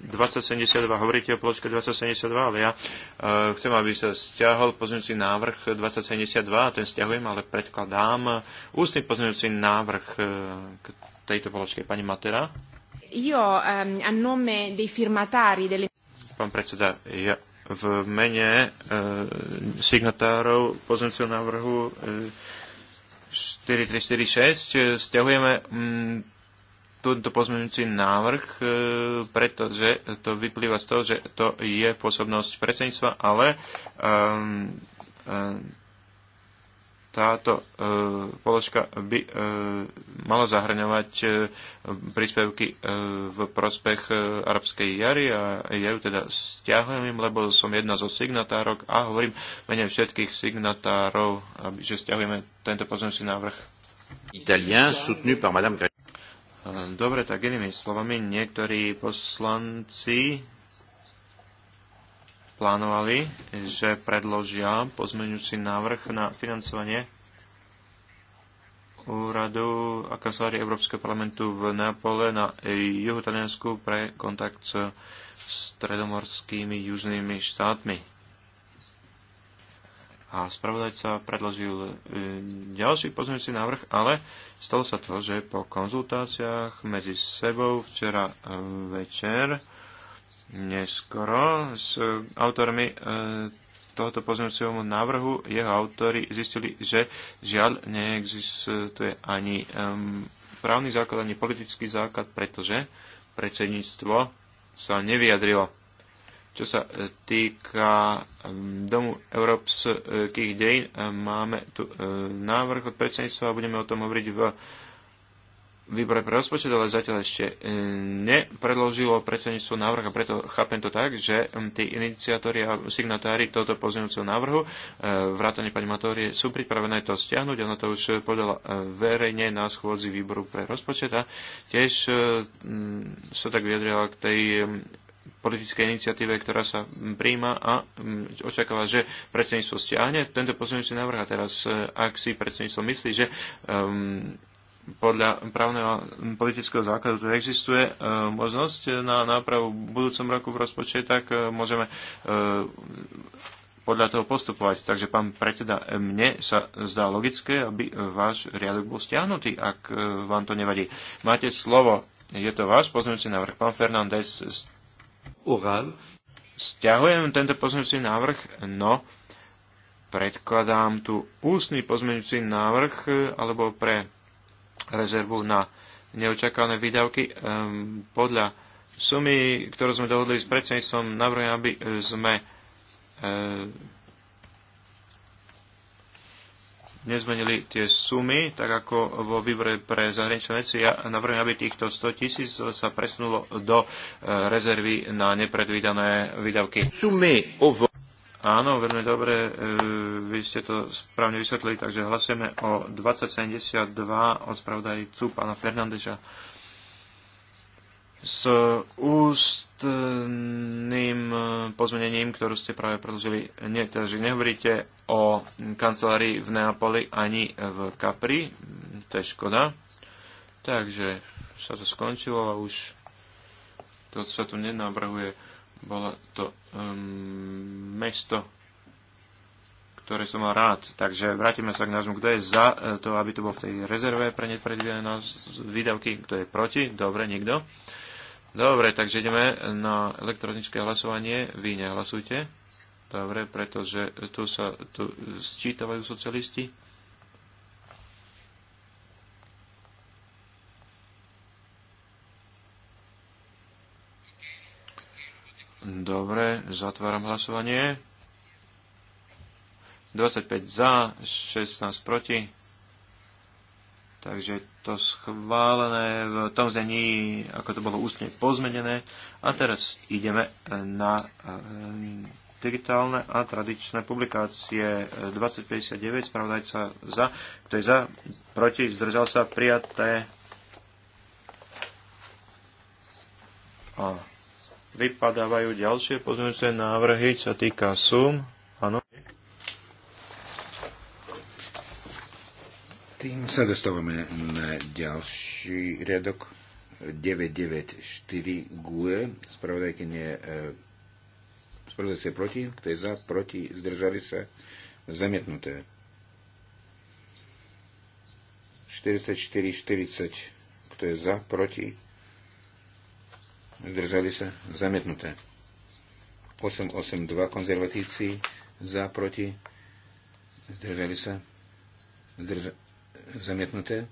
2072, ehm, hovoríte o položke 2072, ale ja eh, chcem, aby sa stiahol pozmeňujúci návrh 2072, ten stiahujem, ale predkladám ústny pozmeňujúci návrh eh, k tejto položke. Pani Matera? Io, ehm, a nome dei firmatari delle... Pán predseda, ja v mene uh, signatárov pozmeňujúceho návrhu e, 4346 stiahujeme mm, tento pozmeňujúci návrh, e, pretože to vyplýva z toho, že to je pôsobnosť predsedníctva, ale e, táto e, položka by e, mala zahrňovať e, príspevky e, v prospech e, arabskej jary a ja ju teda stiahujem im, lebo som jedna zo signatárok a hovorím mene všetkých signatárov, aby, že stiahujeme tento pozmeňujúci návrh. Italien soutenu par Madame Ehm, dobre, tak inými slovami, niektorí poslanci plánovali, že predložia pozmeňujúci návrh na financovanie úradu a kancelárie Európskeho parlamentu v Neapole na juhu Taliansku pre kontakt s stredomorskými južnými štátmi a spravodajca predložil e, ďalší pozmeňujúci návrh, ale stalo sa to, že po konzultáciách medzi sebou včera e, večer neskoro s autormi e, tohoto pozmeňujúceho návrhu jeho autori zistili, že žiaľ neexistuje ani právny základ, ani politický základ, pretože predsedníctvo sa nevyjadrilo čo sa e, týka Domu európskych dejín, e, máme tu e, návrh od predsedníctva a budeme o tom hovoriť v výbore pre rozpočet, ale zatiaľ ešte nepredložilo predsedníctvo návrh a preto chápem to tak, že tí iniciatóri a signatári tohoto pozmeňujúceho návrhu vrátane pani Matórie sú pripravené to stiahnuť. Ona to už podala verejne na schôdzi výboru pre rozpočet a tiež sa tak vyjadrila k tej politickej iniciatíve, ktorá sa príjma a očakáva, že predsedníctvo stiahne tento posunujúci návrh. A teraz, e, ak si predsedníctvo myslí, že um, podľa právneho politického základu tu existuje uh, možnosť na nápravu v budúcom roku v rozpočte, tak uh, môžeme uh, podľa toho postupovať. Takže, pán predseda, mne sa zdá logické, aby váš riadok bol stiahnutý, ak uh, vám to nevadí. Máte slovo. Je to váš pozornosť návrh. Pán Fernández, orale. Sťahujem tento pozmeňujúci návrh, no predkladám tu ústny pozmeňujúci návrh e, alebo pre rezervu na neočakávané výdavky e, podľa sumy, ktorú sme dohodli s predsedníctvom, navrhujem, aby sme e, nezmenili tie sumy, tak ako vo výbore pre zahraničné veci. Ja navrhujem, aby týchto 100 tisíc sa presunulo do e, rezervy na nepredvídané výdavky. Sumy ovo... Áno, veľmi dobre, e, vy ste to správne vysvetlili, takže hlasujeme o 2072 od spravodajcu pána Fernandeša s ústným eh, pozmenením, ktorú ste práve predložili. Nie, takže teda, nehovoríte o kancelárii v Neapoli ani v Capri. To je škoda. Takže sa to skončilo a už to sa tu nenavrhuje. Bolo to um, mesto, ktoré som mal rád. Takže vrátime sa k nášmu. Kto je za eh, to, aby to bol v tej rezerve pre nepredvidené výdavky? Kto je proti? Dobre, nikto. Dobre, takže ideme na elektronické hlasovanie. Vy nehlasujte. Dobre, pretože tu sa tu sčítavajú socialisti. Dobre, zatváram hlasovanie. 25 za, 16 proti. Takže to schválené v tom znení, ako to bolo ústne pozmenené. A teraz ideme na eh, digitálne a tradičné publikácie 2059, spravodajca za, kto je za, proti, zdržal sa, prijaté. A vypadávajú ďalšie pozmeňujúce návrhy, čo týka sum. Tým sa dostávame na ďalší riadok 994 GUE. Spravodajky nie Spravodajky sa proti, kto je za, proti, zdržali sa, zamietnuté. 44-40, kto je za, proti, zdržali sa, zamietnuté. 882 konzervatívci, za, proti, zdržali sa, zdržali sa zamietnuté.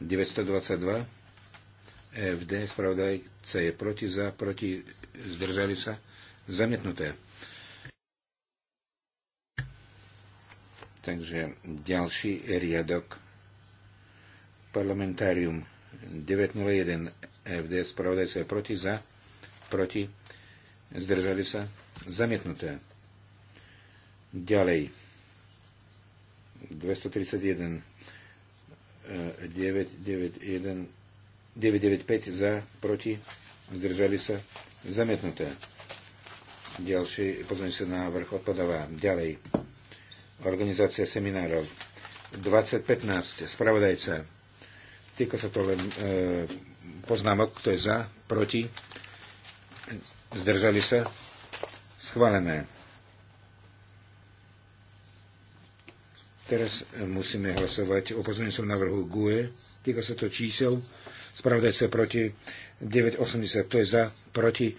922 e FD, spravodajca je proti, za, proti, zdržali sa, zamietnuté. Takže ďalší riadok. Parlamentárium 901 e FD, spravodajca je proti, za, proti, zdržali sa, zamietnuté. Ďalej. 231 991 995 za, proti, zdržali sa, zamietnuté. Ďalší pozmeňujúci návrh odpadáva. Ďalej. Organizácia seminárov. 2015. Spravodajca. Týka sa to len e, poznámok, kto je za, proti, zdržali sa, schválené. Teraz e, musíme hlasovať o pozmeňujúcom návrhu GUE. Týka sa to čísel. Spravodaj sa proti 9,80. To je za, proti.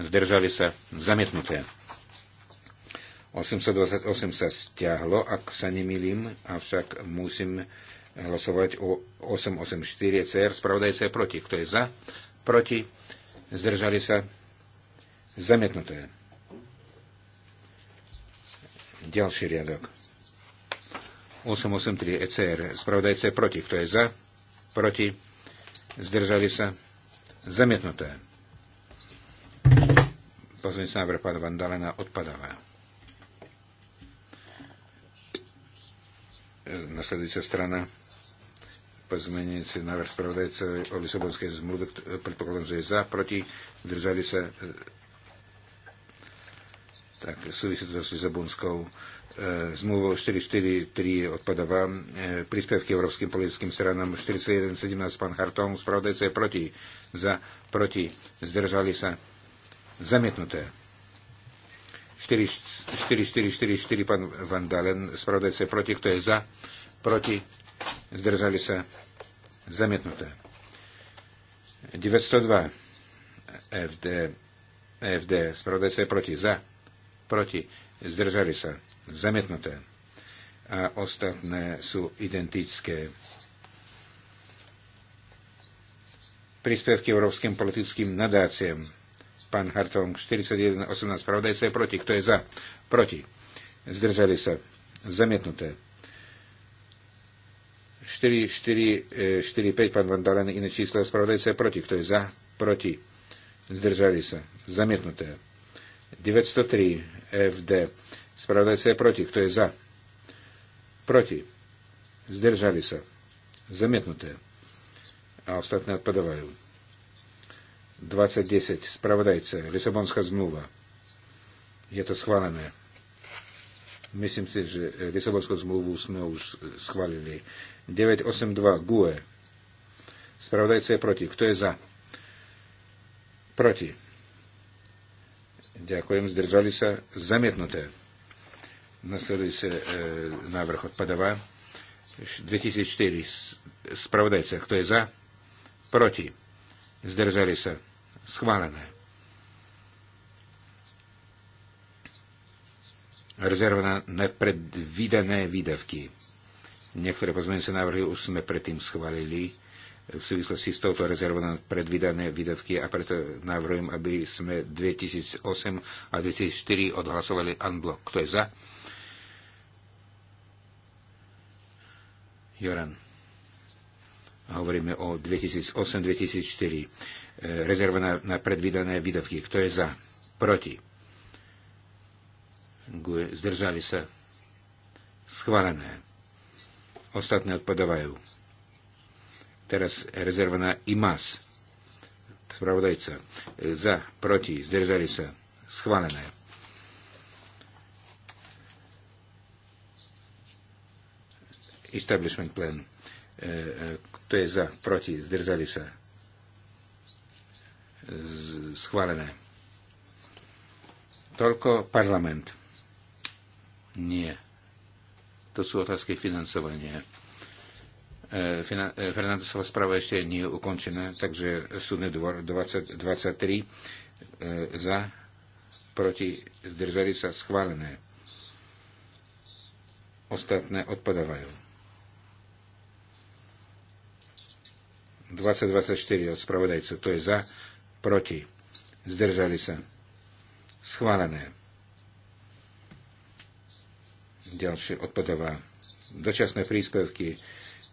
Zdržali sa zamietnuté. 828 sa stiahlo, ak sa nemýlim, avšak musím hlasovať o 884 e CR. Spravodaj sa proti. Kto je za? Proti. Zdržali sa zamietnuté. Ďalší riadok. 883 ECR. Spravodajca je proti. Kto je za? Proti. Zdržali sa. Zamietnuté. sa návrh pána Vandalena odpadáva. Nasledujúca strana pozmeniť návrh spravodajca o Lisabonskej zmluve, predpokladám, že je za, proti, držali sa tak súvisí to s Lisabonskou E, zmluvu 443 odpadáva, e, príspevky európskym politickým stranám 4117 pán Hartong, spravodajca proti, za, proti, zdržali sa, zamietnuté. 4444 pán Van Dalen, spravodajca je proti, kto je za, proti, zdržali sa, zamietnuté. 902 FD, FD, spravodajca proti, za, proti, zdržali sa, zametnuté. A ostatné sú identické. Príspevky európskym politickým nadáciem. Pán Hartong, 41.18. Spravodajca je proti. Kto je za? Proti. Zdržali sa. Zamietnuté. 4, 4, 4, 5, pán Van Dalen, iné čísla, spravodajca je proti. Kto je za? Proti. Zdržali sa. Zamietnuté. 903 FD. Spravodajca je proti. Kto je za? Proti. Zdržali sa. Zamietnuté. A ostatné odpadávajú. 2010. Spravodajca. Lisabonská zmluva. Je to schválené. Myslím si, že Lisabonskú zmluvu sme už schválili. 982 GUE. Spravodajca je proti. Kto je za? Proti. Ďakujem, zdržali sa, zamietnuté. Nasledujúce e, návrh Padova. 2004. Spravodajca, kto je za? Proti. Zdržali sa. Schválené. Rezerva na nepredvídané výdavky. Niektoré pozmeňujúce návrhy už sme predtým schválili v súvislosti s touto rezervou na predvydané výdavky a preto navrhujem, aby sme 2008 a 2004 odhlasovali unblock. Kto je za? Joran. Hovoríme o 2008-2004. E, rezerva na, na predvydané výdavky. Kto je za? Proti. Zdržali sa. Schválené. Ostatné odpadávajú. Teraz rezerva na IMAS. Spravodajca. Za, proti, zdržali sa. Schválené. Establishment plan. E, e, kto je za, proti, zdržali sa. Schválené. Toľko parlament. Nie. To sú otázky financovania. Eh, eh, Fernandesová správa ešte nie je ukončená, takže súdny dvor 2023 eh, za, proti, zdržali sa schválené. Ostatné odpadávajú. 2024 od spravodajcov, to je za, proti, zdržali sa. Schválené. Ďalšie odpadová. Dočasné príspevky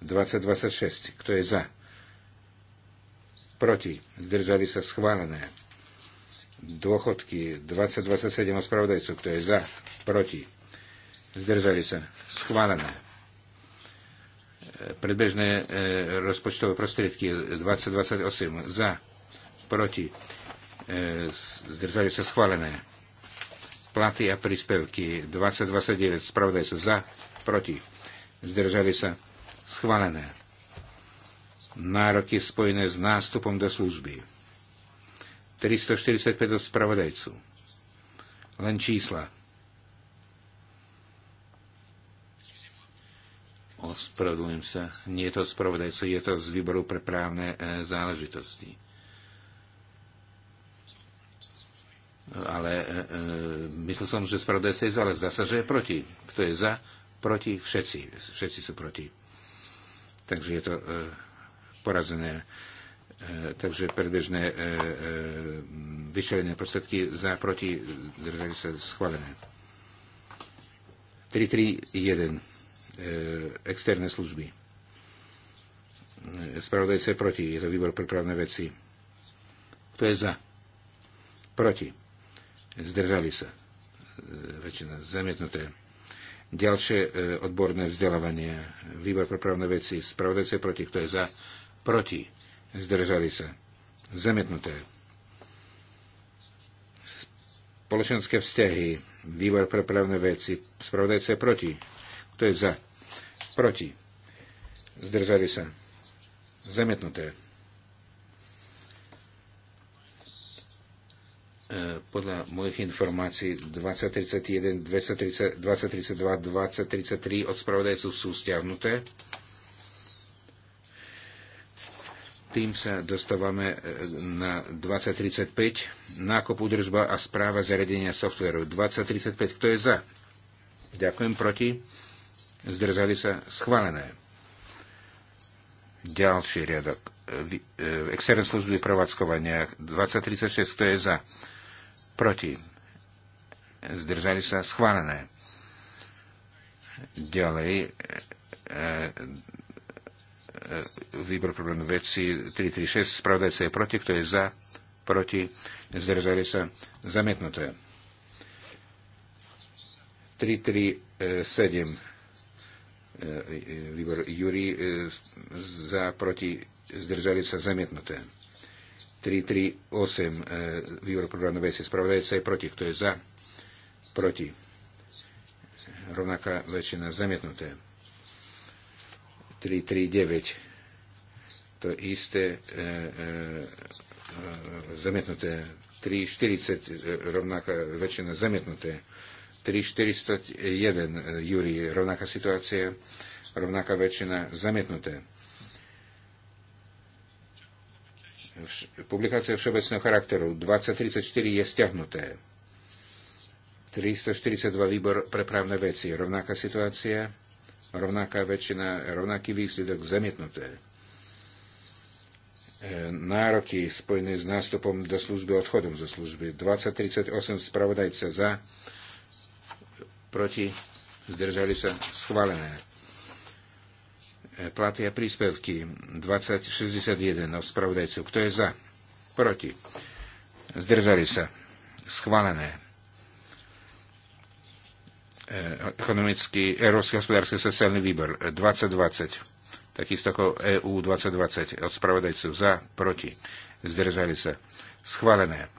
2026. Kto je za? Proti. Zdržali sa schválené. Dôchodky 2027 od spravodajcov. Kto je za? Proti. Zdržali sa schválené. E, predbežné e, rozpočtové prostriedky 2028 za. Proti. E, zdržali sa schválené. Platy a príspevky 2029 spravodajcov za. Proti. Zdržali sa Schválené. Nároky spojené s nástupom do služby. 345 od spravodajcu. Len čísla. Ospravedlňujem sa. Nie je to spravodajcu, je to z výboru pre právne e, záležitosti. Ale e, e, myslel som, že spravodajca je za, ale zdá sa, že je proti. Kto je za? Proti? Všetci. Všetci sú proti takže je to e, porazené. E, takže predbežné e, vyčlenené prostredky za proti držali sa schválené. 3.3.1. Externé služby. Spravodaj sa proti. Je to výbor pre právne veci. Kto je za? Proti. Zdržali sa. Väčšina zamietnuté. Ďalšie e, odborné vzdelávanie. Výbor pre právne veci. Spravodajce proti. Kto je za? Proti. Zdržali sa. Zemetnuté. Spoločenské vzťahy. Výbor pre právne veci. Spravodajce proti. Kto je za? Proti. Zdržali sa. Zemetnuté. E, podľa mojich informácií 2031, 2032, 2033 od spravodajcov sú stiahnuté. Tým sa dostávame e, na 2035, nákup, údržba a správa zariadenia softveru. 2035, kto je za? Ďakujem, proti? Zdržali sa schválené. Ďalší riadok. E, Externé služby prevádzkovania 2036, kto je za? proti, zdržali sa schválené. Ďalej, e, e, výbor pre veci 336, spravodajca je proti, kto je za, proti, zdržali sa zamietnuté. 337 e, výbor Júri za, proti, zdržali sa zamietnuté. 338 e, výboru programovej veci. Spravodajca je proti. Kto je za? Proti. Rovnaká väčšina zamietnuté. 339. To isté e, e, e zamietnuté. 340 e, rovnaká väčšina zamietnuté. 3401 Júri rovnaká situácia, rovnaká väčšina zamietnuté. Publikácia všeobecného charakteru 2034 je stiahnuté. 342 výbor pre právne veci. Rovnaká situácia, rovnaká väčšina, rovnaký výsledok zamietnuté. E, nároky spojené s nástupom do služby odchodom zo služby. 2038 spravodajca za, proti, zdržali sa schválené platy a príspevky 2061 od spravodajcov. Kto je za? Proti. Zdržali sa. Schválené. E, ekonomický, Európsky hospodársky sociálny výbor 2020. Takisto ako EU 2020 od spravodajcov za, proti. Zdržali sa. Schválené.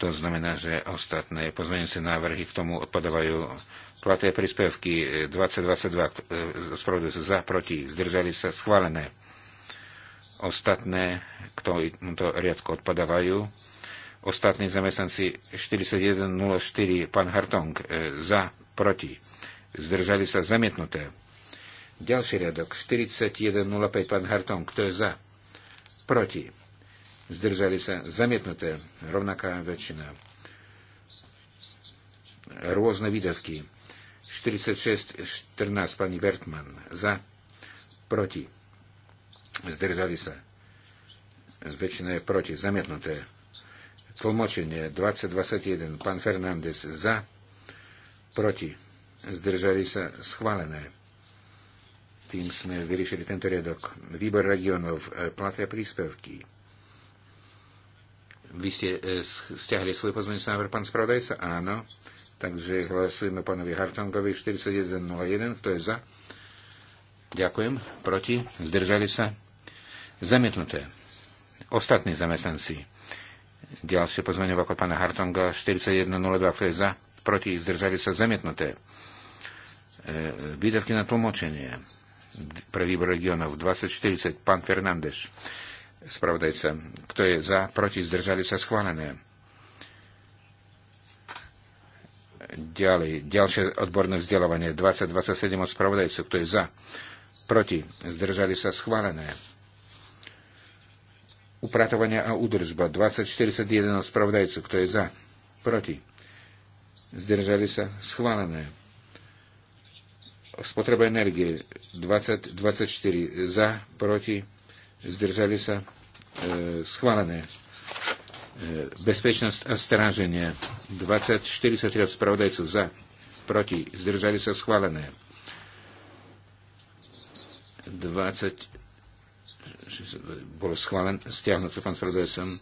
To znamená, že ostatné pozmeňujúce návrhy k tomu odpadávajú platé príspevky 2022, e, e, za, proti, zdržali sa, schválené. Ostatné, k tomuto riadku odpadávajú. Ostatní zamestnanci 4104, pán Hartong, e, za, proti, zdržali sa, zamietnuté. Ďalší riadok 4105, pán Hartong, kto je za, proti, zdržali sa, zamietnuté, rovnaká väčšina rôzne výdavky. 46, 14, pani Vertman. Za, proti. Zdržali sa. Väčšina je proti. Zamietnuté. Tlmočenie 2021. Pán Fernández. Za, proti. Zdržali sa. Schválené. Tým sme vyriešili tento riadok. Výbor regionov. E, platia príspevky. Vy ste e, stiahli svoj pozmeňujúci návrh, pán spravodajca? Áno. Takže hlasujeme pánovi Hartongovi 4101. Kto je za? Ďakujem. Proti? Zdržali sa? Zamietnuté. Ostatní zamestnanci. Ďalšie pozvanie ako pána Hartonga 4102. Kto je za? Proti? Zdržali sa? Zamietnuté. E, výdavky na tlmočenie pre výbor regionov 2040. Pán Fernández, spravodajca. Kto je za? Proti? Zdržali sa? Schválené. Ďalej, ďalšie odborné vzdelávanie 2027 od spravodajcov, kto je za, proti, zdržali sa schválené. Upratovanie a údržba 2041 od spravodajcov, kto je za, proti, zdržali sa schválené. Spotreba energie 2024 za, proti, zdržali sa e, schválené E, bezpečnosť a stráženie. 2043 od spravodajcov za. Proti. Zdržali sa schválené. 20 bolo schválen, stiahnuté pán spravodajcom e,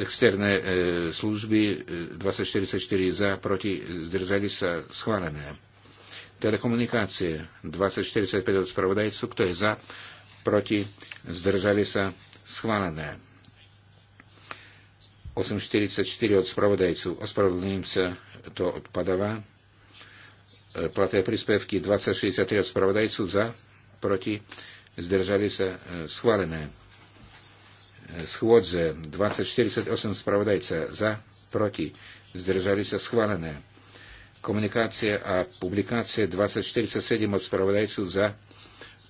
externé e, služby 2044 za, proti, zdržali sa schválené. Telekomunikácie 2045 od spravodajcu, kto je za, proti, zdržali sa schválené. 8.44 od spravodajcu. Ospravedlňujem sa, to odpadáva. E, platé príspevky 20.63 e, e, od spravodajcu za, proti, zdržali sa schválené. Schôdze 20.48 spravodajca za, proti, zdržali sa schválené. Komunikácie a publikácie 20.47 od spravodajcu za,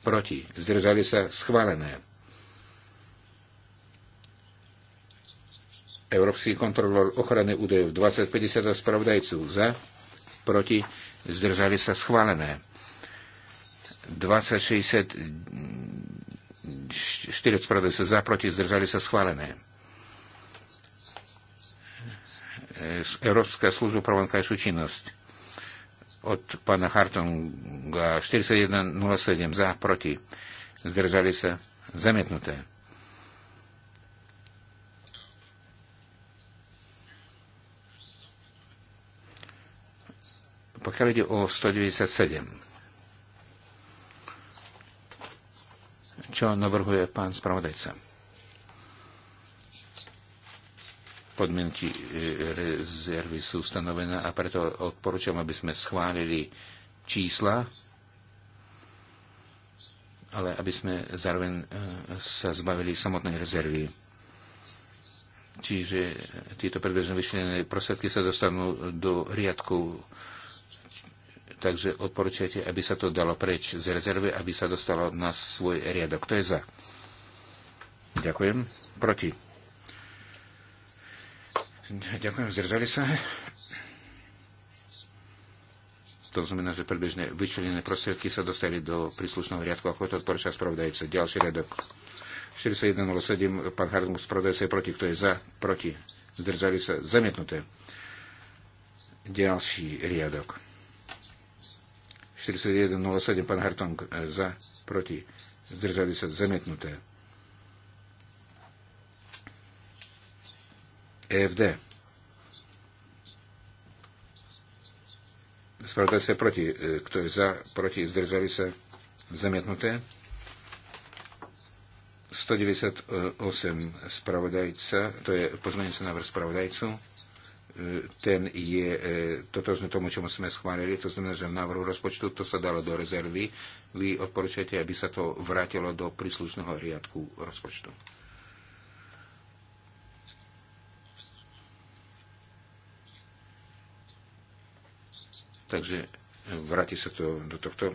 proti, zdržali sa schválené Európsky kontrolór ochrany údajov 2050 a spravodajcu za, proti, zdržali sa schválené. 2064 spravodajcu za, proti, zdržali sa schválené. E, Európska služba pro vonkajšiu činnosť od pána Hartonga 4107 za, proti, zdržali sa zamietnuté. Pokiaľ ide o 197, čo navrhuje pán spravodajca? Podmienky e, rezervy sú stanovené a preto odporúčam, aby sme schválili čísla, ale aby sme zároveň e, sa zbavili samotnej rezervy. Čiže tieto predbežne vyšlené prostriedky sa dostanú do riadku Takže odporúčate, aby sa to dalo preč z rezervy, aby sa dostalo na svoj riadok. To je za. Ďakujem. Proti. Ďakujem, zdržali sa. To znamená, že predbežné vyčlenené prostriedky sa dostali do príslušného riadku, ako to odporúča spravodajca. Ďalší riadok. 4107, pán Hardmus, spravodajca je proti, kto je za, proti. Zdržali sa, zamietnuté. Ďalší riadok. 41.07. Pán Hartong e, za, proti. Zdržali sa zamietnuté. EFD. Spravodaj sa proti. E, kto je za, proti, zdržali sa zamietnuté. 198 spravodajca, to je pozmenica návrh spravodajcu ten je e, totožný tomu, čo sme schválili. To znamená, že v návrhu rozpočtu to sa dalo do rezervy. Vy odporúčate, aby sa to vrátilo do príslušného riadku rozpočtu. Takže vráti sa to do tohto.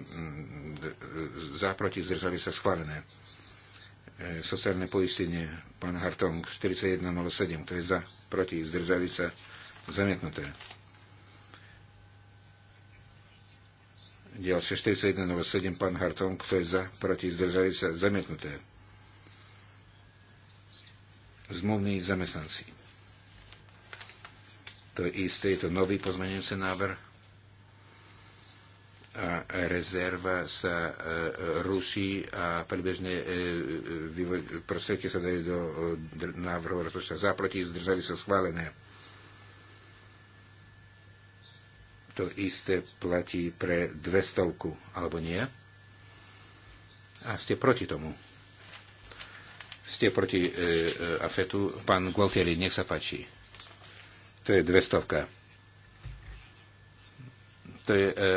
Záproti zdržali sa schválené. E, sociálne poistenie, pán Hartong, 4107, to je za, proti, zdržali sa Zamietnuté. Ďalšie 41.07. Pán Harton, kto je za, proti, zdržali sa, zamietnuté. Zmluvní zamestnanci. To je isté, je to nový pozmenujúci návrh. A rezerva sa e, ruší a predbežné e, e prostriedky sa dajú do e, návrhu rozpočta Zaproti zdržali sa schválené. to isté platí pre dvestovku, alebo nie? A ste proti tomu? Ste proti e, e, afetu? Pán Gualtieri, nech sa páči. To je dvestovka. To je, e, e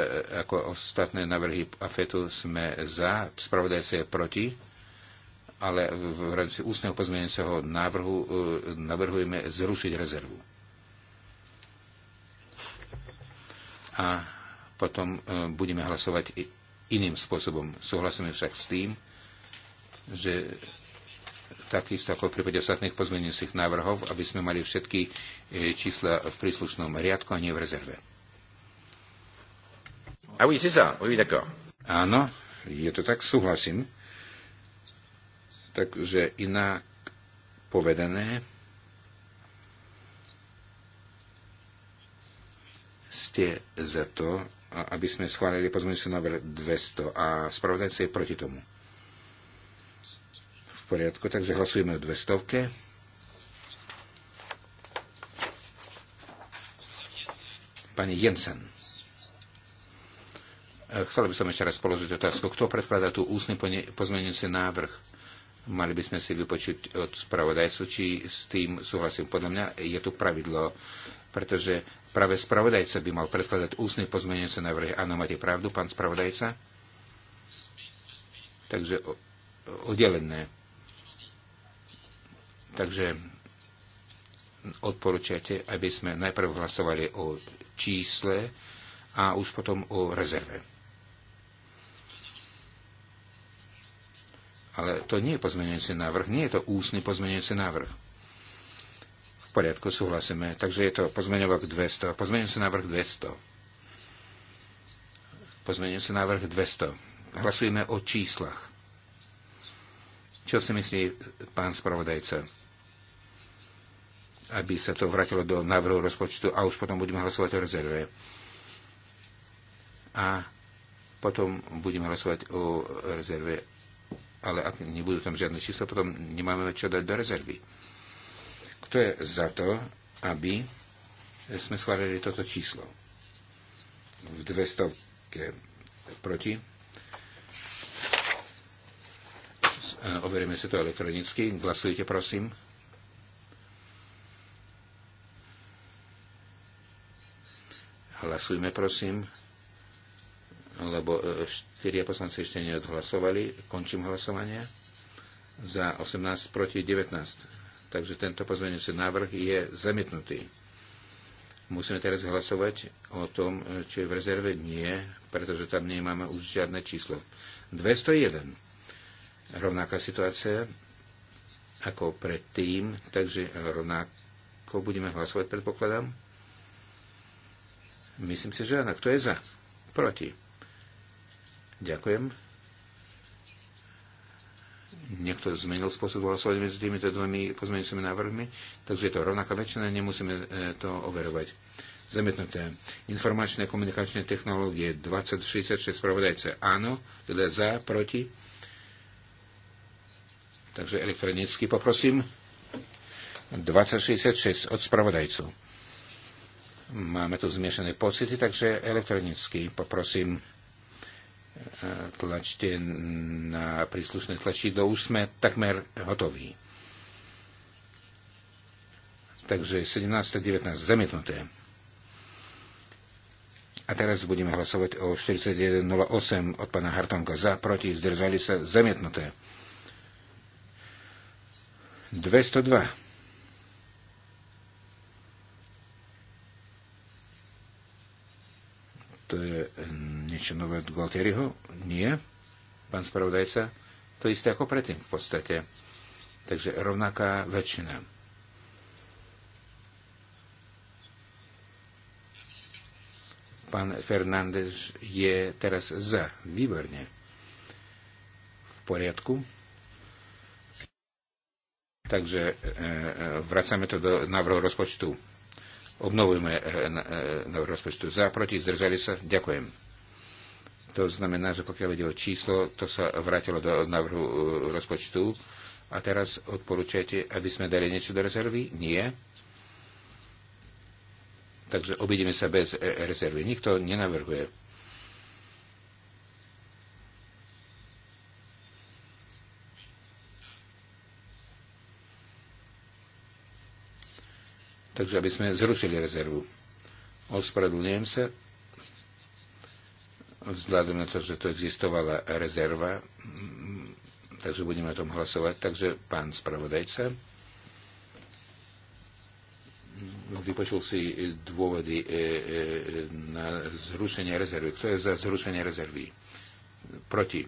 ako ostatné navrhy afetu, sme za, spravodajce je proti, ale v, v rámci ústneho pozmeneného návrhu e, navrhujeme zrušiť rezervu. a potom e, budeme hlasovať iným spôsobom. Súhlasíme však s tým, že takisto ako v prípade ostatných pozmeňujúcich návrhov, aby sme mali všetky e, čísla v príslušnom riadku a nie v rezerve. A ah oui, c'est ça. Oui, d'accord. Áno, je to tak, súhlasím. Takže inak povedané, ste za to, aby sme schválili pozmeňujúci návrh 200 a spravodajca je proti tomu. V poriadku, takže hlasujeme o 200. -ke. Pani Jensen. E, Chcel by som ešte raz položiť otázku. Kto predkladá tú ústny pozmeňujúci návrh? Mali by sme si vypočuť od spravodajcu, či s tým súhlasím. Podľa mňa je tu pravidlo pretože práve spravodajca by mal predkladať ústne pozmenujúce návrhy. Áno, máte pravdu, pán spravodajca? Takže oddelené. Takže odporúčate, aby sme najprv hlasovali o čísle a už potom o rezerve. Ale to nie je pozmenujúci návrh, nie je to ústny pozmenujúci návrh poriadku, súhlasíme. Takže je to pozmeňovok 200. Pozmeňujem sa návrh 200. Pozmeňujem sa návrh 200. Hlasujeme o číslach. Čo si myslí pán spravodajca? Aby sa to vrátilo do návrhu rozpočtu a už potom budeme hlasovať o rezerve. A potom budeme hlasovať o rezerve. Ale ak nebudú tam žiadne čísla, potom nemáme čo dať do rezervy. Kto je za to, aby sme schválili toto číslo? V 200 proti. E, overíme si to elektronicky. Hlasujte, prosím. Hlasujme, prosím, lebo e, štyria poslanci ešte neodhlasovali. Končím hlasovanie. Za 18 proti 19. Takže tento pozmeňujúci návrh je zamietnutý. Musíme teraz hlasovať o tom, či je v rezerve. Nie, pretože tam nemáme už žiadne číslo. 201. Rovnaká situácia ako predtým, takže rovnako budeme hlasovať, predpokladám. Myslím si, že áno. Kto je za? Proti. Ďakujem niekto zmenil spôsob hlasovať medzi týmito teda dvomi pozmeňujúcimi návrhmi, takže je to rovnaká väčšina, nemusíme e, to overovať. Zamietnuté. Informačné a komunikačné technológie 2066 spravodajce áno, teda za, proti. Takže elektronicky poprosím. 2066 od spravodajcu. Máme tu zmiešané pocity, takže elektronicky poprosím tlačte na príslušné tlačidlo. Už sme takmer hotoví. Takže 17 19 zamietnuté. A teraz budeme hlasovať o 41.08 od pána Hartonka. Za, proti, zdržali sa, zamietnuté. 202. To je niečo nové od Gualtieriho? Nie. Pán spravodajca, to isté ako predtým v podstate. Takže rovnaká väčšina. Pán Fernández je teraz za. Výborne. V poriadku. Takže e, vracame to do návrhu rozpočtu Obnovujeme e, e, e, na rozpočtu za, proti, zdržali sa. Ďakujem. To znamená, že pokiaľ ide o číslo, to sa vrátilo do návrhu rozpočtu. A teraz odporúčajte, aby sme dali niečo do rezervy? Nie. Takže obidíme sa bez rezervy. Nikto nenavrhuje. takže aby sme zrušili rezervu. Ospravedlňujem sa, vzhľadom na to, že to existovala rezerva, takže budeme o tom hlasovať. Takže pán spravodajca vypočul si dôvody e, e, na zrušenie rezervy. Kto je za zrušenie rezervy? Proti.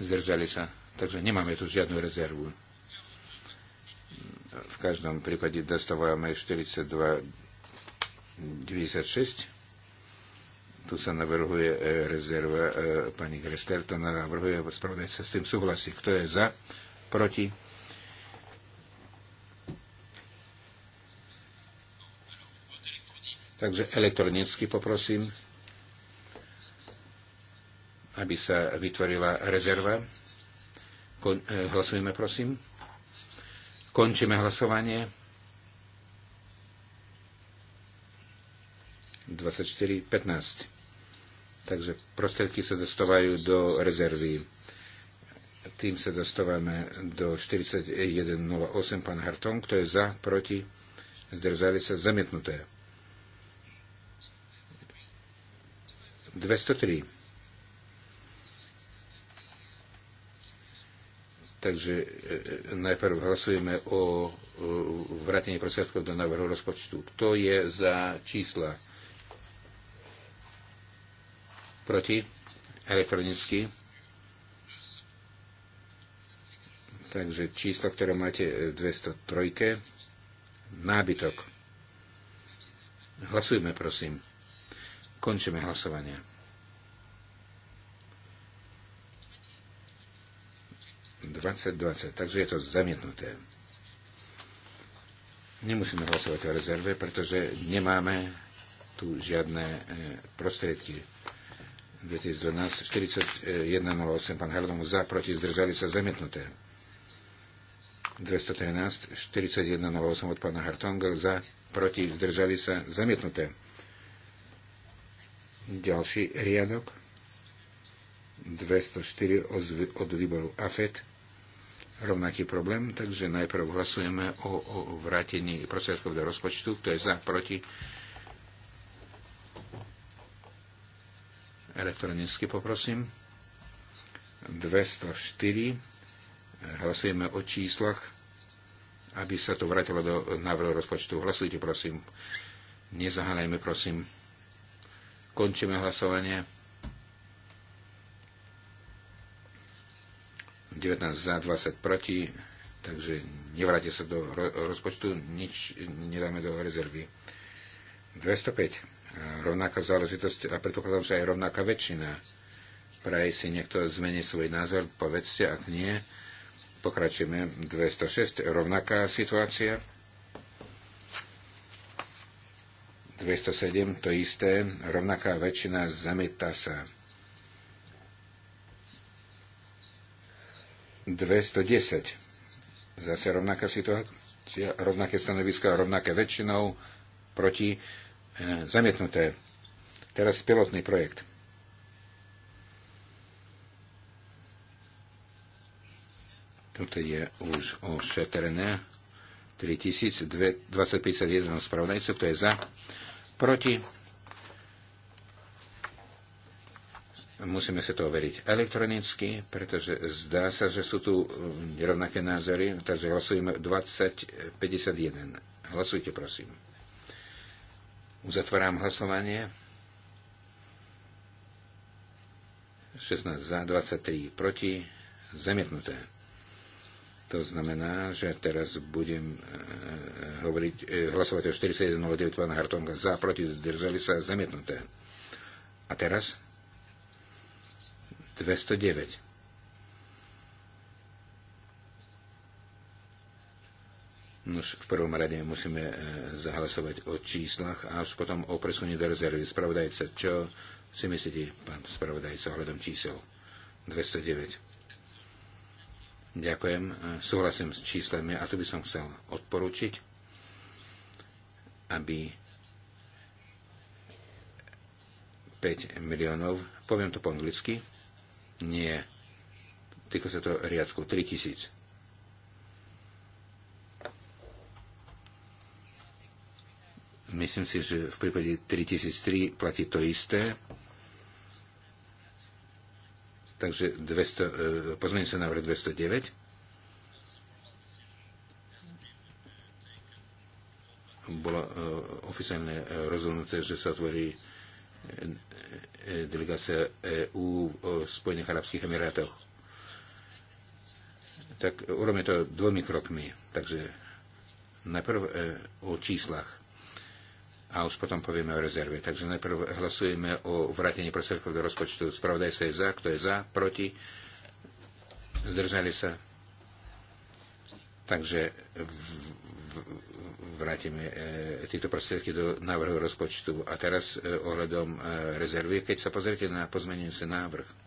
Zdržali sa. Takže nemáme tu žiadnu rezervu. V každom prípade dostávame 42,96. Tu sa navrhuje e, rezerva e, pani Grester, to navrhuje spravodaj sa s tým súhlasí. Kto je za? Proti? Takže elektronicky poprosím, aby sa vytvorila rezerva. E, hlasujeme, prosím. Končíme hlasovanie. 24.15. Takže prostriedky sa dostávajú do rezervy. Tým sa dostávame do 41.08. Pán Harton, kto je za, proti, zdržali sa, zamietnuté. 203. Takže e, e, najprv hlasujeme o e, vrátení prostriedkov do návrhu rozpočtu. Kto je za čísla? Proti? Elektronicky? Takže číslo, ktoré máte v 203. Nábytok. Hlasujme, prosím. Končíme hlasovanie. 2020. Takže je to zamietnuté. Nemusíme hlasovať o rezerve, pretože nemáme tu žiadne e, prostriedky. 2012 4108 e, pán Herdomu za, proti, zdržali sa zamietnuté. 213 4108 od pána Hartonga za, proti, zdržali sa zamietnuté. Ďalší riadok 204 od výboru AFET rovnaký problém, takže najprv hlasujeme o, o vrátení prostriedkov do rozpočtu, kto je za, proti. Elektronicky poprosím. 204. Hlasujeme o číslach, aby sa to vrátilo do návrhu rozpočtu. Hlasujte, prosím. Nezahájajme, prosím. Končíme hlasovanie. 19 za, 20 proti, takže nevráte sa do rozpočtu, nič nedáme do rezervy. 205. Rovnaká záležitosť a predpokladám, že aj rovnaká väčšina. Praje si niekto zmení svoj názor, povedzte, ak nie, pokračujeme. 206. Rovnaká situácia. 207. To isté. Rovnaká väčšina zamieta sa. 210. Zase rovnaká situácia, rovnaké stanoviska, rovnaké väčšinou proti e, zamietnuté. Teraz pilotný projekt. Toto je už ošetrené. 3251 spravodajcov, kto je za, proti, Musíme sa to overiť elektronicky, pretože zdá sa, že sú tu um, rovnaké názory, takže hlasujeme 2051. Hlasujte, prosím. Uzatváram hlasovanie. 16 za, 23 proti, zamietnuté. To znamená, že teraz budem e, e, hovoriť, e, hlasovať o 41.09 pána Hartonga za, proti, zdržali sa, zamietnuté. A teraz 209. Nož v prvom rade musíme e, zahlasovať o číslach a až potom o presunie do rezervy. Spravodajca, čo si myslíte, pán spravodajca, ohľadom čísel 209? Ďakujem, e, súhlasím s číslami a tu by som chcel odporučiť, aby 5 miliónov, poviem to po anglicky, nie. Týka sa to riadku 3000. Myslím si, že v prípade 3003 platí to isté. Takže e, pozmením sa návrh 209. Bolo e, oficiálne e, rozhodnuté, že sa otvorí E, e, delegácia EU v Spojených Arabských Emirátoch. Tak urobíme to dvomi krokmi. Takže najprv e, o číslach a už potom povieme o rezerve. Takže najprv hlasujeme o vrátení prostriedkov do rozpočtu. Spravodaj sa je za, kto je za, proti. Zdržali sa. Takže v, v, vrátime e, tieto prostriedky do návrhu rozpočtu. A teraz e, ohľadom e, rezervy, keď sa pozriete na pozmenujúci návrh.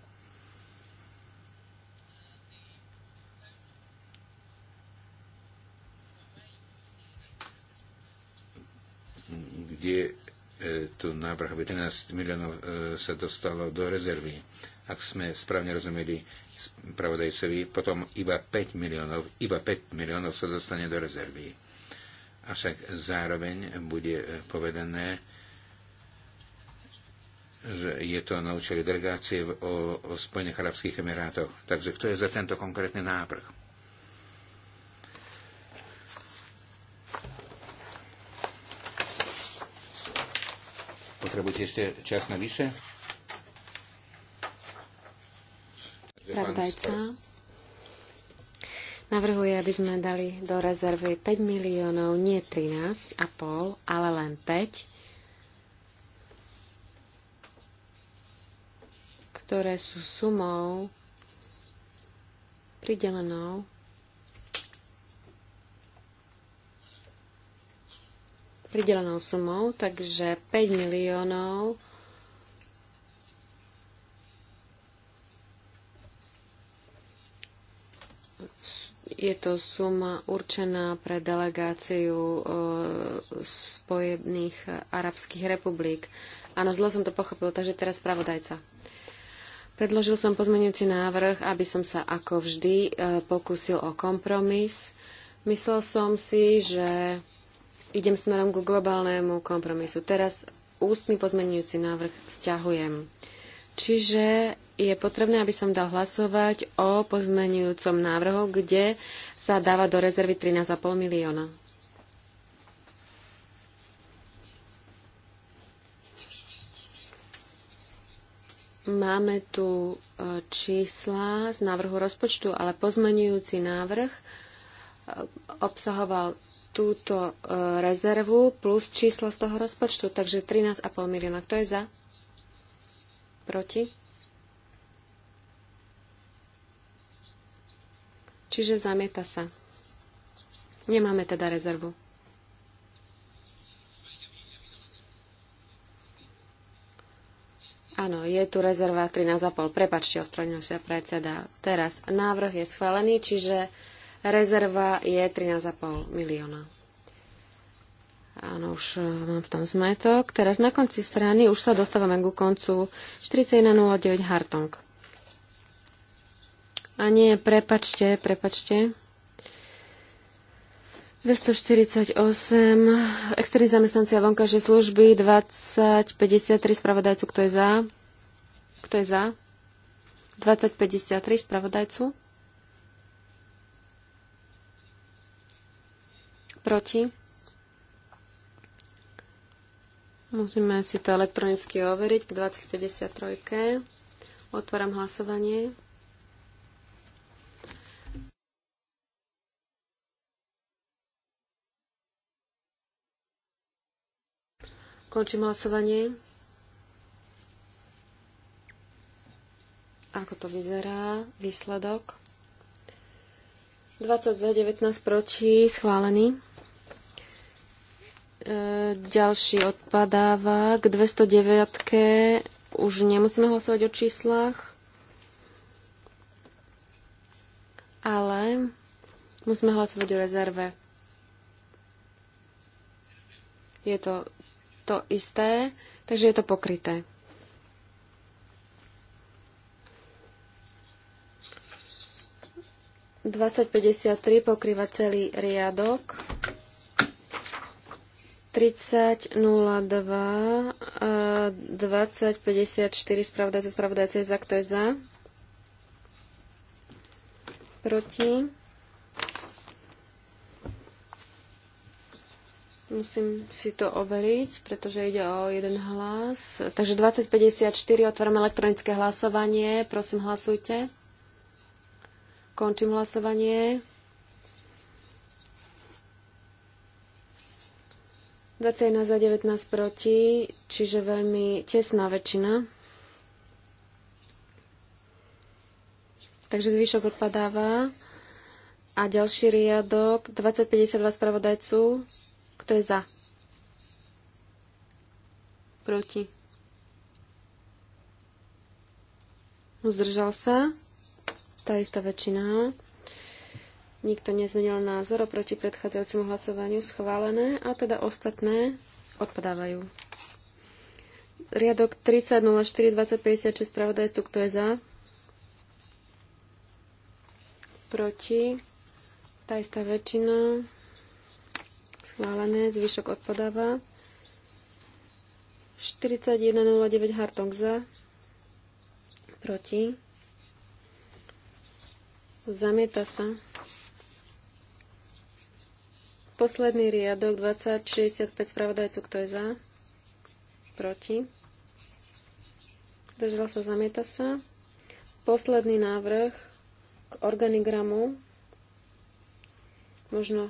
kde tu návrh 13 miliónov sa dostalo do rezervy. Ak sme správne rozumeli pravodajcovi, potom iba 5 miliónov, iba 5 miliónov sa dostane do rezervy Avšak zároveň bude eh, povedané, že je to na účely delegácie v, o, o Spojených arabských emirátoch. Takže kto je za tento konkrétny návrh? Potrebujete ešte čas na vyše? Pravdajca Navrhuje, aby sme dali do rezervy 5 miliónov, nie 13,5, ale len 5, ktoré sú sumou pridelenou pridelenou sumou, takže 5 miliónov Je to suma určená pre delegáciu e, Spojených arabských republik. Áno, zle som to pochopil, takže teraz spravodajca. Predložil som pozmenujúci návrh, aby som sa ako vždy e, pokúsil o kompromis. Myslel som si, že idem smerom ku globálnemu kompromisu. Teraz ústny pozmenujúci návrh stiahujem. Čiže je potrebné, aby som dal hlasovať o pozmenujúcom návrhu, kde sa dáva do rezervy 13,5 milióna. Máme tu e, čísla z návrhu rozpočtu, ale pozmenujúci návrh e, obsahoval túto e, rezervu plus číslo z toho rozpočtu, takže 13,5 milióna. Kto je za? proti. Čiže zamieta sa. Nemáme teda rezervu. Áno, je tu rezerva 13,5. Prepačte, ospravedlňujem sa predseda. Teraz návrh je schválený, čiže rezerva je 13,5 milióna. Áno, už e, mám v tom zmetok. Teraz na konci strany už sa dostávame ku koncu 4109 Hartong. A nie, prepačte, prepačte. 248, externí zamestnanci a vonkajšie služby, 2053 spravodajcu, kto je za? Kto je za? 2053 spravodajcu. Proti? Musíme si to elektronicky overiť k 2053. Otváram hlasovanie. Končím hlasovanie. Ako to vyzerá? Výsledok. 20 za 19 proti, schválený. E, ďalší odpadáva k 209. -ke. Už nemusíme hlasovať o číslach, ale musíme hlasovať o rezerve. Je to to isté, takže je to pokryté. Dvadsať pokrýva celý riadok. 30, 02, 20, 54, spravodajce, spravodajce za, kto je za? Proti? Musím si to overiť, pretože ide o jeden hlas. Takže 2054, otvorím elektronické hlasovanie. Prosím, hlasujte. Končím hlasovanie. 21 za 19 proti, čiže veľmi tesná väčšina. Takže zvyšok odpadáva. A ďalší riadok 2052 spravodajcu. Kto je za? Proti. Zdržal sa. Tá istá väčšina. Nikto nezmenil názor oproti predchádzajúcemu hlasovaniu schválené a teda ostatné odpadávajú. Riadok 30.04.2056 04 spravodajcu, kto je za? Proti? Tá istá väčšina. Schválené, zvyšok odpadáva. 41.09 Hartong za. Proti. Zamieta sa. Posledný riadok 2065 spravodajcu, kto je za? Proti. Držal sa, zamieta sa. Posledný návrh k organigramu. Možno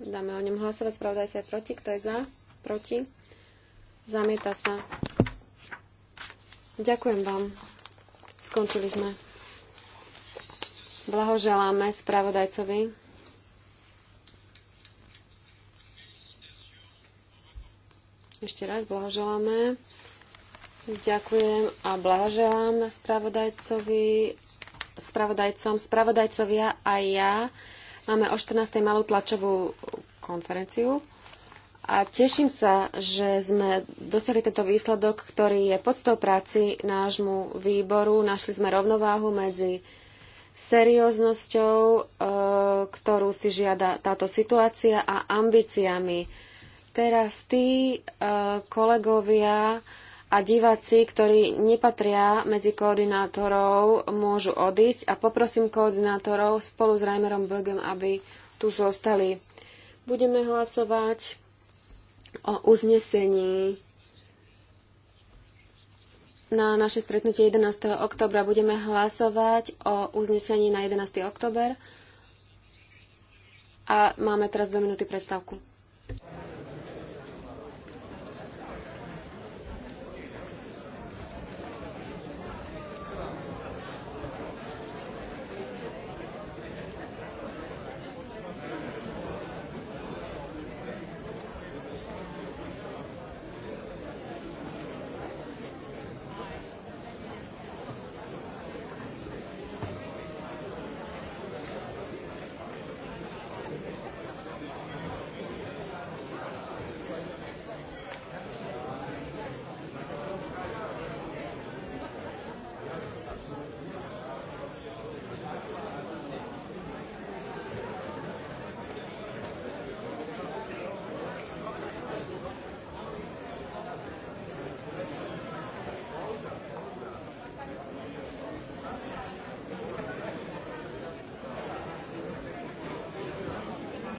dáme o ňom hlasovať. Spravodajca je proti. Kto je za? Proti. Zamieta sa. Ďakujem vám. Skončili sme. Blahoželáme spravodajcovi. Ešte raz blahoželáme. Ďakujem a blahoželám spravodajcovi, spravodajcom, spravodajcovia a ja. Máme o 14. malú tlačovú konferenciu a teším sa, že sme dosiahli tento výsledok, ktorý je podstou práci nášmu výboru. Našli sme rovnováhu medzi serióznosťou, e, ktorú si žiada táto situácia a ambíciami Teraz tí e, kolegovia a diváci, ktorí nepatria medzi koordinátorov, môžu odísť a poprosím koordinátorov spolu s Reimerom Bögem, aby tu zostali. Budeme hlasovať o uznesení na naše stretnutie 11. oktobra. Budeme hlasovať o uznesení na 11. oktober a máme teraz 2 minúty prestávku.